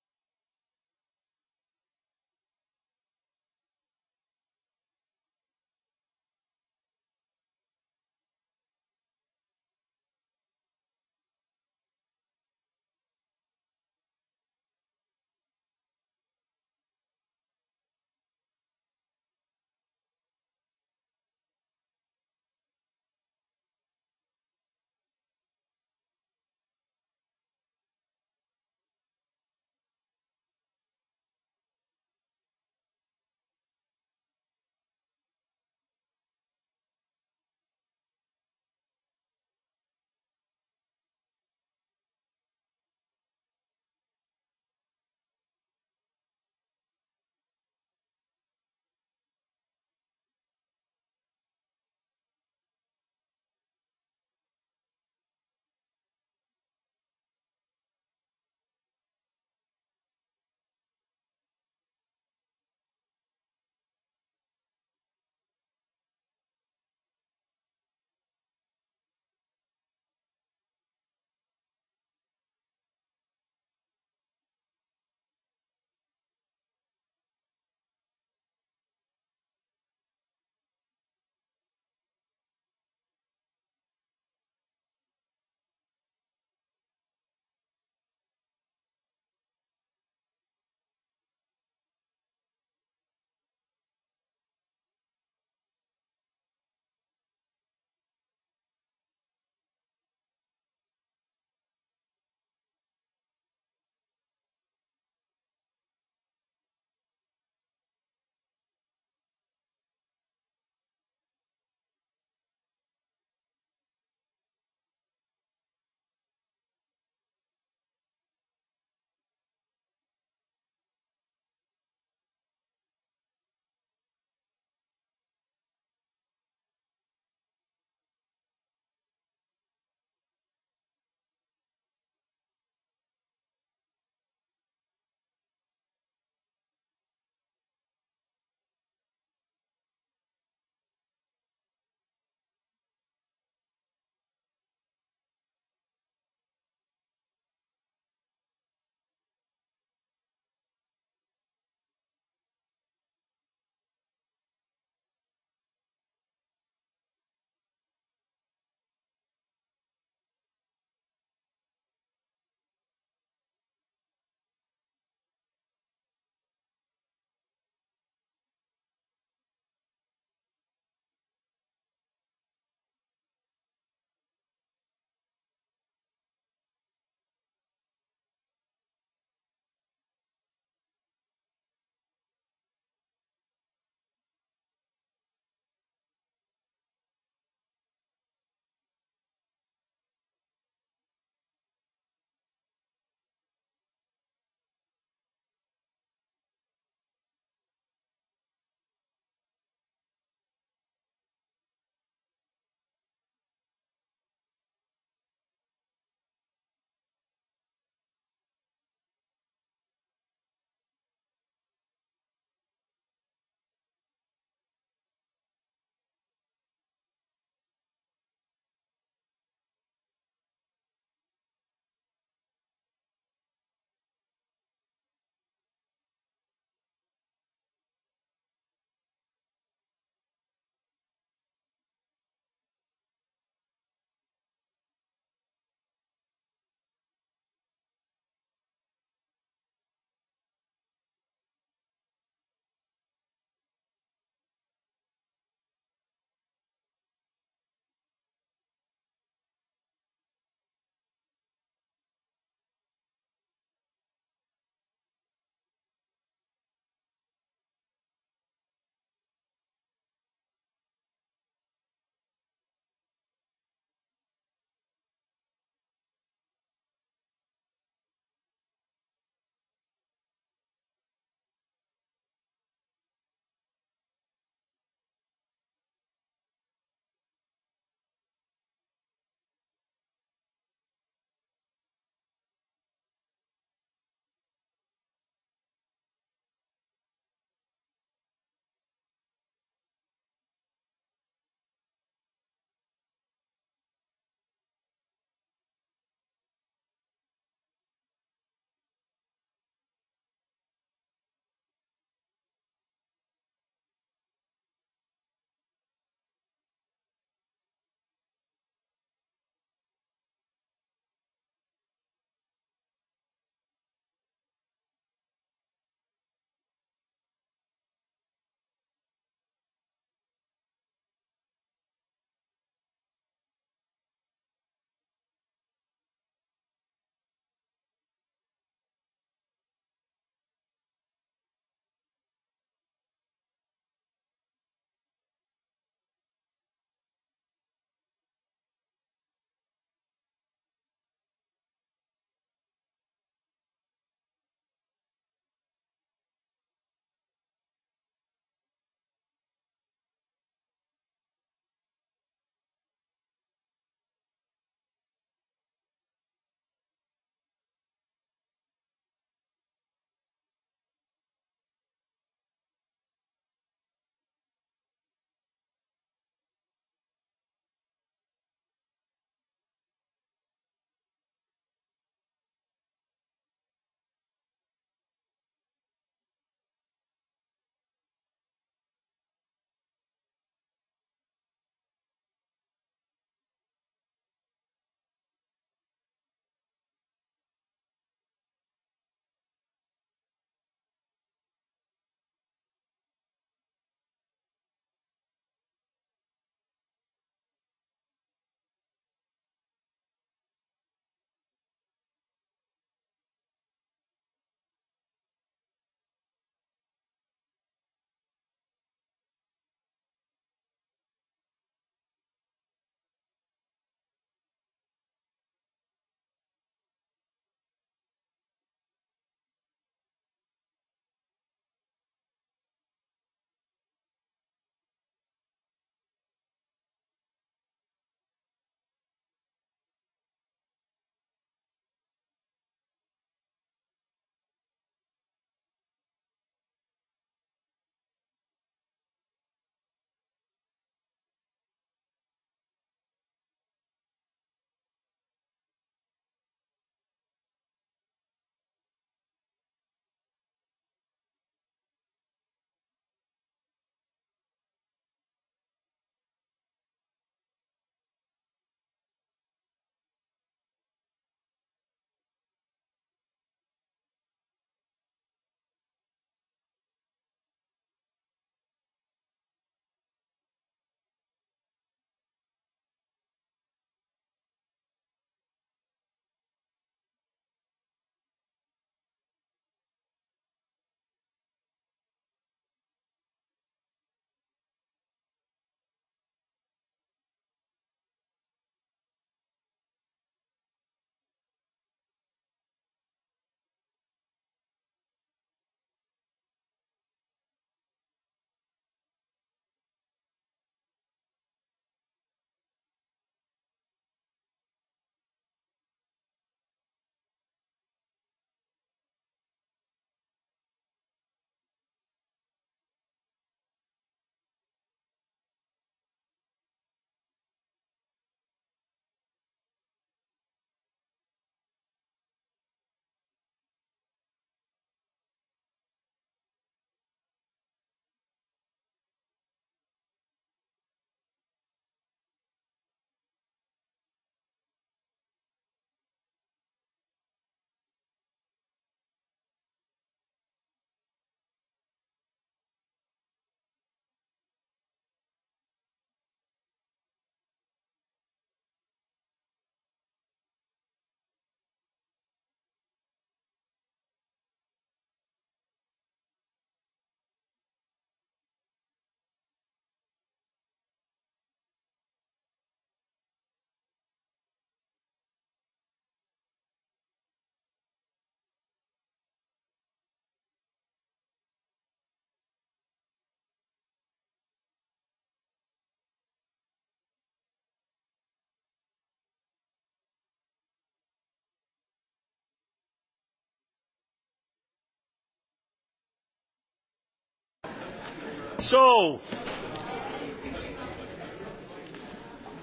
S1: So,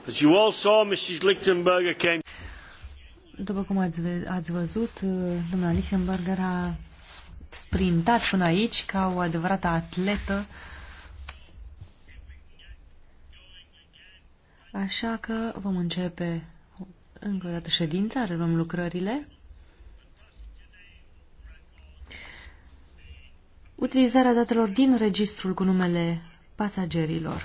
S1: as you all saw, Mrs. Lichtenberger came.
S4: După cum ați, ați văzut, uh, doamna Lichtenberger a sprintat până aici ca o adevărată atletă. Așa că vom începe încă o dată ședința, reluăm lucrările. utilizarea datelor din registrul cu numele pasagerilor.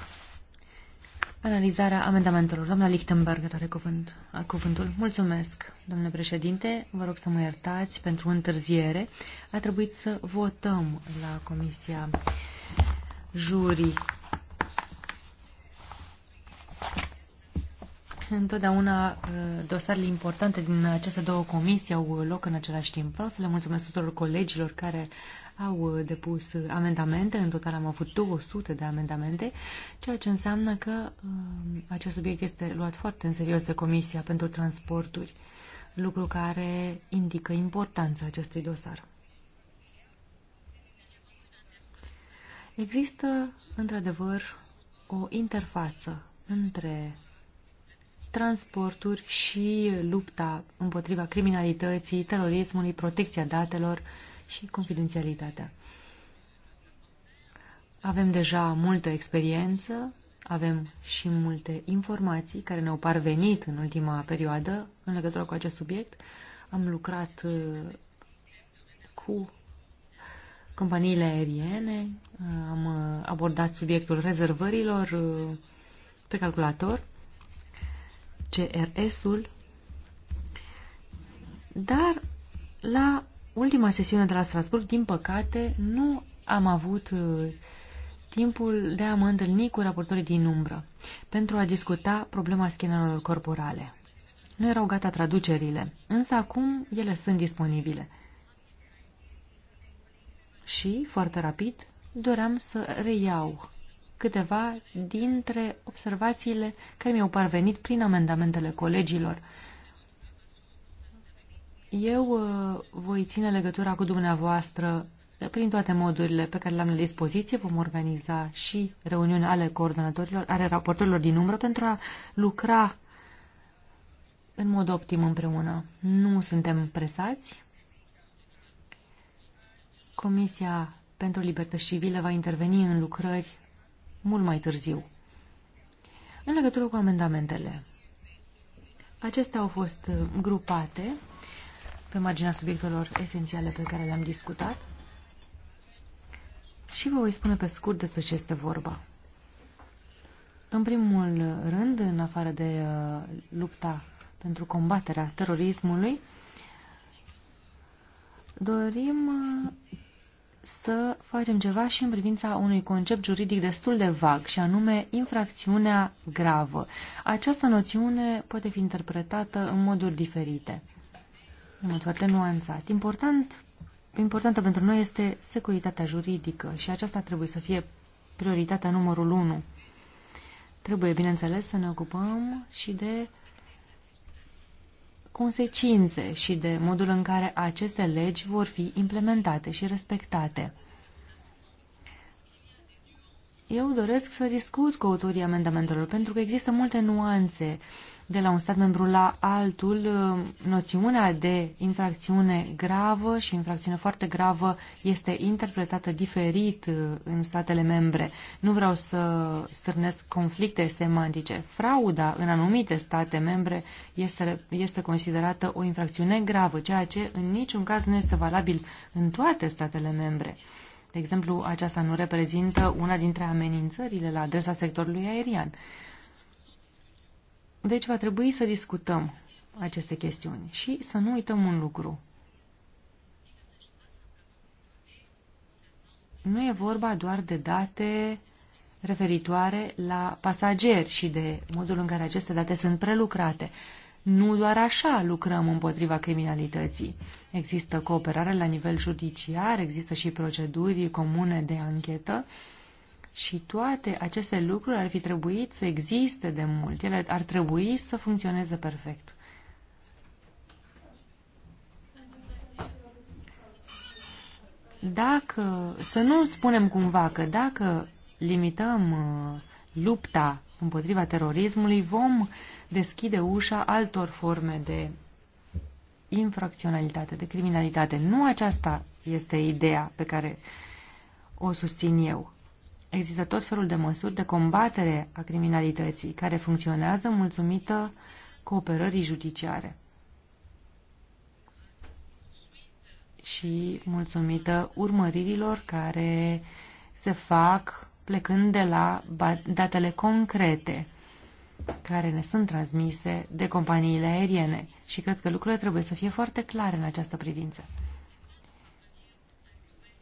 S4: Analizarea amendamentelor. Doamna Lichtenberg are cuvânt, a cuvântul. Mulțumesc, domnule președinte. Vă rog să mă iertați pentru întârziere. A trebuit să votăm la Comisia Jurii Întotdeauna uh, dosarele importante din aceste două comisii au loc în același timp. Vreau să le mulțumesc tuturor colegilor care au uh, depus uh, amendamente. În total am avut 200 de amendamente, ceea ce înseamnă că acest subiect este luat foarte în serios de Comisia pentru Transporturi, lucru care indică importanța acestui dosar. Există, într-adevăr, o interfață între transporturi și lupta împotriva criminalității, terorismului, protecția datelor și confidențialitatea. Avem deja multă experiență, avem și multe informații care ne-au parvenit în ultima perioadă în legătură cu acest subiect. Am lucrat uh, cu companiile aeriene, uh, am uh, abordat subiectul rezervărilor pe calculator CRS-ul, dar la ultima sesiune de la Strasburg, din păcate, nu am avut uh, timpul de a mă întâlni cu raportorii din umbră pentru a discuta problema scanerelor corporale. Nu erau gata traducerile, însă acum ele sunt disponibile. Și, foarte rapid, doream să reiau câteva dintre observațiile care mi-au parvenit prin amendamentele colegilor. Eu uh, voi ține legătura cu dumneavoastră uh, prin toate modurile pe care le-am la dispoziție. Vom organiza și reuniuni ale coordonatorilor, ale raportorilor din umbră pentru a lucra în mod optim împreună. Nu suntem presați. Comisia pentru Libertăți Civile va interveni în lucrări mult mai târziu. În legătură cu amendamentele, acestea au fost uh, grupate pe marginea subiectelor esențiale pe care le-am discutat și vă voi spune pe scurt despre ce este vorba. În primul rând, în afară de uh, lupta pentru combaterea terorismului, dorim uh, să facem ceva și în privința unui concept juridic destul de vag, și anume infracțiunea gravă. Această noțiune poate fi interpretată în moduri diferite, în mod foarte nuanțat. Important, importantă pentru noi este securitatea juridică și aceasta trebuie să fie prioritatea numărul 1. Trebuie, bineînțeles, să ne ocupăm și de consecințe și de modul în care aceste legi vor fi implementate și respectate. Eu doresc să discut cu autorii amendamentelor, pentru că există multe nuanțe uh, de la un stat membru la altul, uh, noțiunea de infracțiune gravă și infracțiune foarte gravă este interpretată diferit uh, în statele membre. Nu vreau să stârnesc conflicte semantice. Frauda în anumite state membre este, este considerată o infracțiune gravă, ceea ce în niciun caz nu este valabil în toate statele membre. De exemplu, aceasta nu reprezintă una dintre amenințările la adresa sectorului aerian. Deci va trebui să discutăm aceste chestiuni și să nu uităm un lucru. Nu e vorba doar de date referitoare la pasageri și de modul în care aceste date sunt prelucrate. Nu doar așa lucrăm împotriva criminalității. Există cooperare la nivel judiciar, există și proceduri comune de anchetă și toate aceste lucruri ar fi trebuit să existe de mult. Ele ar trebui să funcționeze perfect. Dacă, să nu spunem cumva că dacă limităm uh, lupta împotriva terorismului, vom deschide ușa altor forme de infracționalitate, de criminalitate. Nu aceasta este ideea pe care o susțin eu. Există tot felul de măsuri de combatere a criminalității care funcționează mulțumită cooperării judiciare și mulțumită urmăririlor care se fac plecând de la datele concrete care ne sunt transmise de companiile aeriene și cred că lucrurile trebuie să fie foarte clare în această privință.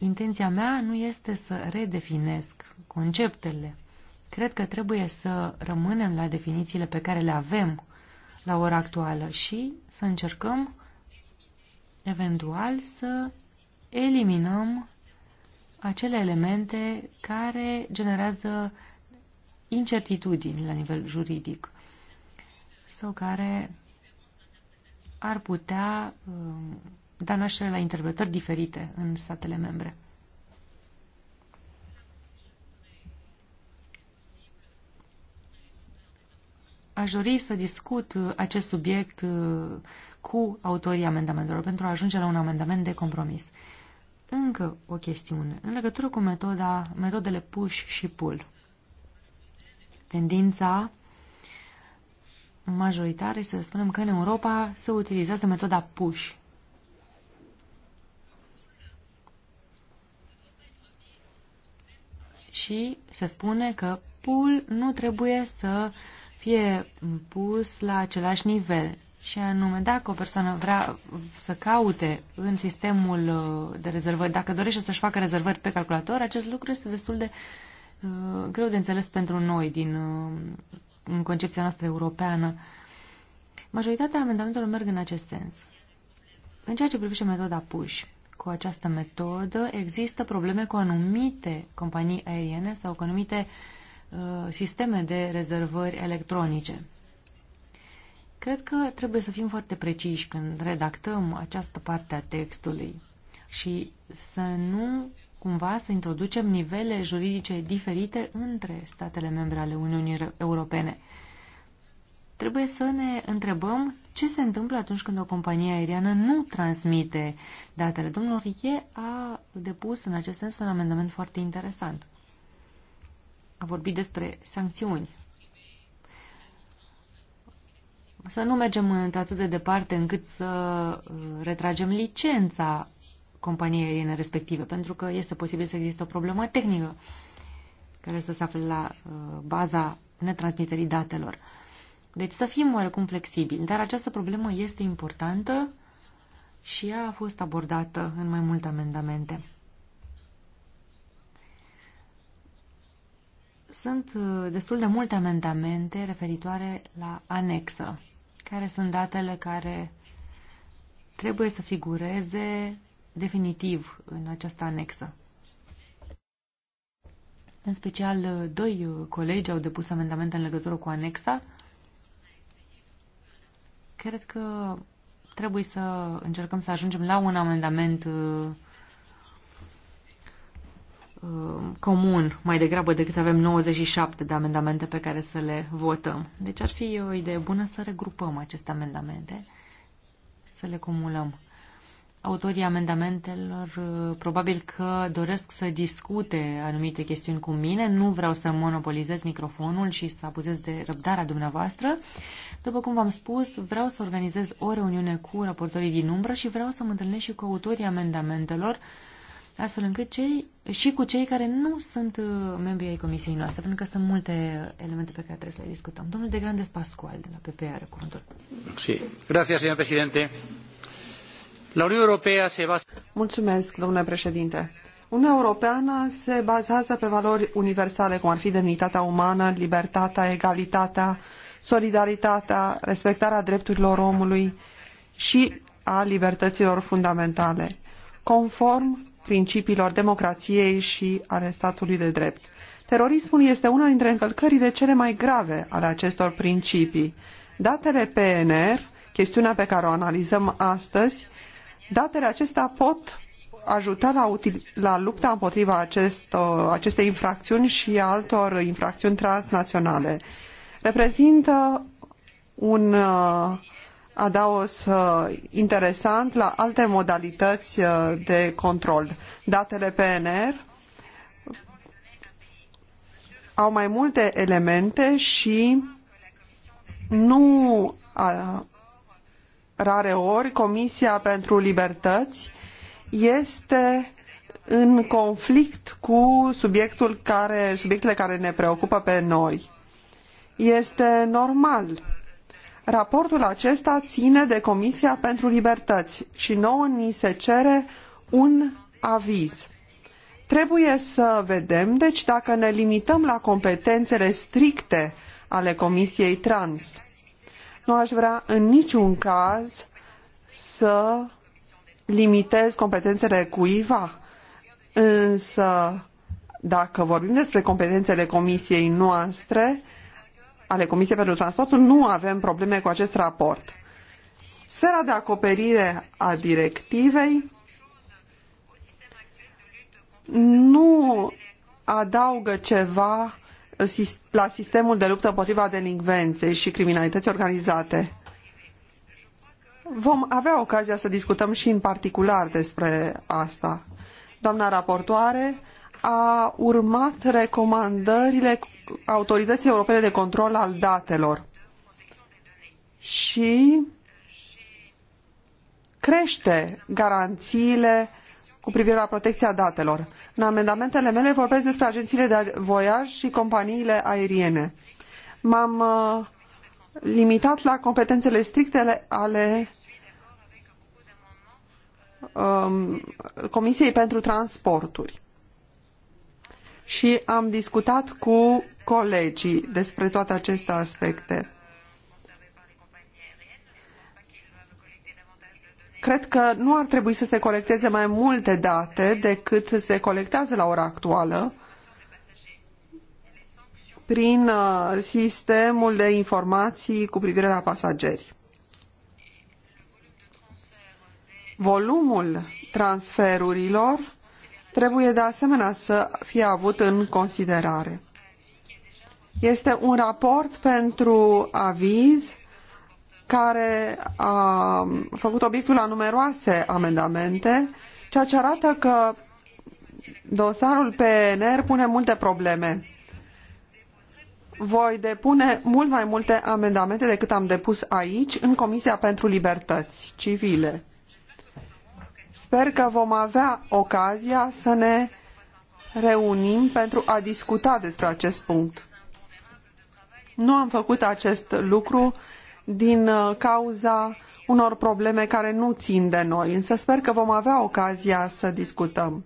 S4: Intenția mea nu este să redefinesc conceptele. Cred că trebuie să rămânem la definițiile pe care le avem la ora actuală și să încercăm eventual să eliminăm acele elemente care generează incertitudini la nivel juridic sau care ar putea um, da naștere la interpretări diferite în statele membre. Aș dori să discut uh, acest subiect uh, cu autorii amendamentelor pentru a ajunge la un amendament de compromis. Încă o chestiune, în legătură cu metoda, metodele push și pull. Tendința majoritară este să spunem că în Europa se utilizează metoda push și se spune că pul nu trebuie să fie pus la același nivel. Și anume, dacă o persoană vrea să caute în sistemul uh, de rezervări, dacă dorește să-și facă rezervări pe calculator, acest lucru este destul de uh, greu de înțeles pentru noi din uh, în concepția noastră europeană. Majoritatea amendamentelor merg în acest sens. În ceea ce privește metoda push, cu această metodă, există probleme cu anumite companii aeriene sau cu anumite uh, sisteme de rezervări electronice. Cred că trebuie să fim foarte preciși când redactăm această parte a textului și să nu cumva să introducem nivele juridice diferite între statele membre ale Uniunii Europene. Trebuie să ne întrebăm ce se întâmplă atunci când o companie aeriană nu transmite datele. Domnul Riche a depus în acest sens un amendament foarte interesant. A vorbit despre sancțiuni. Să nu mergem atât de departe încât să uh, retragem licența companiei aeriene respective, pentru că este posibil să existe o problemă tehnică care să se afle la uh, baza netransmiterii datelor. Deci să fim oarecum flexibili, dar această problemă este importantă și ea a fost abordată în mai multe amendamente. Sunt uh, destul de multe amendamente referitoare la anexă, care sunt datele care trebuie să figureze definitiv în această anexă. În special, uh, doi uh, colegi au depus amendamente în legătură cu anexa Cred că trebuie să încercăm să ajungem la un amendament uh, uh, comun, mai degrabă decât să avem 97 de amendamente pe care să le votăm. Deci ar fi o idee bună să regrupăm aceste amendamente, să le cumulăm autorii amendamentelor uh, probabil că doresc să discute anumite chestiuni cu mine. Nu vreau să monopolizez microfonul și să abuzez de răbdarea dumneavoastră. După cum v-am spus, vreau să organizez o reuniune cu raportorii din umbră și vreau să mă întâlnesc și cu autorii amendamentelor astfel încât cei, și cu cei care nu sunt uh, membri ai comisiei noastre, pentru că sunt multe elemente pe care trebuie să le discutăm. Domnul de Grandes Pascual, de la PPR, cuvântul.
S1: Sí. Gracias, señor presidente. Uniunea Europeană se
S2: Uniunea Europeană se bazează pe valori universale, cum ar fi demnitatea umană, libertatea, egalitatea, solidaritatea, respectarea drepturilor omului și a libertăților fundamentale, conform principiilor democrației și ale statului de drept. Terorismul este una dintre încălcările cele mai grave ale acestor principii. Datele PNR, chestiunea pe care o analizăm astăzi, Datele acestea pot ajuta la, util, la lupta împotriva acest, uh, acestei infracțiuni și altor infracțiuni transnaționale. Reprezintă un uh, adaos uh, interesant la alte modalități de control. Datele PNR au mai multe elemente și nu rare ori Comisia pentru Libertăți este în conflict cu subiectul care, subiectele care ne preocupă pe noi. Este normal. Raportul acesta ține de Comisia pentru Libertăți și nouă ni se cere un aviz. Trebuie să vedem, deci, dacă ne limităm la competențele stricte ale Comisiei Trans nu aș vrea în niciun caz să limitez competențele cuiva. Însă, dacă vorbim despre competențele comisiei noastre, ale Comisiei pentru Transportul, nu avem probleme cu acest raport. Sfera de acoperire a directivei nu adaugă ceva la sistemul de luptă împotriva delinvenței și criminalității organizate. Vom avea ocazia să discutăm și în particular despre asta. Doamna raportoare a urmat recomandările Autorității Europene de Control al Datelor și crește garanțiile cu privire la protecția datelor. În amendamentele mele vorbesc despre agențiile de voiaj și companiile aeriene. M-am uh, limitat la competențele stricte ale um, Comisiei pentru Transporturi. Și am discutat cu colegii despre toate aceste aspecte. Cred că nu ar trebui să se colecteze mai multe date decât se colectează la ora actuală prin uh, sistemul de informații cu privire la pasageri. Volumul transferurilor trebuie de asemenea să fie avut în considerare. Este un raport pentru aviz care a făcut obiectul la numeroase amendamente, ceea ce arată că dosarul PNR pune multe probleme. Voi depune mult mai multe amendamente decât am depus aici, în Comisia pentru Libertăți Civile. Sper că vom avea ocazia să ne reunim pentru a discuta despre acest punct. Nu am făcut acest lucru din uh, cauza unor probleme care nu țin de noi, însă sper că vom avea ocazia să discutăm.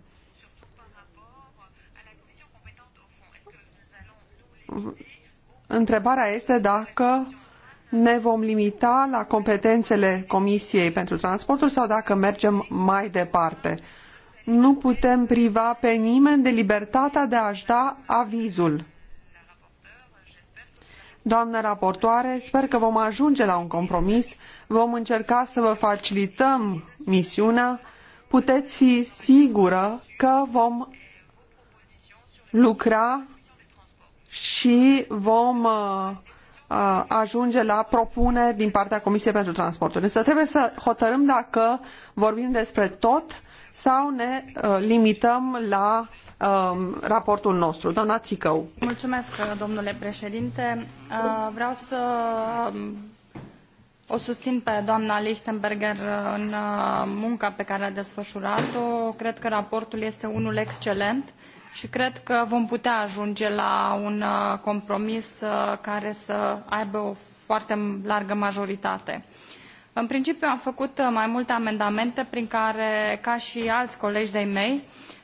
S2: Întrebarea este dacă ne vom limita la competențele Comisiei pentru transportul sau dacă mergem mai departe. Nu putem priva pe nimeni de libertatea de a-și da avizul. Doamnă raportoare, sper că vom ajunge la un compromis, vom încerca să vă facilităm misiunea, puteți fi sigură că vom lucra și vom uh, uh, ajunge la propuneri din partea Comisiei pentru Transporturi. Însă trebuie să hotărâm dacă vorbim despre tot sau ne uh, limităm la um, raportul nostru. Doamna
S5: Țicău. Mulțumesc, uh, domnule președinte. Uh, vreau să um, o susțin pe doamna Lichtenberger în munca pe care a desfășurat-o. Cred că raportul este unul excelent și cred că vom putea ajunge la un compromis care să aibă o foarte largă majoritate. Uh, în principiu am făcut uh, mai multe amendamente prin care ca i ali colegi de ai mei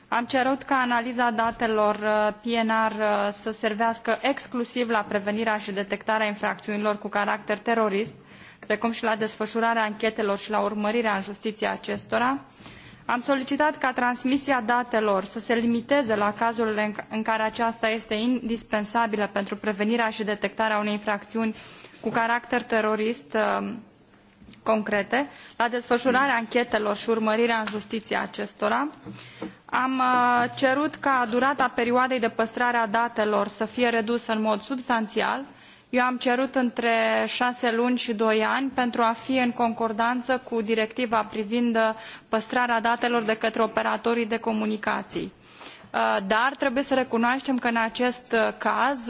S5: am cerut ca analiza datelor uh, pnr uh, să servească exclusiv la prevenirea i detectarea infraciunilor cu caracter terorist precum i la desfăurarea anchetelor i la urmărirea în justiie a acestora am solicitat ca transmisia datelor să se limiteze la cazurile în care aceasta este indispensabilă pentru prevenirea i detectarea unei infraciuni cu caracter terorist concrete la desfășurarea anchetelor i urmărirea în justiție a acestora. Am uh, cerut ca durata perioadei de păstrare a datelor să fie redusă în mod substanțial. Eu am cerut între șase luni și doi ani pentru a fi în concordanță cu directiva privind uh, păstrarea datelor de către operatorii de comunicații uh, dar trebuie să recunoatem că în acest caz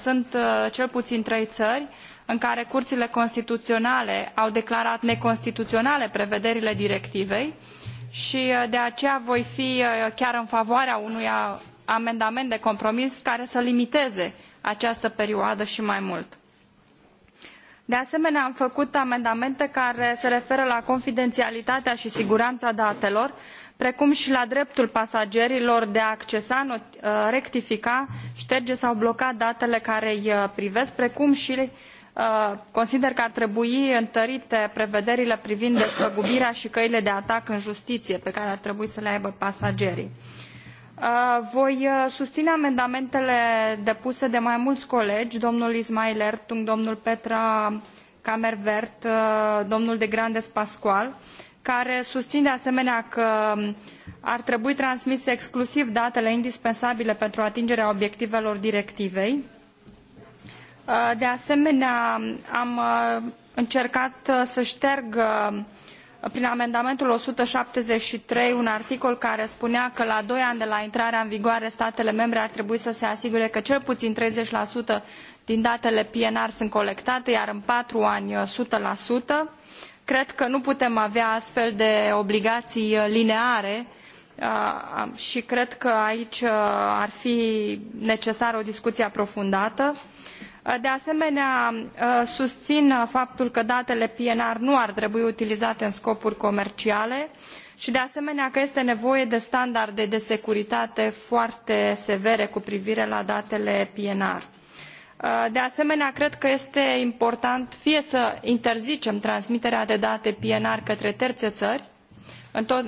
S5: sunt cel puin trei ări în care curile constituionale au declarat neconstituionale prevederile directivei i uh, de aceea voi fi uh, chiar în favoarea unui amendament de compromis care să limiteze această perioadă i mai mult. de asemenea am făcut amendamente care se referă la confidenialitatea i sigurana datelor precum i la dreptul pasagerilor de a accesa uh, rectifica terge sau bloca datele care îi privesc precum i Uh, consider că ar trebui întărite prevederile privind despăgubirea i căile de atac în justiie pe care ar trebui să le aibă pasagerii. Uh, voi uh, susține amendamentele depuse de mai mulți colegi, domnul Ismail Ertung, domnul Petra Camervert, domnul de Grandes Pascual, care susțin de asemenea că ar trebui transmise exclusiv datele indispensabile pentru atingerea obiectivelor directivei Uh, de asemenea, am uh, încercat uh, să șterg prin amendamentul o sută șaptezeci și trei un articol care spunea că la doi ani de la intrarea în vigoare statele membre ar trebui să se asigure că cel puțin treizeci din datele pnr sunt colectate iar în patru ani o sută cred că nu putem avea astfel de obligații lineare și cred că aici ar fi necesară o discuție aprofundată de asemenea ă, susin faptul că datele pnr nu ar trebui utilizate în scopuri comerciale i de asemenea că este nevoie de standarde de securitate foarte severe cu privire la datele pnr. Ă, de asemenea cred că este important fie să interzicem transmiterea de date pnr către tere ări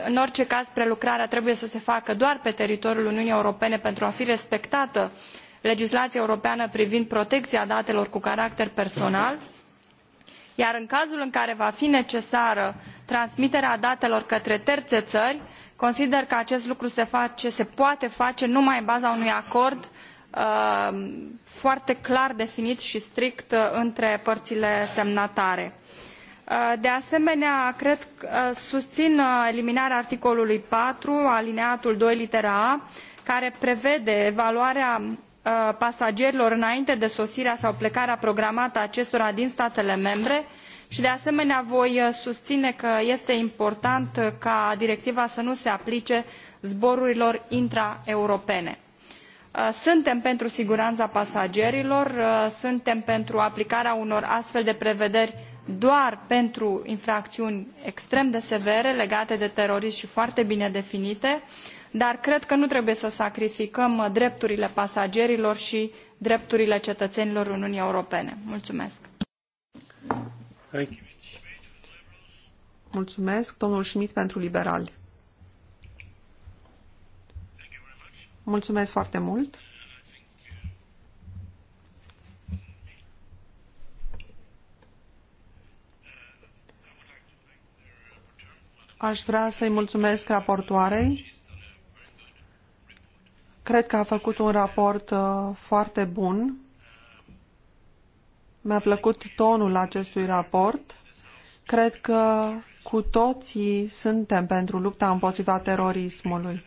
S5: în orice caz prelucrarea trebuie să se facă doar pe teritoriul uniunii europene pentru a fi respectată legislaia europeană privind protecia datelor cu caracter personal iar în cazul în care va fi necesară transmiterea datelor către tere ări consider că acest lucru se, poate face numai în baza unui acord uh, foarte clar definit i strict uh, între pările semnatare. Uh, de asemenea cred, susin eliminarea articolului patru alineatul doi litera a care prevede evaluarea Uh, pasagerilor înainte de sosirea sau plecarea programată a acestora din statele membre i de asemenea voi uh, susine că este important uh, ca directiva să nu se aplice zborurilor intraeuropene. suntem pentru sigurana pasagerilor suntem pentru aplicarea unor astfel de prevederi doar pentru infraciuni extrem de severe legate de terorism i foarte bine definite i dar cred că nu trebuie să sacrificăm uh, drepturile pasagerilor și drepturile cetățenilor Uniunii Europene. Mulțumesc!
S2: Mulțumesc, domnul Schmidt, pentru liberali. Mulțumesc foarte mult! Aș vrea să-i mulțumesc raportoarei Cred că a făcut un raport uh, foarte bun. Mi-a plăcut tonul acestui raport. Cred că cu toții suntem pentru lupta împotriva terorismului.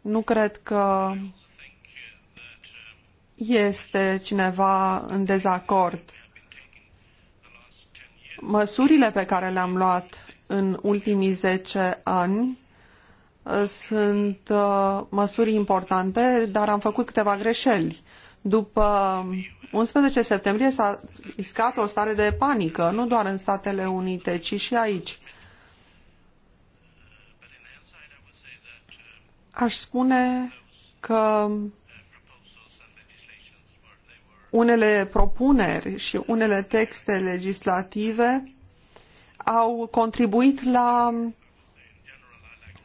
S2: Nu cred că este cineva în dezacord. Măsurile pe care le-am luat în ultimii zece ani sunt uh, măsuri importante, dar am făcut câteva greșeli. După 11 septembrie s-a iscat o stare de panică, nu doar în Statele Unite, ci și aici. Aș spune că unele propuneri și unele texte legislative au contribuit la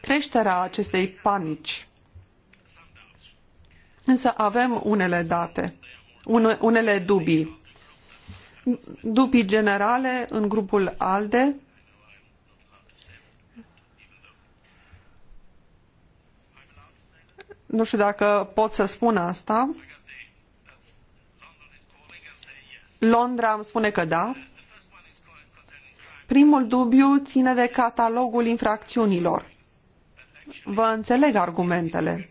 S2: creșterea acestei panici. Însă avem unele date, unele dubii. Dubii generale în grupul ALDE, nu știu dacă pot să spun asta. Londra îmi spune că da. Primul dubiu ține de catalogul infracțiunilor. Vă înțeleg argumentele.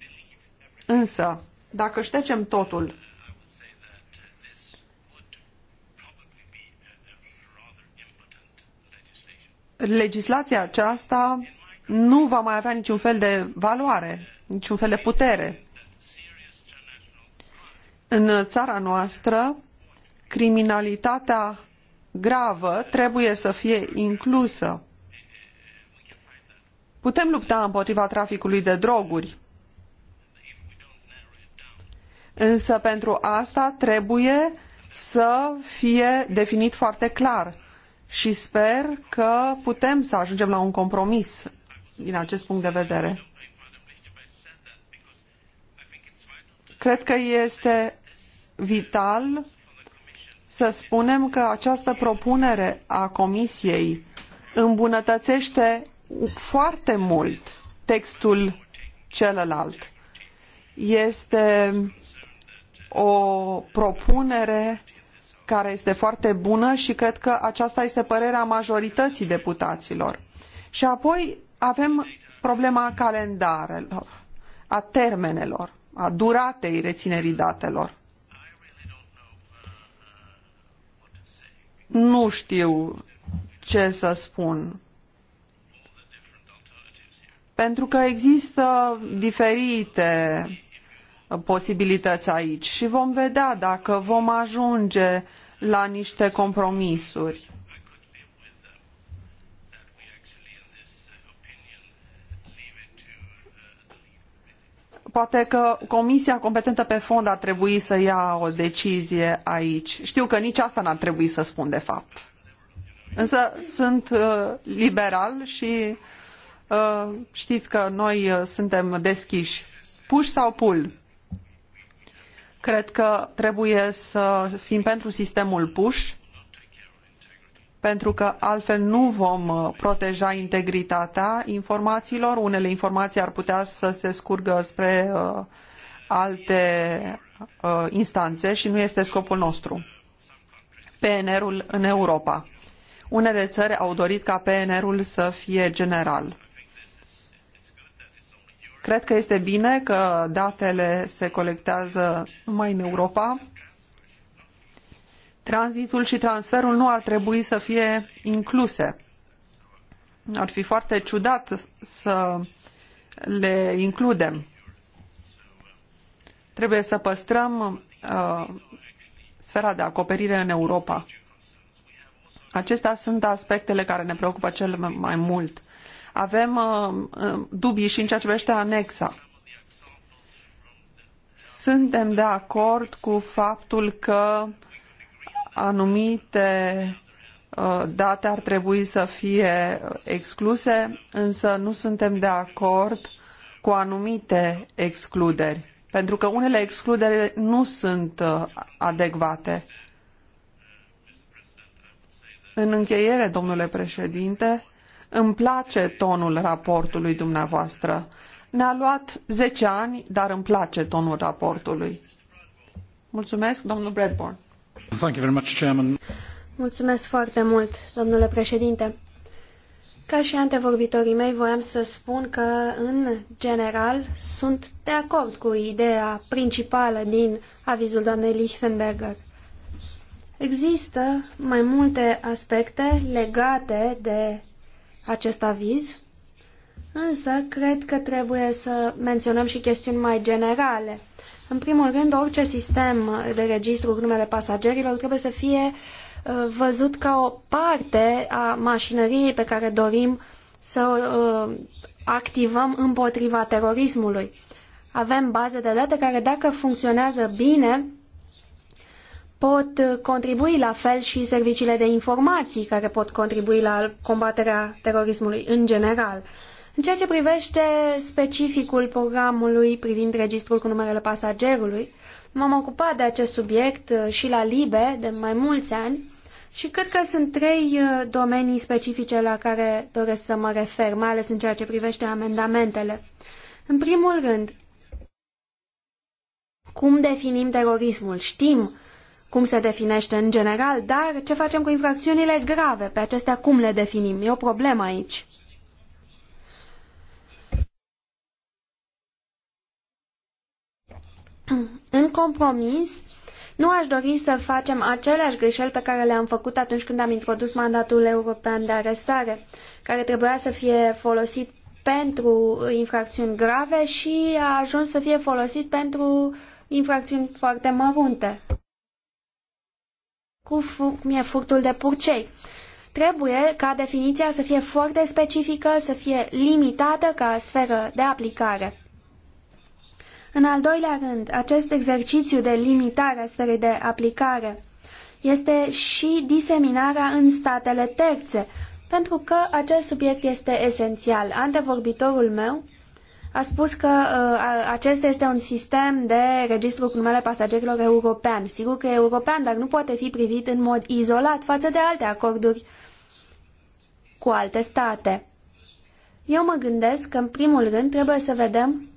S2: Însă, dacă ștecem totul, legislația aceasta nu va mai avea niciun fel de valoare, niciun fel de putere. În țara noastră, criminalitatea gravă trebuie să fie inclusă Putem lupta împotriva traficului de droguri, însă pentru asta trebuie să fie definit foarte clar și sper că putem să ajungem la un compromis din acest punct de vedere. Cred că este vital să spunem că această propunere a Comisiei îmbunătățește foarte mult textul celălalt. Este o propunere care este foarte bună și cred că aceasta este părerea majorității deputaților. Și apoi avem problema calendarelor, a termenelor, a duratei reținerii datelor. Nu știu ce să spun. Pentru că există diferite posibilități aici și vom vedea dacă vom ajunge la niște compromisuri. Poate că comisia competentă pe fond ar trebui să ia o decizie aici. Știu că nici asta n-ar trebui să spun, de fapt. Însă sunt uh, liberal și Uh, știți că noi uh, suntem deschiși. Push sau pull? Cred că trebuie să fim pentru sistemul push, pentru că altfel nu vom uh, proteja integritatea informațiilor. Unele informații ar putea să se scurgă spre alte instanțe și nu este scopul nostru. PNR-ul în Europa. Unele țări au dorit ca PNR-ul să fie general. Cred că este bine că datele se colectează numai în Europa. Tranzitul și transferul nu ar trebui să fie incluse. Ar fi foarte ciudat să le includem. Trebuie să păstrăm uh, sfera de acoperire în Europa. Acestea sunt aspectele care ne preocupă cel mai mult avem uh, uh, dubii și în ceea ce privește anexa. Suntem de acord cu faptul că anumite uh, date ar trebui să fie excluse, însă nu suntem de acord cu anumite excluderi, pentru că unele excluderi nu sunt adecvate. În încheiere, domnule președinte, îmi place tonul raportului dumneavoastră. Ne-a luat 10 ani, dar îmi place tonul raportului.
S3: Mulțumesc, domnul Bradburn.
S2: Thank you very much, Chairman.
S3: Mulțumesc foarte mult, domnule președinte. Ca și antevorbitorii mei, voiam să spun că, în general, sunt de acord cu ideea principală din avizul doamnei Lichtenberger. Există mai multe aspecte legate de acest aviz, însă cred că trebuie să menționăm și chestiuni mai generale. În primul rând, orice sistem de registru cu numele pasagerilor trebuie să fie uh, văzut ca o parte a mașinăriei pe care dorim să o uh, activăm împotriva terorismului. Avem baze de date care, dacă funcționează bine, pot contribui la fel și serviciile de informații care pot contribui la combaterea terorismului în general. În ceea ce privește specificul programului privind registrul cu numele pasagerului, m-am ocupat de acest subiect uh, și la LIBE de mai mulți ani și cred că sunt trei uh, domenii specifice la care doresc să mă refer, mai ales în ceea ce privește amendamentele. În primul rând, cum definim terorismul? Știm cum se definește în general, dar ce facem cu infracțiunile grave? Pe acestea cum le definim? E o problemă aici. În compromis, nu aș dori să facem aceleași greșeli pe care le-am făcut atunci când am introdus mandatul european de arestare, care trebuia să fie folosit pentru infracțiuni grave și a ajuns să fie folosit pentru infracțiuni foarte mărunte cu cum e furtul de purcei. Trebuie ca definiția să fie foarte specifică, să fie limitată ca sferă de aplicare. În al doilea rând, acest exercițiu de limitare a sferei de aplicare este și diseminarea în statele terțe, pentru că acest subiect este esențial. Antevorbitorul meu a spus că uh, acesta este un sistem de registru cu numele pasagerilor european. Sigur că e european, dar nu poate fi privit în mod izolat față de alte acorduri cu alte state. Eu mă gândesc că, în primul rând, trebuie să vedem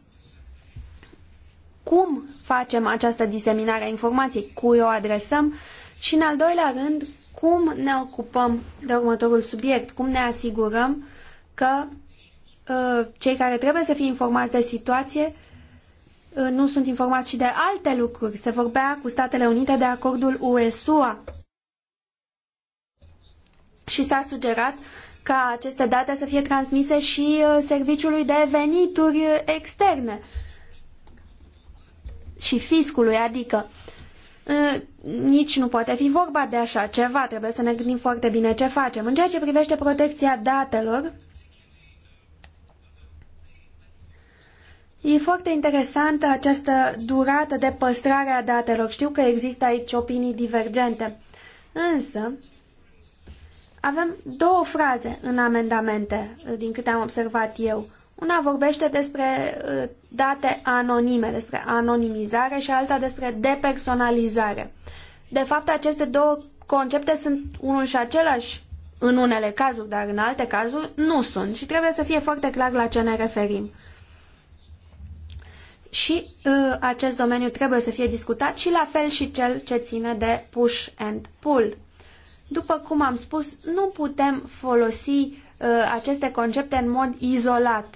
S3: cum facem această diseminare a informației, cui o adresăm și, în al doilea rând, cum ne ocupăm de următorul subiect, cum ne asigurăm că Uh, cei care trebuie să fie informați de situație uh, nu sunt informați și de alte lucruri. Se vorbea cu Statele Unite de acordul USUA și s-a sugerat ca aceste date să fie transmise și uh, serviciului de venituri externe și fiscului, adică nici nu poate fi vorba de așa ceva, trebuie să ne gândim foarte bine ce facem. În ceea ce privește protecția datelor, E foarte interesantă această durată de păstrare a datelor. Știu că există aici opinii divergente. Însă, avem două fraze în amendamente, din câte am observat eu. Una vorbește despre uh, date anonime, despre anonimizare și alta despre depersonalizare. De fapt, aceste două concepte sunt unul și același în unele cazuri, dar în alte cazuri nu sunt și trebuie să fie foarte clar la ce ne referim și uh, acest domeniu trebuie să fie discutat și la fel și cel ce ține de push and pull. După cum am spus, nu putem folosi uh, aceste concepte în mod izolat.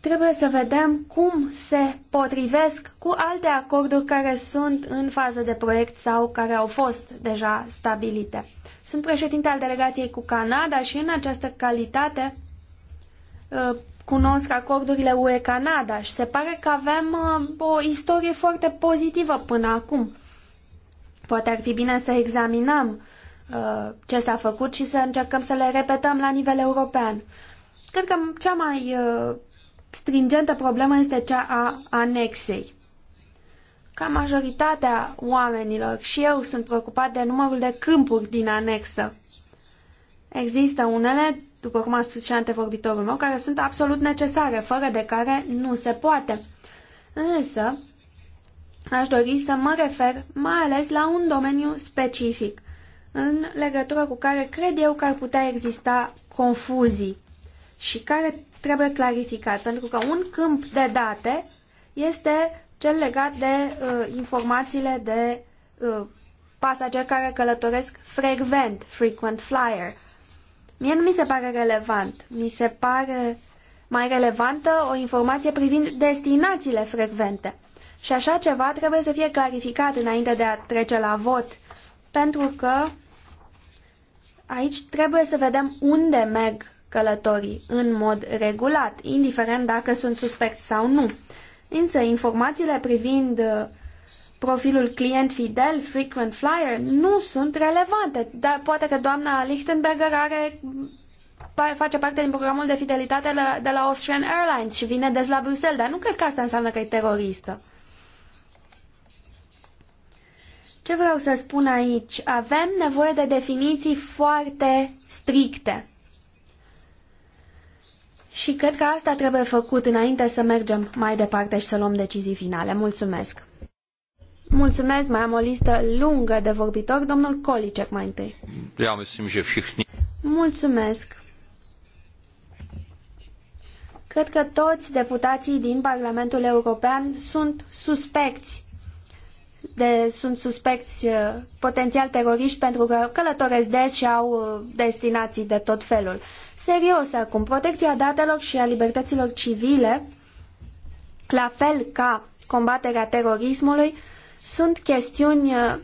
S3: Trebuie să vedem cum se potrivesc cu alte acorduri care sunt în fază de proiect sau care au fost deja stabilite. Sunt președinte al delegației cu Canada și în această calitate uh, cunosc acordurile UE-Canada și se pare că avem uh, o istorie foarte pozitivă până acum. Poate ar fi bine să examinăm uh, ce s-a făcut și să încercăm să le repetăm la nivel european. Cred că cea mai uh, stringentă problemă este cea a anexei. Ca majoritatea oamenilor și eu sunt preocupat de numărul de câmpuri din anexă. Există unele după cum a spus și antevorbitorul meu, care sunt absolut necesare, fără de care nu se poate. Însă, aș dori să mă refer mai ales la un domeniu specific, în legătură cu care cred eu că ar putea exista confuzii și care trebuie clarificat, pentru că un câmp de date este cel legat de uh, informațiile de uh, pasageri care călătoresc frecvent, frequent flyer. Uh, Mie nu mi se pare relevant. Mi se pare mai relevantă o informație privind destinațiile frecvente. Și așa ceva trebuie să fie clarificat înainte de a trece la vot, pentru că aici trebuie să vedem unde merg călătorii în mod regulat, indiferent dacă sunt suspecti sau nu. Însă informațiile privind uh, profilul client fidel, frequent flyer, nu sunt relevante. Dar poate că doamna Lichtenberger are, face parte din programul de fidelitate de la, de la Austrian Airlines și vine des la Bruxelles, dar nu cred că asta înseamnă că e teroristă. Ce vreau să spun aici? Avem nevoie de definiții foarte stricte. Și cred că asta trebuie făcut înainte să mergem mai departe și să luăm decizii finale. Mulțumesc! Mulțumesc, mai am o listă lungă de vorbitori. Domnul Kolicek mai întâi.
S1: Ja, myslím, že všichni.
S3: Mulțumesc. Cred că toți deputații din Parlamentul European sunt suspecți de, sunt suspecți uh, potențial teroriști pentru că călătoresc des și au uh, destinații de tot felul. Serios acum, protecția datelor și a libertăților civile, la fel ca combaterea terorismului, sunt chestiuni uh,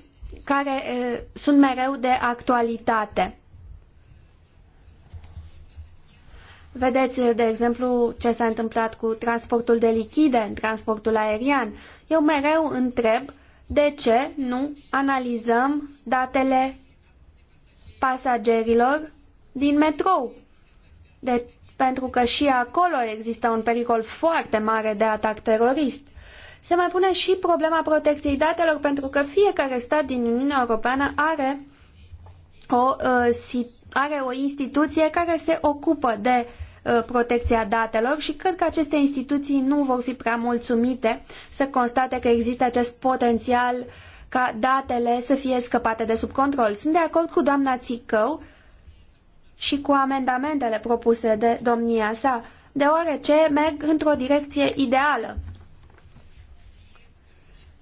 S3: care uh, sunt mereu de actualitate. Vedeți, de exemplu, ce s-a întâmplat cu transportul de lichide în transportul aerian. Eu mereu întreb de ce nu analizăm datele pasagerilor din metrou. De, pentru că și acolo există un pericol foarte mare de atac terorist. Se mai pune și problema protecției datelor pentru că fiecare stat din Uniunea Europeană are o, uh, are o instituție care se ocupă de uh, protecția datelor și cred că aceste instituții nu vor fi prea mulțumite să constate că există acest potențial ca datele să fie scăpate de sub control. Sunt de acord cu doamna Țicău și cu amendamentele propuse de domnia sa, deoarece merg într-o direcție ideală.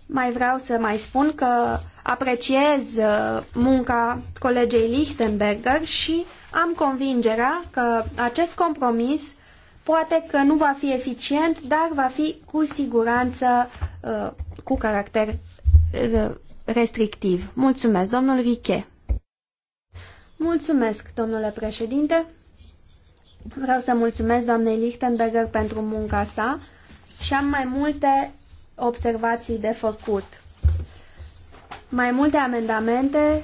S3: Mai vreau să mai spun că apreciez uh, munca colegei Lichtenberger și am convingerea că acest compromis poate că nu va fi eficient, dar va fi cu siguranță uh, cu caracter uh, restrictiv. Mulțumesc, domnul Riche. Mulțumesc, domnule președinte. Vreau să mulțumesc doamnei Lichtenberger pentru munca sa și am mai multe observații de făcut. Mai multe amendamente,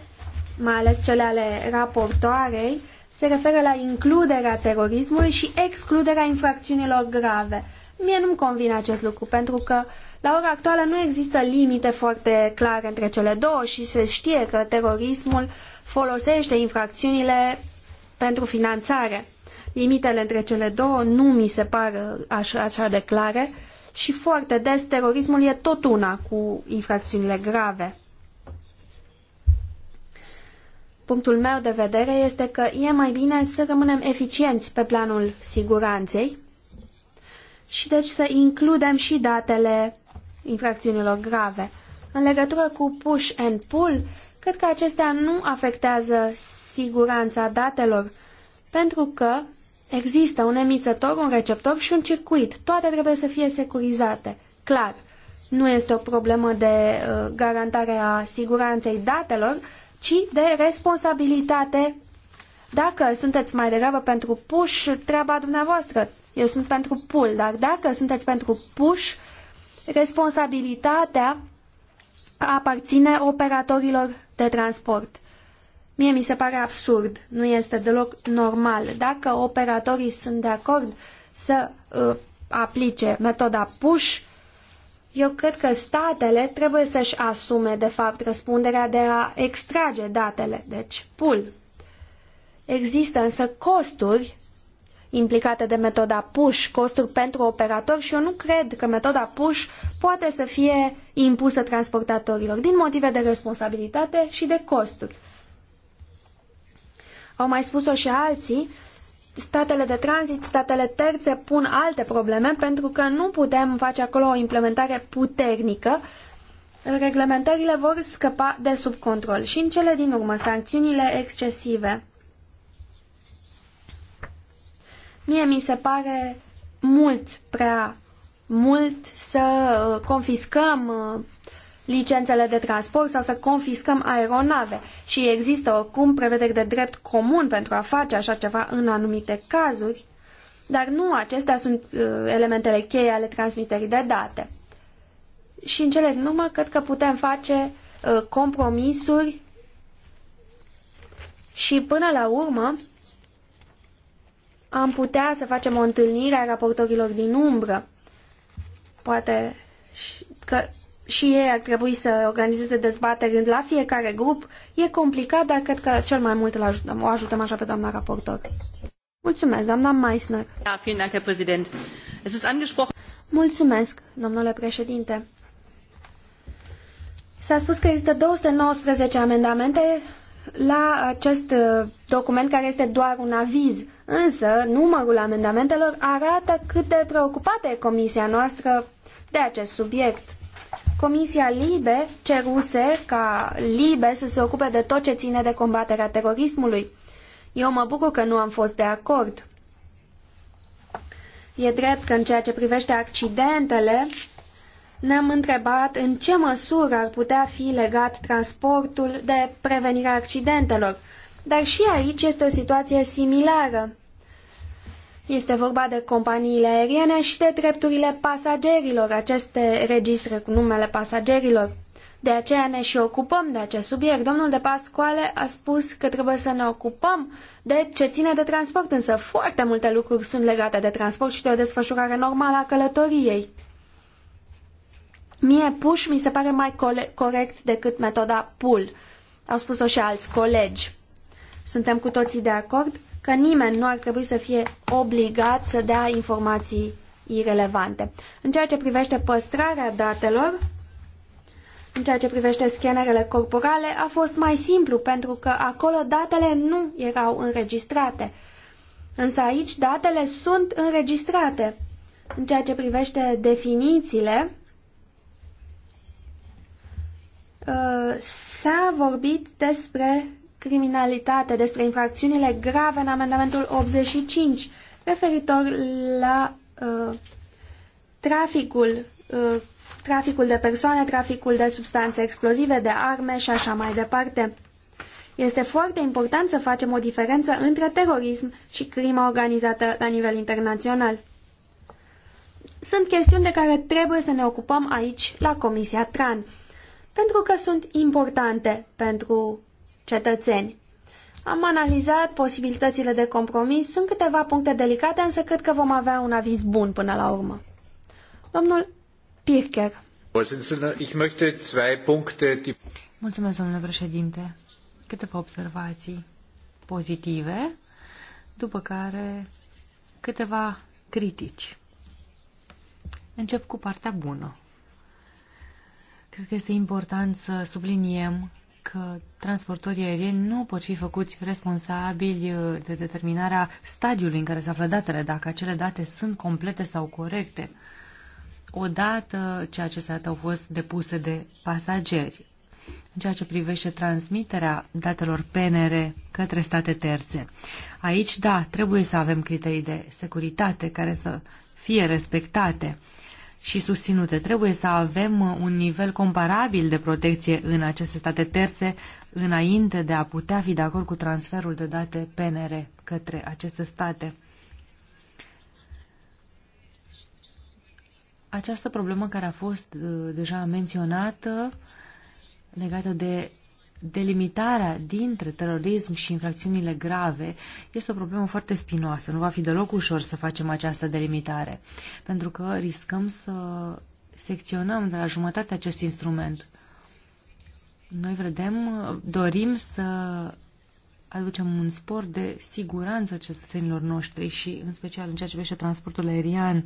S3: mai ales cele ale raportoarei, se referă la includerea terorismului și excluderea infracțiunilor grave. Mie nu-mi convine acest lucru, pentru că la ora actuală nu există limite foarte clare între cele două și se știe că terorismul folosește infracțiunile pentru finanțare. Limitele între cele două nu mi se par așa, așa de clare și foarte des terorismul e tot una cu infracțiunile grave. Punctul meu de vedere este că e mai bine să rămânem eficienți pe planul siguranței și deci să includem și datele infracțiunilor grave. În legătură cu push and pull, cred că acestea nu afectează siguranța datelor, pentru că Există un emițător, un receptor și un circuit. Toate trebuie să fie securizate. Clar, nu este o problemă de uh, garantare a siguranței datelor, ci de responsabilitate. Dacă sunteți mai degrabă pentru push, treaba dumneavoastră. Eu sunt pentru pull, dar dacă sunteți pentru push, responsabilitatea aparține operatorilor de transport. Mie mi se pare absurd, nu este deloc normal. Dacă operatorii sunt de acord să uh, aplice metoda push, eu cred că statele trebuie să-și asume, de fapt, răspunderea de a extrage datele, deci pull. Există însă costuri implicate de metoda push, costuri pentru operator și eu nu cred că metoda push poate să fie impusă transportatorilor din motive de responsabilitate și de costuri au mai spus-o și alții, statele de tranzit, statele terțe pun alte probleme pentru că nu putem face acolo o implementare puternică. Reglementările vor scăpa de sub control și în cele din urmă sancțiunile excesive. Mie mi se pare mult prea mult să confiscăm uh, licențele de transport sau să confiscăm aeronave și există oricum prevederi de drept comun pentru a face așa ceva în anumite cazuri, dar nu acestea sunt uh, elementele cheie ale transmiterii de date. Și în cele din urmă, cred că putem face uh, compromisuri și până la urmă am putea să facem o întâlnire a raportorilor din umbră. Poate că și ei ar trebui să organizeze dezbateri la fiecare grup. E complicat, dar cred că cel mai mult îl ajutăm. O ajutăm așa pe doamna raportor. Mulțumesc, doamna Meissner. Mulțumesc, domnule președinte. S-a spus că există 219 amendamente la acest uh, document care este doar un aviz, însă numărul amendamentelor arată cât de preocupată e comisia noastră de acest subiect. Comisia Libe ceruse ca Libe să se ocupe de tot ce ține de combaterea terorismului. Eu mă bucur că nu am fost de acord. E drept că în ceea ce privește accidentele, ne-am întrebat în ce măsură ar putea fi legat transportul de prevenirea accidentelor. Dar și aici este o situație similară. Este vorba de companiile aeriene și de drepturile pasagerilor, aceste registre cu numele pasagerilor. De aceea ne și ocupăm de acest subiect. Domnul de Pascoale a spus că trebuie să ne ocupăm de ce ține de transport, însă foarte multe lucruri sunt legate de transport și de o desfășurare normală a călătoriei. Mie push mi se pare mai corect decât metoda pull. Au spus-o și alți colegi. Suntem cu toții de acord că nimeni nu ar trebui să fie obligat să dea informații irelevante. În ceea ce privește păstrarea datelor, în ceea ce privește scanerele corporale, a fost mai simplu pentru că acolo datele nu erau înregistrate. Însă aici datele sunt înregistrate. În ceea ce privește definițiile, uh, s-a vorbit despre criminalitate, despre infracțiunile grave în amendamentul 85, referitor la uh, traficul, uh, traficul de persoane, traficul de substanțe explozive, de arme și așa mai departe. Este foarte important să facem o diferență între terorism și crimă organizată la nivel internațional. Sunt chestiuni de care trebuie să ne ocupăm aici, la Comisia TRAN, pentru că sunt importante pentru cetățeni. Am analizat posibilitățile de compromis, sunt câteva puncte delicate, însă cred că vom avea un aviz bun până la urmă. Domnul Pircher. Mulțumesc, domnule președinte. Câteva
S4: observații pozitive, după care câteva critici. Încep cu partea bună. Cred că este important să subliniem că transportorii aerieni nu pot fi făcuți responsabili uh, de determinarea stadiului în care se află datele, dacă acele date sunt complete sau corecte, odată ce aceste date au fost depuse de pasageri. În ceea ce privește transmiterea datelor PNR către state terțe. Aici, da, trebuie să avem criterii de securitate care să fie respectate și susținute. Trebuie să avem uh, un nivel comparabil de protecție în aceste state terțe înainte de a putea fi de acord cu transferul de date PNR către aceste state. Această problemă care a fost uh, deja menționată legată de delimitarea dintre terorism și infracțiunile grave este o problemă foarte spinoasă. Nu va fi deloc ușor să facem această delimitare, pentru că riscăm să secționăm de la jumătate acest instrument. Noi vedem, dorim să aducem un spor de siguranță cetățenilor noștri și în special în ceea ce privește transportul aerian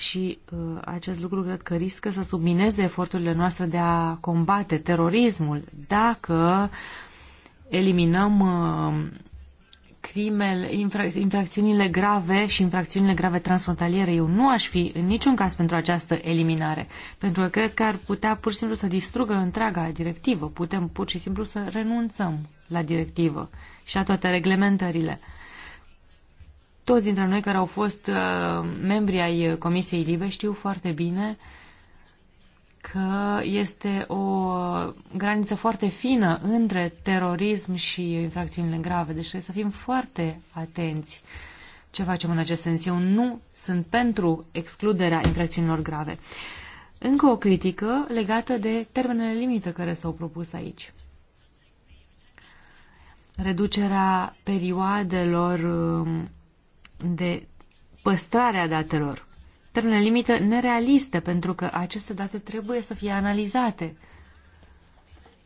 S4: și uh, acest lucru cred că riscă să submineze eforturile noastre de a combate terorismul dacă eliminăm uh, crimele, infra, infracțiunile grave și infracțiunile grave transfrontaliere. Eu nu aș fi în niciun caz pentru această eliminare, pentru că cred că ar putea pur și simplu să distrugă întreaga directivă. Putem pur și simplu să renunțăm la directivă și la toate reglementările. Toți dintre noi care au fost uh, membri ai uh, Comisiei Libe știu foarte bine că este o uh, graniță foarte fină între terorism și infracțiunile grave, deci trebuie să fim foarte atenți ce facem în acest sens. Eu nu sunt pentru excluderea infracțiunilor grave. Încă o critică legată de termenele limită care s-au propus aici. Reducerea perioadelor um, de păstrarea datelor. Termene limită nerealistă, pentru că aceste date trebuie să fie analizate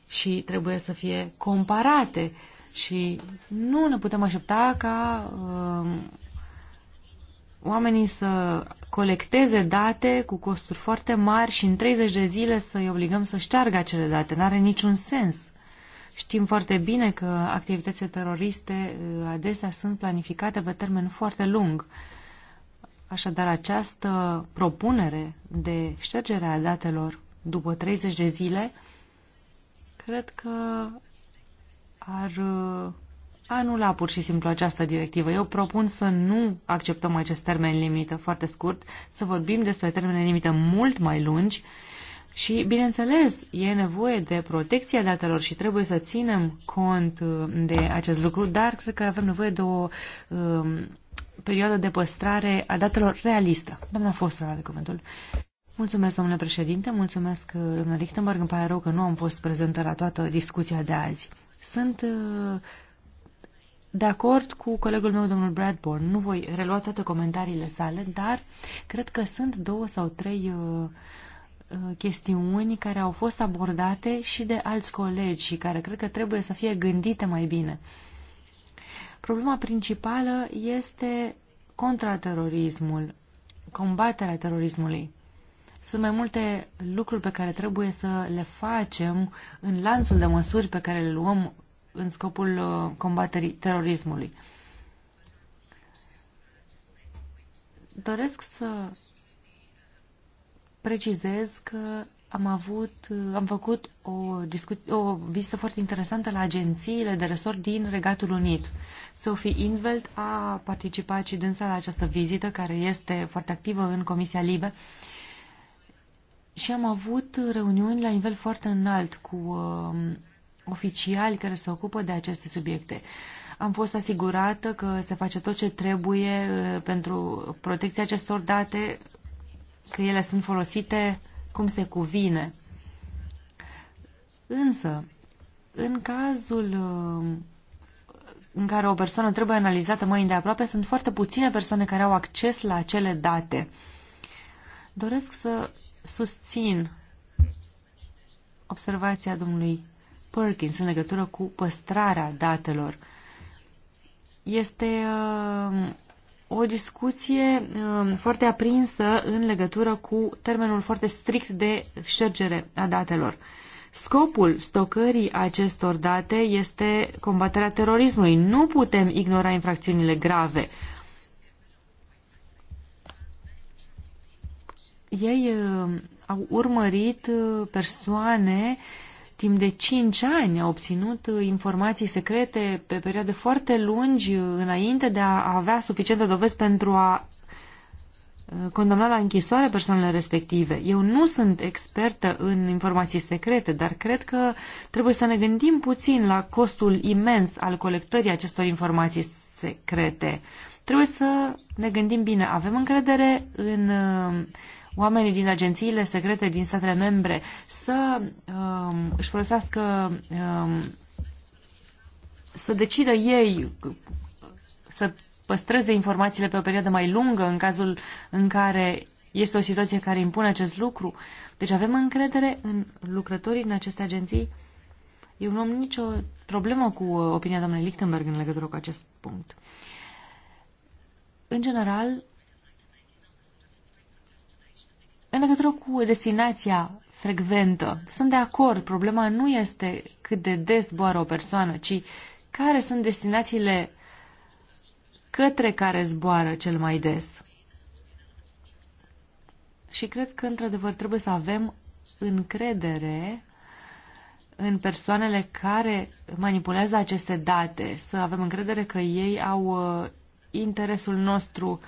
S4: și trebuie să fie comparate și nu ne putem aștepta ca um, oamenii să colecteze date cu costuri foarte mari și în 30 de zile să-i obligăm să șteargă acele date. N-are niciun sens. Știm foarte bine că activitățile teroriste uh, adesea sunt planificate pe termen foarte lung. Așadar, această propunere de ștergere a datelor după 30 de zile, cred că ar uh, anula pur și simplu această directivă. Eu propun să nu acceptăm acest termen limită foarte scurt, să vorbim despre termene limită mult mai lungi și, bineînțeles, e nevoie de protecția datelor și trebuie să ținem cont uh, de acest lucru, dar cred că avem nevoie de o um, perioadă de păstrare a datelor realistă. Doamna Fostra are cuvântul. Mulțumesc, domnule președinte, mulțumesc, uh, domnule Lichtenberg, îmi pare rău că nu am fost prezentă la toată discuția de azi. Sunt uh, de acord cu colegul meu, domnul Bradborn. Nu voi relua toate comentariile sale, dar cred că sunt două sau trei uh, Uh, chestiuni care au fost abordate și de alți colegi și care cred că trebuie să fie gândite mai bine. Problema principală este contraterorismul, combaterea terorismului. Sunt mai multe lucruri pe care trebuie să le facem în lanțul de măsuri pe care le luăm în scopul uh, combaterii terorismului. Doresc să precizez că am avut, am făcut o, o vizită foarte interesantă la agențiile de resort din Regatul Unit. Sophie Invelt a participat și dânsa la această vizită, care este foarte activă în Comisia Libe. Și am avut reuniuni la nivel foarte înalt cu uh, oficiali care se ocupă de aceste subiecte. Am fost asigurată că se face tot ce trebuie uh, pentru protecția acestor date, că ele sunt folosite cum se cuvine. Însă, în cazul uh, în care o persoană trebuie analizată mai îndeaproape, sunt foarte puține persoane care au acces la acele date. Doresc să susțin observația domnului Perkins în legătură cu păstrarea datelor. Este uh, o discuție um, foarte aprinsă în legătură cu termenul foarte strict de ștergere a datelor. Scopul stocării acestor date este combaterea terorismului. Nu putem ignora infracțiunile grave. Ei um, au urmărit uh, persoane uh, timp de 5 ani a obținut uh, informații secrete pe perioade foarte lungi uh, înainte de a avea suficiente dovezi pentru a uh, condamna la închisoare persoanele respective. Eu nu sunt expertă în informații secrete, dar cred că trebuie să ne gândim puțin la costul imens al colectării acestor informații secrete. Trebuie să ne gândim bine. Avem încredere în oamenii din agențiile secrete din statele membre să um, își folosească, um, să decidă ei să păstreze informațiile pe o perioadă mai lungă în cazul în care este o situație care impune acest lucru. Deci avem încredere în lucrătorii din aceste agenții? Eu nu am nicio problemă cu uh, opinia doamnei Lichtenberg în legătură cu acest punct. În general, în legătură cu destinația frecventă, sunt de acord, problema nu este cât de des zboară o persoană, ci care sunt destinațiile către care zboară cel mai des. Și cred că, într-adevăr, trebuie să avem încredere în persoanele care manipulează aceste date, să avem încredere că ei au uh, interesul nostru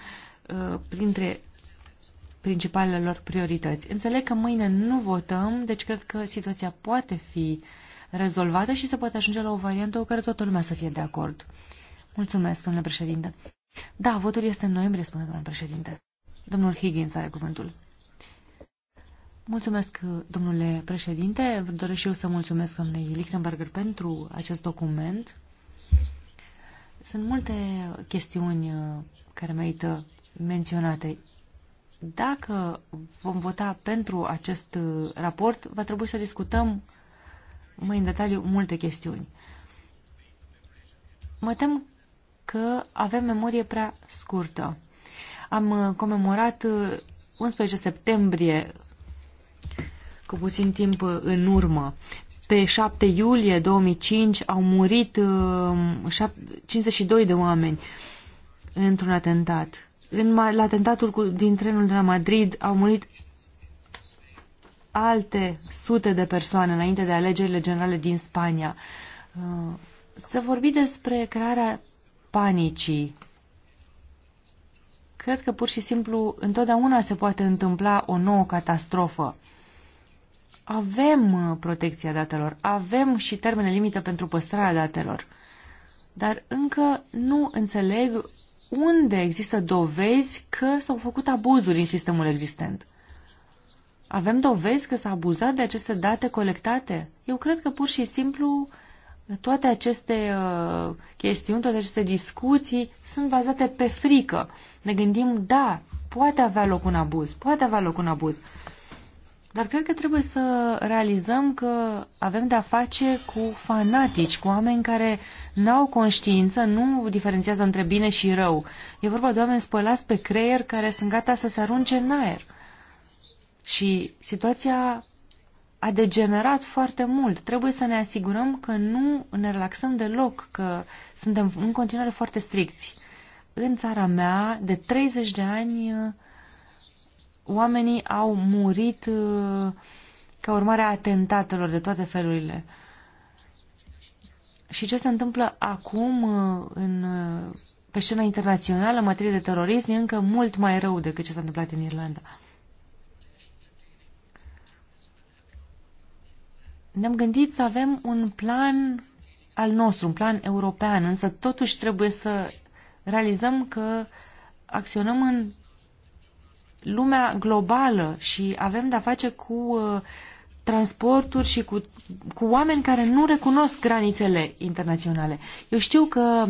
S4: uh, printre principalele lor priorități. Înțeleg că mâine nu votăm, deci cred că situația poate fi rezolvată și se poate ajunge la o variantă cu care toată lumea să fie de acord. Mulțumesc, domnule președinte. Da, votul este în noiembrie, spune domnul președinte. Domnul Higgins are cuvântul. Mulțumesc, domnule președinte. Doresc și eu să mulțumesc domnului Lichtenberger pentru acest document. Sunt multe chestiuni uh, care merită menționate. Dacă vom vota pentru acest uh, raport, va trebui să discutăm mai în detaliu multe chestiuni. Mă tem că avem memorie prea scurtă. Am uh, comemorat 11 uh, septembrie cu puțin timp în urmă. Pe 7 iulie 2005 au murit 52 de oameni într-un atentat în, la atentatul cu, din trenul de la Madrid au murit alte sute de persoane înainte de alegerile generale din Spania. Uh, să vorbi despre crearea panicii. Cred că pur și simplu întotdeauna se poate întâmpla o nouă catastrofă. Avem uh, protecția datelor, avem și termene limită pentru păstrarea datelor, dar încă nu înțeleg unde există dovezi că s-au făcut abuzuri în sistemul existent. Avem dovezi că s-a abuzat de aceste date colectate? Eu cred că pur și simplu toate aceste uh, chestiuni, toate aceste discuții sunt bazate pe frică. Ne gândim, da, poate avea loc un abuz, poate avea loc un abuz. Dar cred că trebuie să realizăm că avem de-a face cu fanatici, cu oameni care n-au conștiință, nu diferențiază între bine și rău. E vorba de oameni spălați pe creier care sunt gata să se arunce în aer. Și situația a degenerat foarte mult. Trebuie să ne asigurăm că nu ne relaxăm deloc, că suntem în continuare foarte stricți. În țara mea, de 30 de ani, oamenii au murit uh, ca urmare a atentatelor de toate felurile. Și ce se întâmplă acum uh, în, uh, pe scena internațională în materie de terorism e încă mult mai rău decât ce s-a întâmplat în Irlanda. Ne-am gândit să avem un plan al nostru, un plan european, însă totuși trebuie să realizăm că acționăm în lumea globală și avem de-a face cu uh, transporturi și cu, cu oameni care nu recunosc granițele internaționale. Eu știu că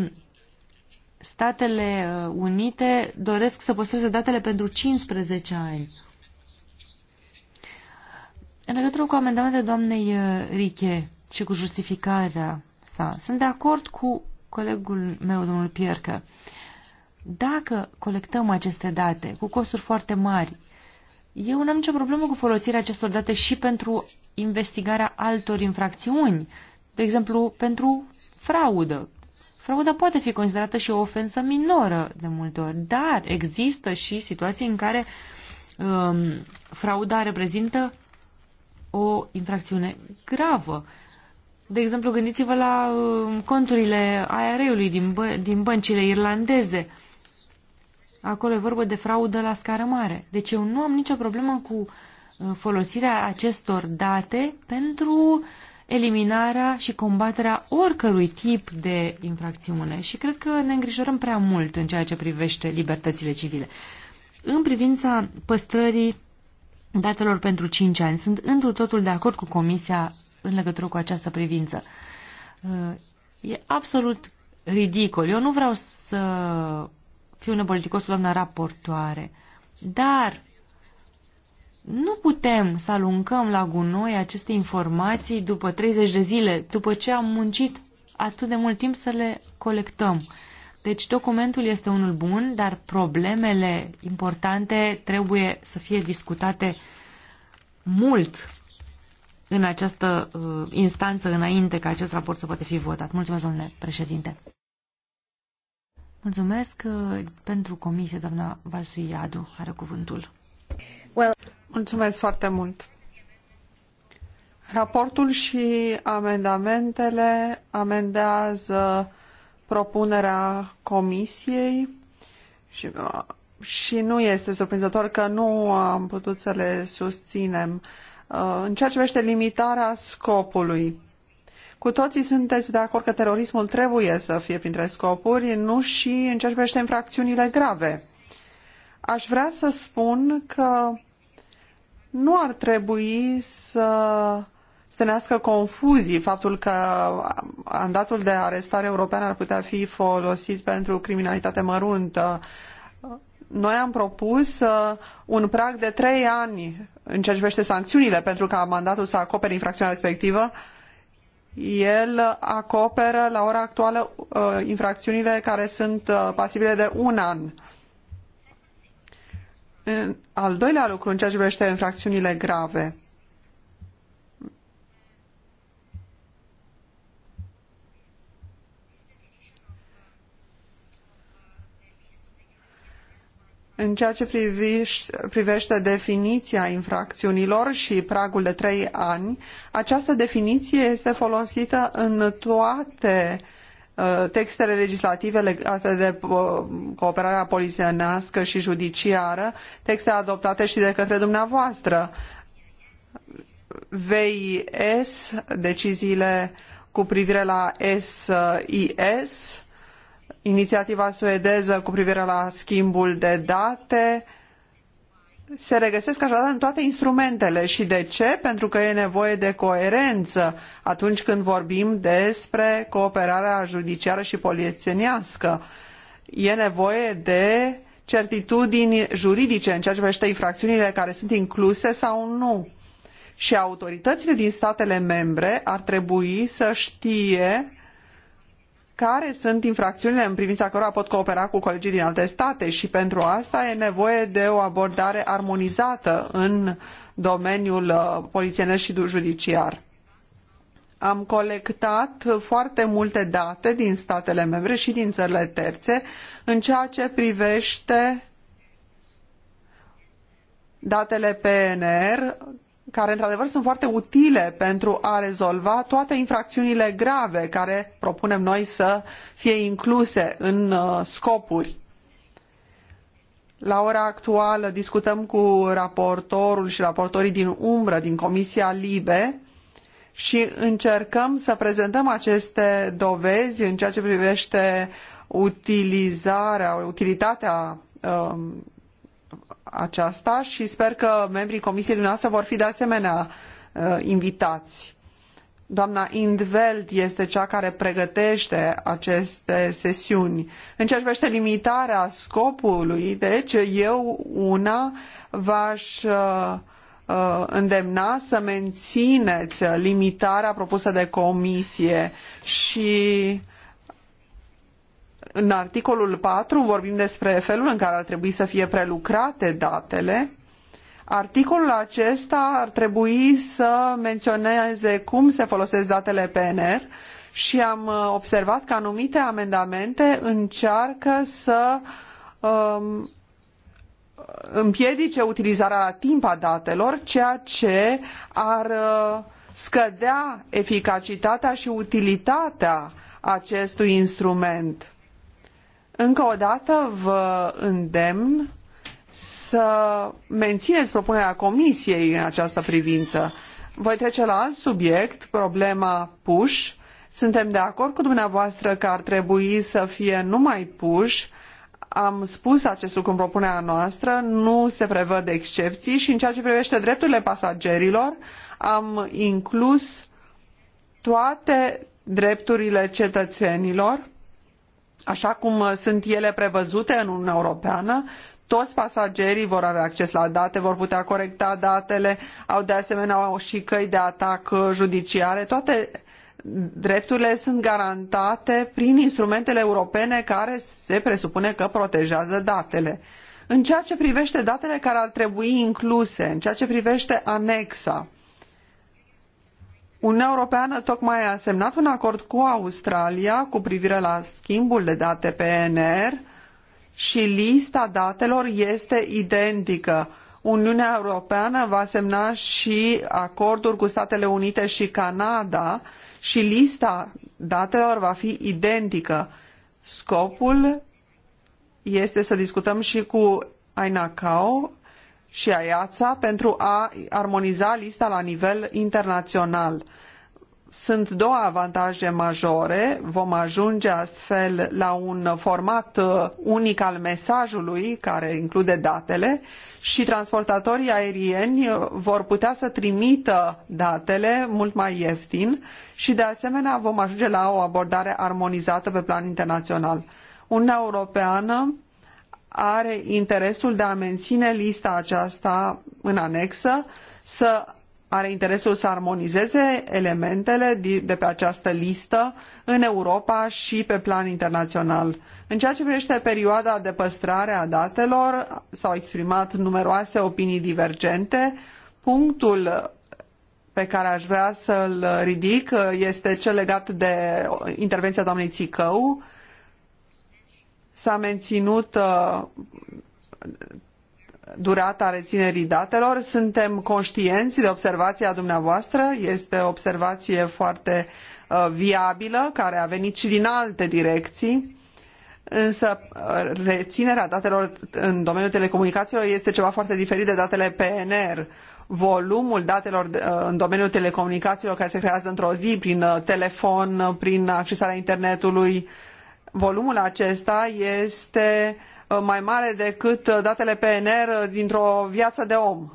S4: Statele uh, Unite doresc să păstreze datele pentru 15 ani. În legătură cu amendamentele doamnei uh, Riche și cu justificarea sa, sunt de acord cu colegul meu, domnul Pierca. Uh, dacă colectăm aceste date cu costuri foarte mari, eu n-am nicio problemă cu folosirea acestor date și pentru investigarea altor infracțiuni, de exemplu, pentru fraudă. Frauda poate fi considerată și o ofensă minoră de multe ori, dar există și situații în care um, frauda reprezintă o infracțiune gravă. De exemplu, gândiți-vă la um, conturile ira ului din, bă- din băncile irlandeze. Uh, Acolo e vorba de fraudă la scară mare. Deci eu nu am nicio problemă cu uh, folosirea acestor date pentru eliminarea și combaterea oricărui tip de infracțiune și cred că ne îngrijorăm prea mult în ceea ce privește libertățile civile. În privința păstrării datelor pentru 5 ani, sunt întru totul de acord cu Comisia în legătură cu această privință. Uh, e absolut ridicol. Eu nu vreau să un politicosul, doamna raportoare, dar nu putem să aluncăm la gunoi aceste informații după 30 de zile, după ce am muncit atât de mult timp să le colectăm. Deci documentul este unul bun, dar problemele importante trebuie să fie discutate mult în această uh, instanță înainte ca acest raport să poate fi votat. Mulțumesc, domnule președinte. Mulțumesc uh, pentru comisie, doamna Vasuiadu, are cuvântul. Well...
S2: Mulțumesc foarte mult. Raportul și amendamentele amendează propunerea comisiei și, uh, și nu este surprinzător că nu am putut să le susținem. Uh, în ceea ce privește limitarea scopului, cu toții sunteți de acord că terorismul trebuie să fie printre scopuri, nu și în ceea ce privește infracțiunile grave. Aș vrea să spun că nu ar trebui să nască confuzii faptul că mandatul de arestare european ar putea fi folosit pentru criminalitate măruntă. Noi am propus uh, un prag de trei ani în ceea ce privește sancțiunile pentru ca mandatul să acopere infracțiunea respectivă el acoperă la ora actuală uh, infracțiunile care sunt uh, pasibile de un an. Al doilea lucru, în ceea ce privește infracțiunile grave, În ceea ce privește definiția infracțiunilor și pragul de trei ani, această definiție este folosită în toate uh, textele legislative legate de uh, cooperarea polițienească și judiciară, texte adoptate și de către dumneavoastră. VIS, deciziile cu privire la SIS, inițiativa suedeză cu privire la schimbul de date se regăsesc așadar în toate instrumentele. Și de ce? Pentru că e nevoie de coerență atunci când vorbim despre cooperarea judiciară și polițienească. E nevoie de certitudini juridice în ceea ce privește infracțiunile care sunt incluse sau nu. Și autoritățile din statele membre ar trebui să știe care sunt infracțiunile în privința cărora pot coopera cu colegii din alte state și pentru asta e nevoie de o abordare armonizată în domeniul uh, polițienesc și judiciar. Am colectat foarte multe date din statele membre și din țările terțe în ceea ce privește datele PNR care într-adevăr sunt foarte utile pentru a rezolva toate infracțiunile grave care propunem noi să fie incluse în uh, scopuri. La ora actuală discutăm cu raportorul și raportorii din umbră din Comisia Libe și încercăm să prezentăm aceste dovezi în ceea ce privește utilizarea, utilitatea um, aceasta și sper că membrii comisiei dumneavoastră vor fi de asemenea uh, invitați. Doamna Indveld este cea care pregătește aceste sesiuni. În ceea ce privește limitarea scopului, deci eu una v-aș uh, uh îndemna să mențineți limitarea propusă de comisie și uh, în articolul 4 vorbim despre felul în care ar trebui să fie prelucrate datele. Articolul acesta ar trebui să menționeze cum se folosesc datele PNR și am uh, observat că anumite amendamente încearcă să um, împiedice utilizarea la timp a datelor, ceea ce ar uh, scădea eficacitatea și utilitatea acestui instrument. Încă o dată vă îndemn să mențineți propunerea Comisiei în această privință. Voi trece la alt subiect, problema push. Suntem de acord cu dumneavoastră că ar trebui să fie numai push. Am spus acest lucru în propunerea noastră, nu se prevăd excepții și în ceea ce privește drepturile pasagerilor am inclus toate drepturile cetățenilor Așa cum uh, sunt ele prevăzute în Uniunea Europeană, toți pasagerii vor avea acces la date, vor putea corecta datele, au de asemenea i căi de atac uh, judiciare. Toate drepturile sunt garantate prin instrumentele europene care se presupune că protejează datele. În ceea ce privește datele care ar trebui incluse, în ceea ce privește anexa, Uniunea Europeană tocmai a semnat un acord cu Australia cu privire la schimbul de date PNR și lista datelor este identică. Uniunea Europeană va semna și acorduri cu Statele Unite și Canada și lista datelor va fi identică. Scopul este să discutăm și cu AINACAO și AIAța pentru a armoniza lista la nivel internațional. Sunt două avantaje majore. Vom ajunge astfel la un format uh, unic al mesajului care include datele și transportatorii aerieni uh, vor putea să trimită datele mult mai ieftin și de asemenea vom ajunge la o abordare armonizată pe plan internațional. Uniunea Europeană are interesul de a menține lista aceasta în anexă, să are interesul să armonizeze elementele de pe această listă în Europa și pe plan internațional. În ceea ce privește perioada de păstrare a datelor, s-au exprimat numeroase opinii divergente. Punctul pe care aș vrea să-l ridic este cel legat de intervenția doamnei Țicău. S-a menținut uh, durata reținerii datelor. Suntem conștienți de observația dumneavoastră, este o observație foarte uh, viabilă, care a venit și din alte direcții, însă uh, reținerea datelor în domeniul telecomunicațiilor este ceva foarte diferit de datele PNR. Volumul datelor uh, în domeniul telecomunicațiilor care se creează într-o zi prin uh, telefon, prin accesarea internetului, volumul acesta este uh, Uh, mai mare decât uh, datele PNR uh, dintr-o viață de om.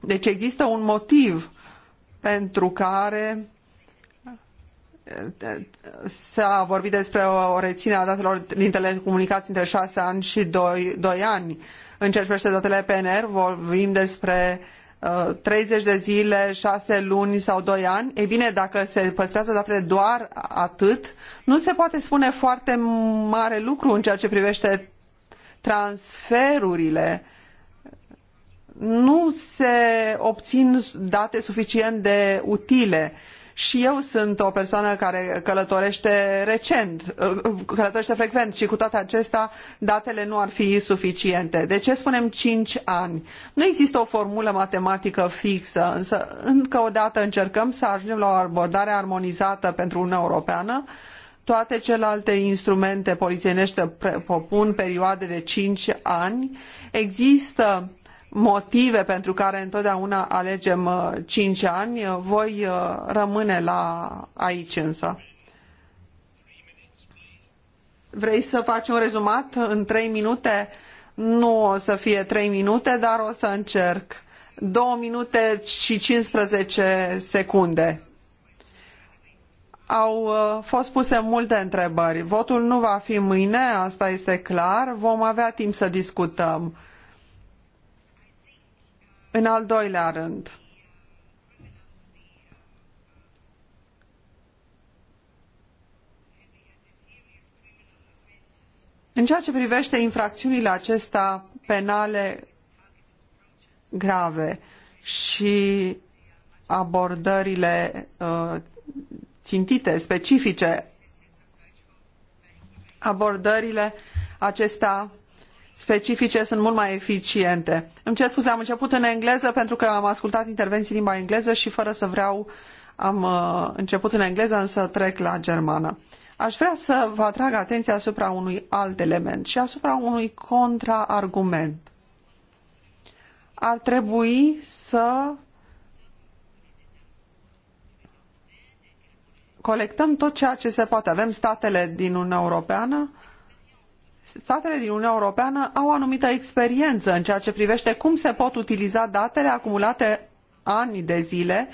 S2: Deci există un motiv pentru care s-a vorbit despre o reținere a datelor din telecomunicații între 6 ani și 2, 2 ani. În ceea ce privește datele PNR, vorbim despre uh, 30 de zile, 6 luni sau 2 ani. Ei bine, dacă se păstrează datele doar atât, nu se poate spune foarte mare lucru în ceea ce privește transferurile, nu se obțin date suficient de utile. Și eu sunt o persoană care călătorește recent, uh, călătorește frecvent și cu toate acestea datele nu ar fi suficiente. De ce spunem cinci ani? Nu există o formulă matematică fixă, însă încă o dată încercăm să ajungem la o abordare armonizată pentru Uniunea Europeană toate celelalte instrumente polițienești propun perioade de cinci ani. Există motive pentru care întotdeauna alegem uh, cinci ani. Voi uh, rămâne la aici însă. Vrei să faci un rezumat în trei minute? Nu o să fie trei minute, dar o să încerc. Două minute și 15 secunde. Au uh, fost puse multe întrebări. Votul nu va fi mâine, asta este clar. Vom avea timp să discutăm. În al doilea rând, În ceea ce privește infracțiunile acestea penale grave și abordările uh, țintite, specifice. Abordările acestea specifice sunt mult mai eficiente. Îmi cer scuze, am început în engleză pentru că am ascultat intervenții în limba engleză și fără să vreau am uh, început în engleză, însă trec la germană. Aș vrea să vă atrag atenția asupra unui alt element și asupra unui contraargument. Ar trebui să colectăm tot ceea ce se poate. Avem statele din Uniunea Europeană. Statele din Uniunea Europeană au anumită experiență în ceea ce privește cum se pot utiliza datele acumulate ani de zile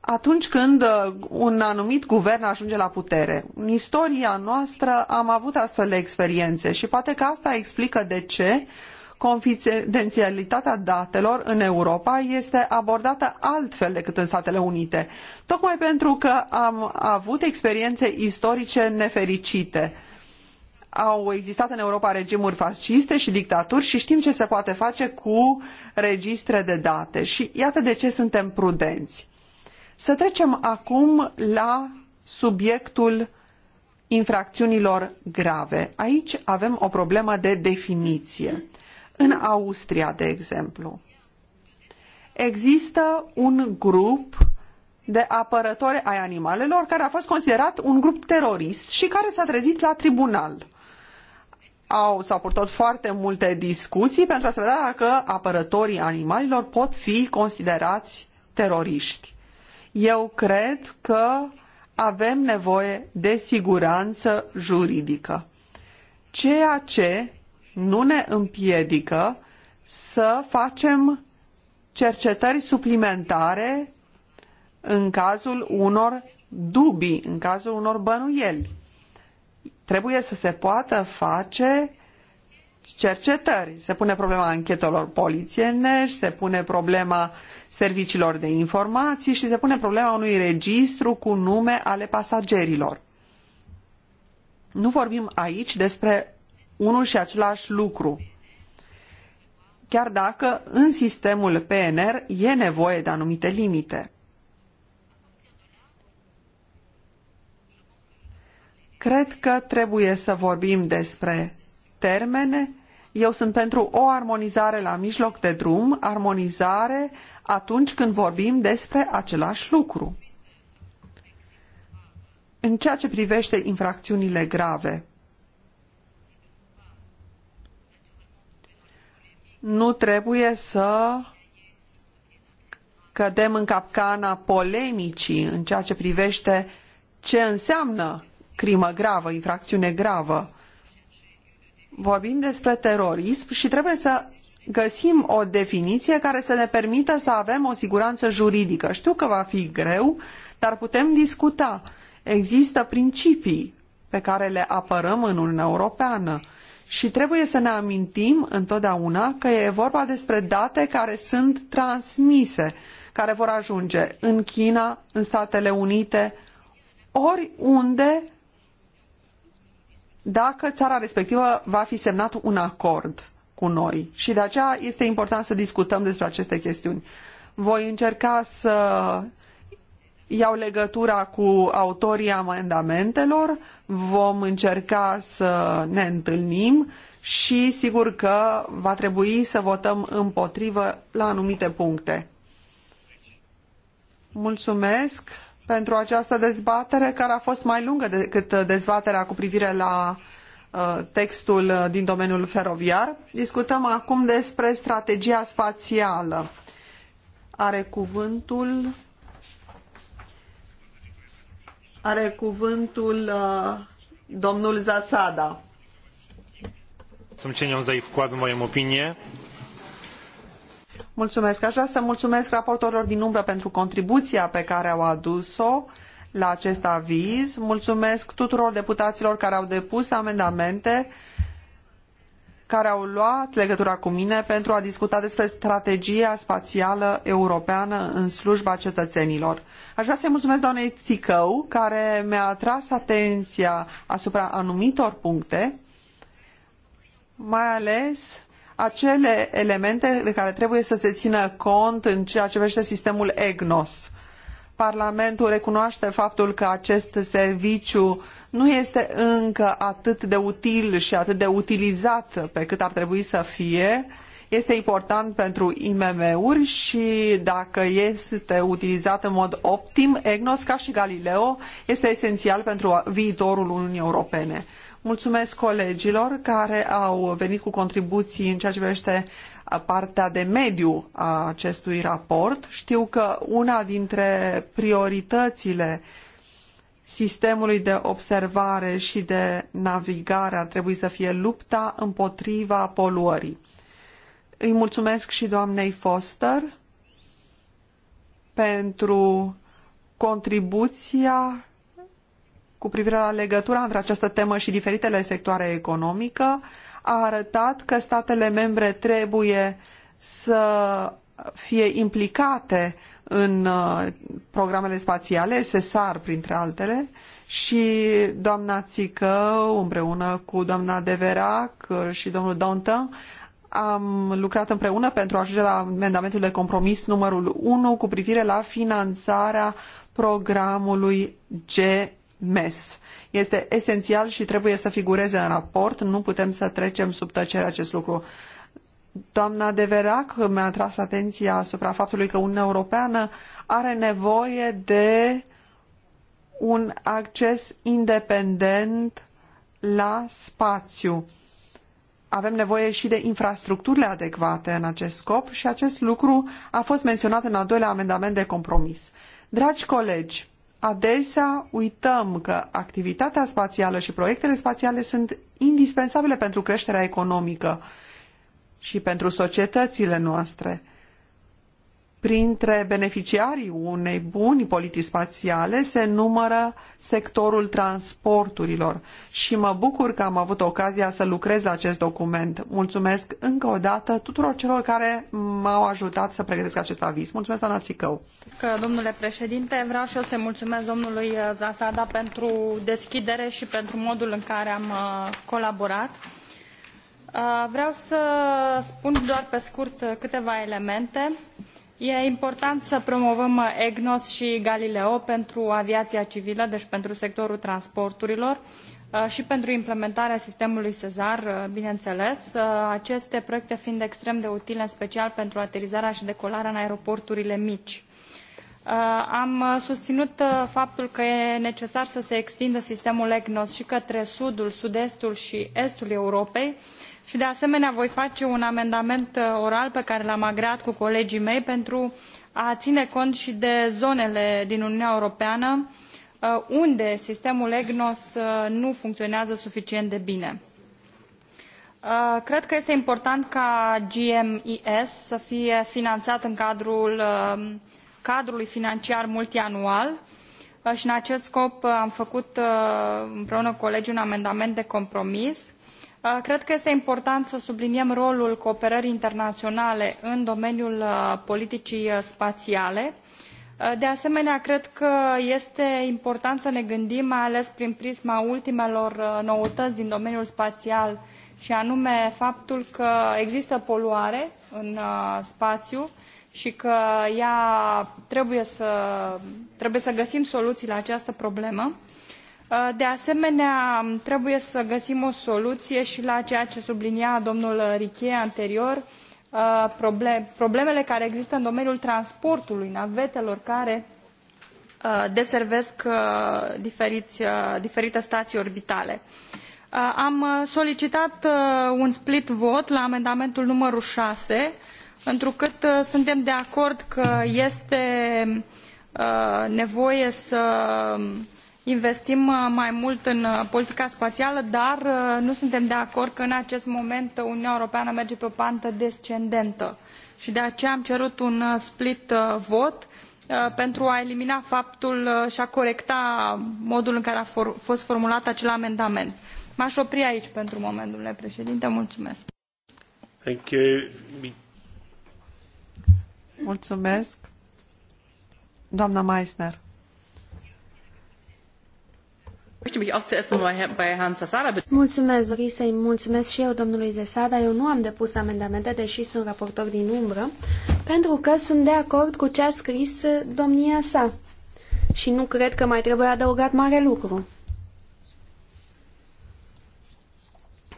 S2: atunci când uh, un anumit guvern ajunge la putere. În istoria noastră am avut astfel de experiențe și poate că asta explică de ce uh, confidențialitatea datelor în Europa este abordată altfel decât în Statele Unite, tocmai pentru că am avut experiențe istorice nefericite au existat în Europa regimuri fasciste și dictaturi și știm ce se poate face cu registre de date. Și iată de ce suntem prudenți. Să trecem acum la subiectul infracțiunilor grave. Aici avem o problemă de definiție. În Austria, de exemplu, există un grup de apărători ai animalelor care a fost considerat un grup terorist și care s-a trezit la tribunal. Au, s-au purtat foarte multe discuții pentru a se vedea dacă apărătorii animalelor pot fi considerați teroriști. Eu cred că avem nevoie de siguranță juridică. Ceea ce nu ne împiedică să facem cercetări suplimentare în cazul unor dubii, în cazul unor bănuieli. Trebuie să se poată face cercetări. Se pune problema anchetelor polițienești, se pune problema serviciilor de informații și se pune problema unui registru cu nume ale pasagerilor. Nu vorbim aici despre unul și același lucru. Chiar dacă în sistemul PNR e nevoie de anumite limite. Cred că trebuie să vorbim despre termene. Eu sunt pentru o armonizare la mijloc de drum, armonizare atunci când vorbim despre același lucru. În ceea ce privește infracțiunile grave, nu trebuie să cădem în capcana polemicii în ceea ce privește ce înseamnă crimă gravă, infracțiune gravă. Vorbim despre terorism și trebuie să găsim o definiție care să ne permită să avem o siguranță juridică. Știu că va fi greu, dar putem discuta. Există principii pe care le apărăm în Uniunea Europeană și trebuie să ne amintim întotdeauna că e vorba despre date care sunt transmise, care vor ajunge în China, în Statele Unite, oriunde dacă țara respectivă va fi semnat un acord cu noi. Și de aceea este important să discutăm despre aceste chestiuni. Voi încerca să iau legătura cu autorii amendamentelor vom încerca să ne întâlnim și sigur că va trebui să votăm împotrivă la anumite puncte. Mulțumesc pentru această dezbatere care a fost mai lungă decât dezbaterea cu privire la uh, textul din domeniul feroviar. Discutăm acum despre strategia spațială. Are cuvântul are cuvântul uh, domnul Zasada.
S1: Sunt cieniam za cu wkład, moją opinie.
S2: Mulțumesc. Aș vrea să mulțumesc raportorilor din umbră pentru contribuția pe care au adus-o la acest aviz. Mulțumesc tuturor deputaților care au depus amendamente care au luat legătura cu mine pentru a discuta despre strategia spațială europeană în slujba cetățenilor. Aș vrea să-i mulțumesc doamnei Țicău, care mi-a atras atenția asupra anumitor puncte, mai ales acele elemente de care trebuie să se țină cont în ceea ce privește sistemul EGNOS. Parlamentul recunoaște faptul că acest serviciu nu este încă atât de util și atât de utilizat pe cât ar trebui să fie. Este important pentru IMM-uri și dacă este utilizat în mod optim, EGNOS ca și Galileo este esențial pentru viitorul Uniunii Europene. Mulțumesc colegilor care au venit cu contribuții în ceea ce privește partea de mediu a acestui raport. Știu că una dintre prioritățile sistemului de observare și de navigare ar trebui să fie lupta împotriva poluării. Îi mulțumesc și doamnei Foster pentru contribuția cu privire la legătura între această temă și diferitele sectoare economică a arătat că statele membre trebuie să fie implicate în uh, programele spațiale, SESAR printre altele, și doamna Țicău împreună cu doamna Deverac uh, și domnul Dantin am lucrat împreună pentru a ajunge la amendamentul de compromis numărul unu cu privire la finanțarea programului GMES este esențial și trebuie să figureze în raport. Nu putem să trecem sub tăcere acest lucru. Doamna de Verac mi-a tras atenția asupra faptului că Uniunea Europeană are nevoie de un acces independent la spațiu. Avem nevoie și de infrastructurile adecvate în acest scop și acest lucru a fost menționat în al doilea amendament de compromis. Dragi colegi, Adesea uităm că activitatea spațială și proiectele spațiale sunt indispensabile pentru creșterea economică și pentru societățile noastre. Printre beneficiarii unei buni politici spațiale se numără sectorul transporturilor și mă bucur că am avut ocazia să lucrez la acest document. Mulțumesc încă o dată tuturor celor care m-au ajutat să pregătesc acest aviz. Mulțumesc, Ana Țicău.
S5: Că, domnule președinte, vreau și eu să mulțumesc domnului uh, Zasada pentru deschidere și pentru modul în care am uh, colaborat. Uh, vreau să spun doar pe scurt câteva elemente. E important să promovăm uh, EGNOS și Galileo pentru aviația civilă, deci pentru sectorul transporturilor uh, și pentru implementarea sistemului Sezar, uh, bineînțeles, aceste proiecte fiind extrem de utile, în special pentru aterizarea și decolarea în aeroporturile mici. Am susținut faptul că e necesar să se extindă sistemul EGNOS și către sudul, sud-estul și estul Europei, și de asemenea voi face un amendament uh, oral pe care l-am agreat cu colegii mei pentru a ține cont și de zonele din Uniunea Europeană uh, unde sistemul EGNOS uh, nu funcționează suficient de bine. Cred că este important ca GMES să fie finanțat în cadrul cadrului financiar multianual și în acest scop am făcut împreună cu colegii un amendament de compromis Cred că este important să subliniem rolul cooperării internaționale în domeniul politicii spațiale. De asemenea, cred că este important să ne gândim, mai ales prin prisma ultimelor noutăi din domeniul spațial, și anume faptul că există poluare în spațiu și că trebuie să, trebuie să găsim soluții la această problemă. Uh, de asemenea, um, trebuie să găsim o soluție și la ceea ce sublinia domnul Richie anterior, uh, problemele care există în domeniul transportului, navetelor care uh, deservesc diferiți, diferite stații orbitale. Am solicitat un split vot la amendamentul numărul 6, întrucât suntem de acord că este nevoie să um, investim uh, mai mult în uh, politica spațială, dar uh, nu suntem de acord că în acest moment Uniunea Europeană merge pe o pantă descendentă. Și de aceea am cerut un split vot pentru a elimina faptul și a corecta modul în care a fost formulat acel amendament. M-aș opri aici pentru moment, domnule președinte. Mulțumesc.
S2: Thank you. Mulțumesc.
S3: Doamna Meissner. Mulțumesc, dori să-i mulțumesc și eu domnului Zesada. Eu nu am depus amendamente, deși sunt raportor din umbră, pentru că sunt de acord cu ce a scris domnia sa. Și nu cred că mai trebuie adăugat mare lucru.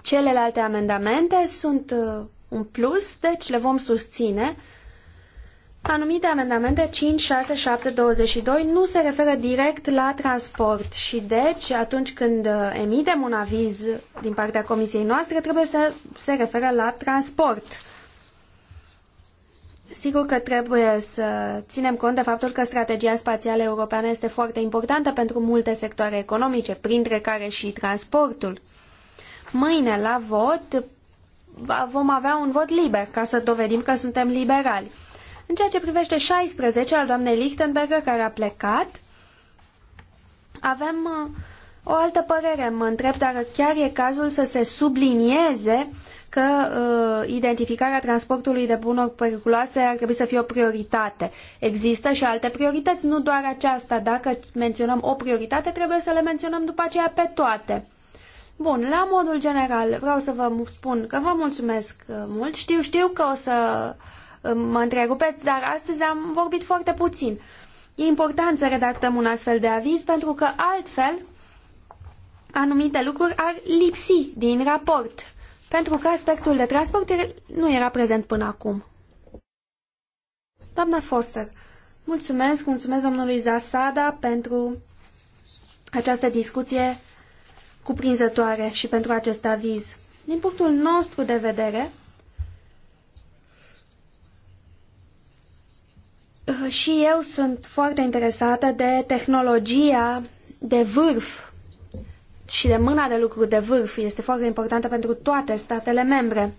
S3: Celelalte amendamente sunt uh, un plus, deci le vom susține Anumite amendamente 5, 6, 7, 22 nu se referă direct la transport și deci atunci când uh, emitem un aviz din partea comisiei noastre trebuie să se referă la transport. Sigur că trebuie să ținem cont de faptul că strategia spațială europeană este foarte importantă pentru multe sectoare economice, printre care și transportul. Mâine la vot vom avea un vot liber ca să dovedim că suntem liberali. În ceea ce privește 16 al doamnei Lichtenberger, care a plecat, avem uh, o altă părere. Mă întreb dacă chiar e cazul să se sublinieze că uh, identificarea transportului de bunuri periculoase ar trebui să fie o prioritate. Există și alte priorități, nu doar aceasta. Dacă menționăm o prioritate, trebuie să le menționăm după aceea pe toate. Bun, la modul general vreau să vă spun că vă mulțumesc uh, mult. Știu, știu că o să mă întrerupeți, dar astăzi am vorbit foarte puțin. E important să redactăm un astfel de aviz pentru că altfel anumite lucruri ar lipsi din raport, pentru că aspectul de transport nu era prezent până acum. Doamna Foster, mulțumesc, mulțumesc domnului Zasada pentru această discuție cuprinzătoare și pentru acest aviz. Din punctul nostru de vedere, Uh, și eu sunt foarte interesată de tehnologia de vârf și de mâna de lucru de vârf. Este foarte importantă pentru toate statele membre.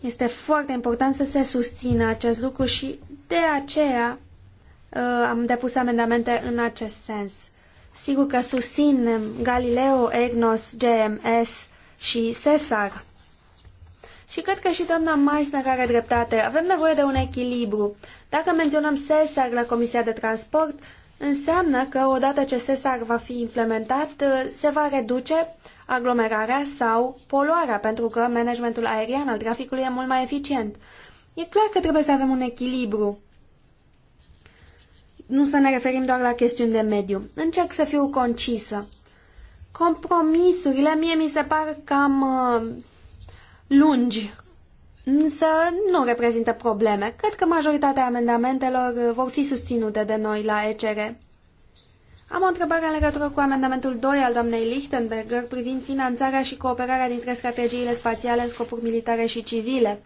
S3: Este foarte important să se susțină acest lucru și de aceea uh, am depus amendamente în acest sens. Sigur că susținem Galileo, EGNOS, GMS și CESAR. Și cred că și doamna Meissner are dreptate. Avem nevoie de un echilibru. Dacă menționăm SESAR la Comisia de Transport, înseamnă că odată ce SESAR va fi implementat, se va reduce aglomerarea sau poluarea, pentru că managementul aerian al traficului e mult mai eficient. E clar că trebuie să avem un echilibru. Nu să ne referim doar la chestiuni de mediu. Încerc să fiu concisă. Compromisurile mie mi se par cam uh, lungi, însă nu reprezintă probleme. Cred că majoritatea amendamentelor vor fi susținute de noi la ECR. Am o întrebare în legătură cu amendamentul 2 al doamnei Lichtenberger privind finanțarea și cooperarea dintre strategiile spațiale în scopuri militare și civile.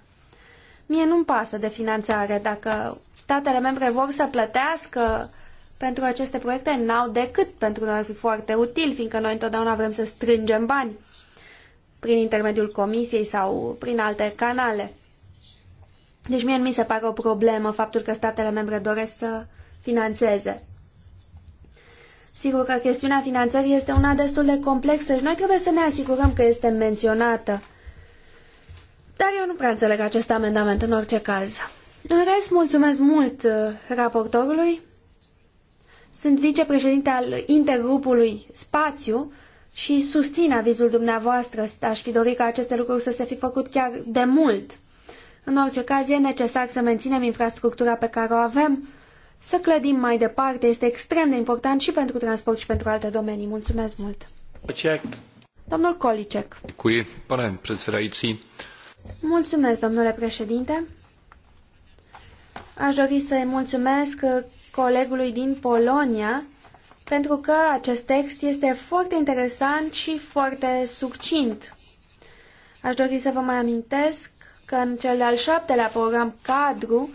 S3: Mie nu-mi pasă de finanțare. Dacă statele membre vor să plătească pentru aceste proiecte, n-au decât pentru noi ar fi foarte util, fiindcă noi întotdeauna vrem să strângem bani prin intermediul comisiei sau prin alte canale. Deci mie nu mi se pare o problemă faptul că statele membre doresc să financeze. Sigur că chestiunea finanțării este una destul de complexă și noi trebuie să ne asigurăm că este menționată. Dar eu nu prea înțeleg acest amendament în orice caz. În rest, mulțumesc mult uh, raportorului. Sunt vicepreședinte al intergrupului Spațiu și susțin avizul dumneavoastră. Aș fi dorit ca aceste lucruri să se fi făcut chiar de mult. În orice caz, e necesar să menținem infrastructura pe care o avem, să clădim mai departe. Este extrem de important și pentru transport și pentru alte domenii. Mulțumesc mult! Cec. Domnul Kolicek.
S1: Děkuji, pane předsedající.
S3: Mulțumesc, domnule președinte. Aș dori să-i mulțumesc colegului din Polonia pentru că acest text este foarte interesant și foarte succint. Aș dori să vă mai amintesc că în cel de-al șaptelea program cadru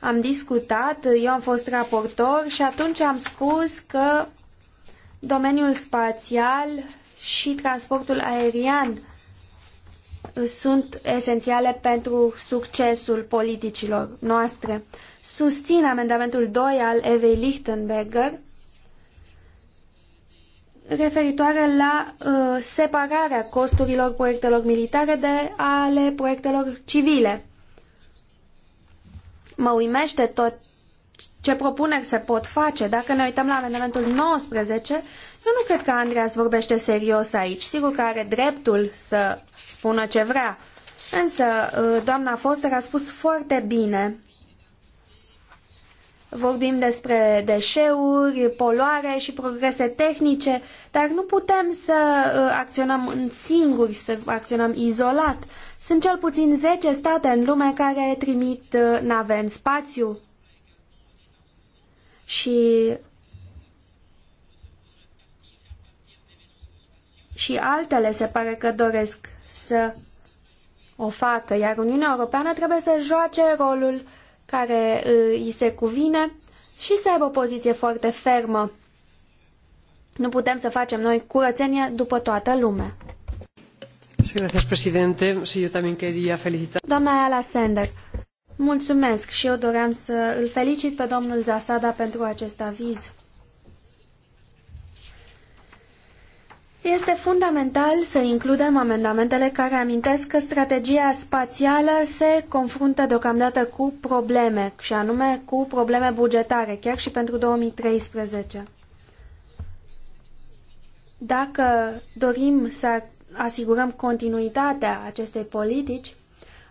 S3: am discutat, eu am fost raportor și atunci am spus că domeniul spațial și transportul aerian sunt esențiale pentru succesul politicilor noastre. Susțin amendamentul 2 al Evei Lichtenberger referitoare la uh, separarea costurilor proiectelor militare de ale proiectelor civile. Mă uimește tot ce propuneri se pot face. Dacă ne uităm la amendamentul 19, eu nu cred că Andreas vorbește serios aici. Sigur că are dreptul să spună ce vrea. Însă, uh, doamna Foster a spus foarte bine vorbim despre deșeuri, poluare și progrese tehnice, dar nu putem să uh, acționăm în singuri, să acționăm izolat. Sunt cel puțin zece state în lume care trimit uh, nave în spațiu și și altele se pare că doresc să o facă, iar Uniunea Europeană trebuie să joace rolul care uh, îi se cuvine și să aibă o poziție foarte fermă. Nu putem să facem noi curățenie după toată lumea. Doamna Ayala Sender, mulțumesc și eu doream să îl felicit pe domnul Zasada pentru acest aviz. Este fundamental să includem amendamentele care amintesc că strategia spațială se confruntă deocamdată cu probleme, și anume cu probleme bugetare, chiar și pentru 2013. Dacă dorim să asigurăm continuitatea acestei politici,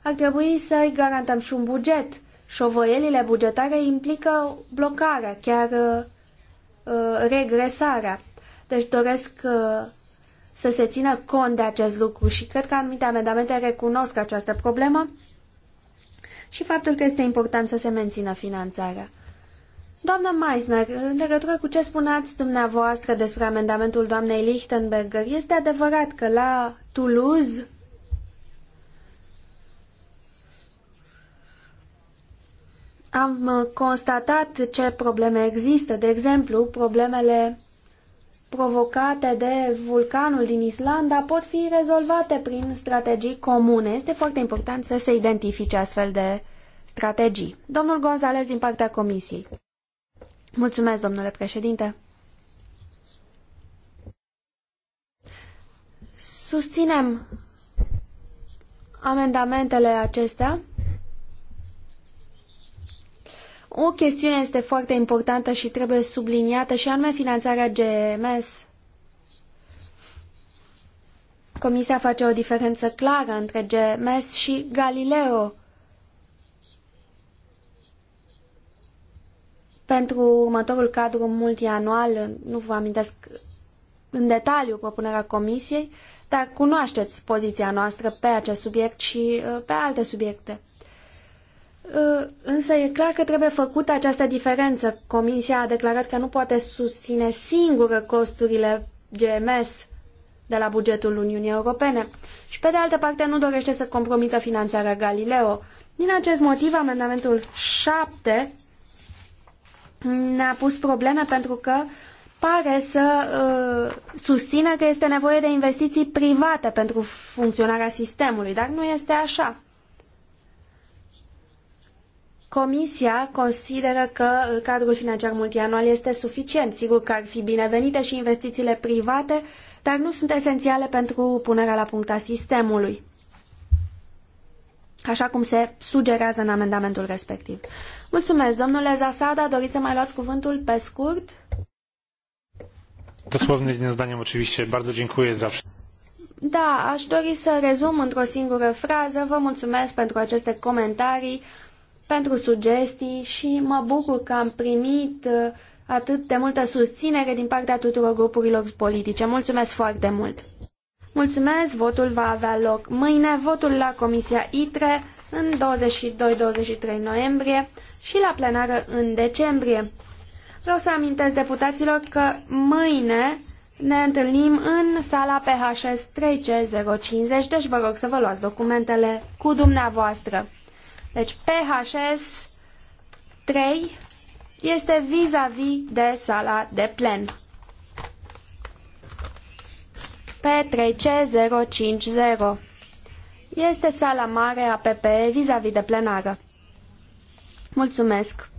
S3: ar trebui să îi garantăm și un buget. Șovăielile bugetare implică blocarea, chiar uh, uh regresarea. Deci doresc uh, să se țină cont de acest lucru și cred că anumite amendamente recunosc această problemă și faptul că este important să se mențină finanțarea. Doamna Meisner, în legătură cu ce spuneați dumneavoastră despre amendamentul doamnei Lichtenberger, este adevărat că la Toulouse am constatat ce probleme există, de exemplu, problemele provocate de vulcanul din Islanda pot fi rezolvate prin strategii comune. Este foarte important să se identifice astfel de strategii. Domnul Gonzales din partea Comisiei. Mulțumesc, domnule președinte. Susținem amendamentele acestea o chestiune este foarte importantă și trebuie subliniată și anume finanțarea GMS. Comisia face o diferență clară între GMS și Galileo. Pentru următorul cadru multianual, nu vă amintesc în detaliu propunerea Comisiei, dar cunoașteți poziția noastră pe acest subiect și uh, pe alte subiecte. Uh, însă e clar că trebuie făcută această diferență. Comisia a declarat că nu poate susține singură costurile GMS de la bugetul Uniunii Europene și, pe de altă parte, nu dorește să compromită finanțarea Galileo. Din acest motiv, amendamentul 7 ne-a pus probleme pentru că pare să uh, susțină că este nevoie de investiții private pentru funcționarea sistemului, dar nu este așa. Comisia consideră că uh, cadrul financiar multianual este suficient. Sigur că ar fi binevenite și investițiile private, dar nu sunt esențiale pentru punerea la punct a sistemului, așa cum se sugerează în amendamentul respectiv. Mulțumesc, domnule Zasada. Doriți să mai luați cuvântul pe scurt?
S1: Dosłownie jednym zdaniem oczywiście. Bardzo dziękuję za
S3: Da, aș dori să rezum într-o singură frază. Vă mulțumesc pentru aceste comentarii pentru sugestii și mă bucur că am primit uh, atât de multă susținere din partea tuturor grupurilor politice. Mulțumesc foarte mult! Mulțumesc, votul va avea loc mâine, votul la Comisia ITRE în 22-23 noiembrie și la plenară în decembrie. Vreau să amintesc deputaților că mâine ne întâlnim în sala PHS 3C050, deci vă rog să vă luați documentele cu dumneavoastră. Deci PHS 3 este vis-a-vis -vis de sala de plen. P3C050 este sala mare a PPE vis-a-vis de plenară. Mulțumesc!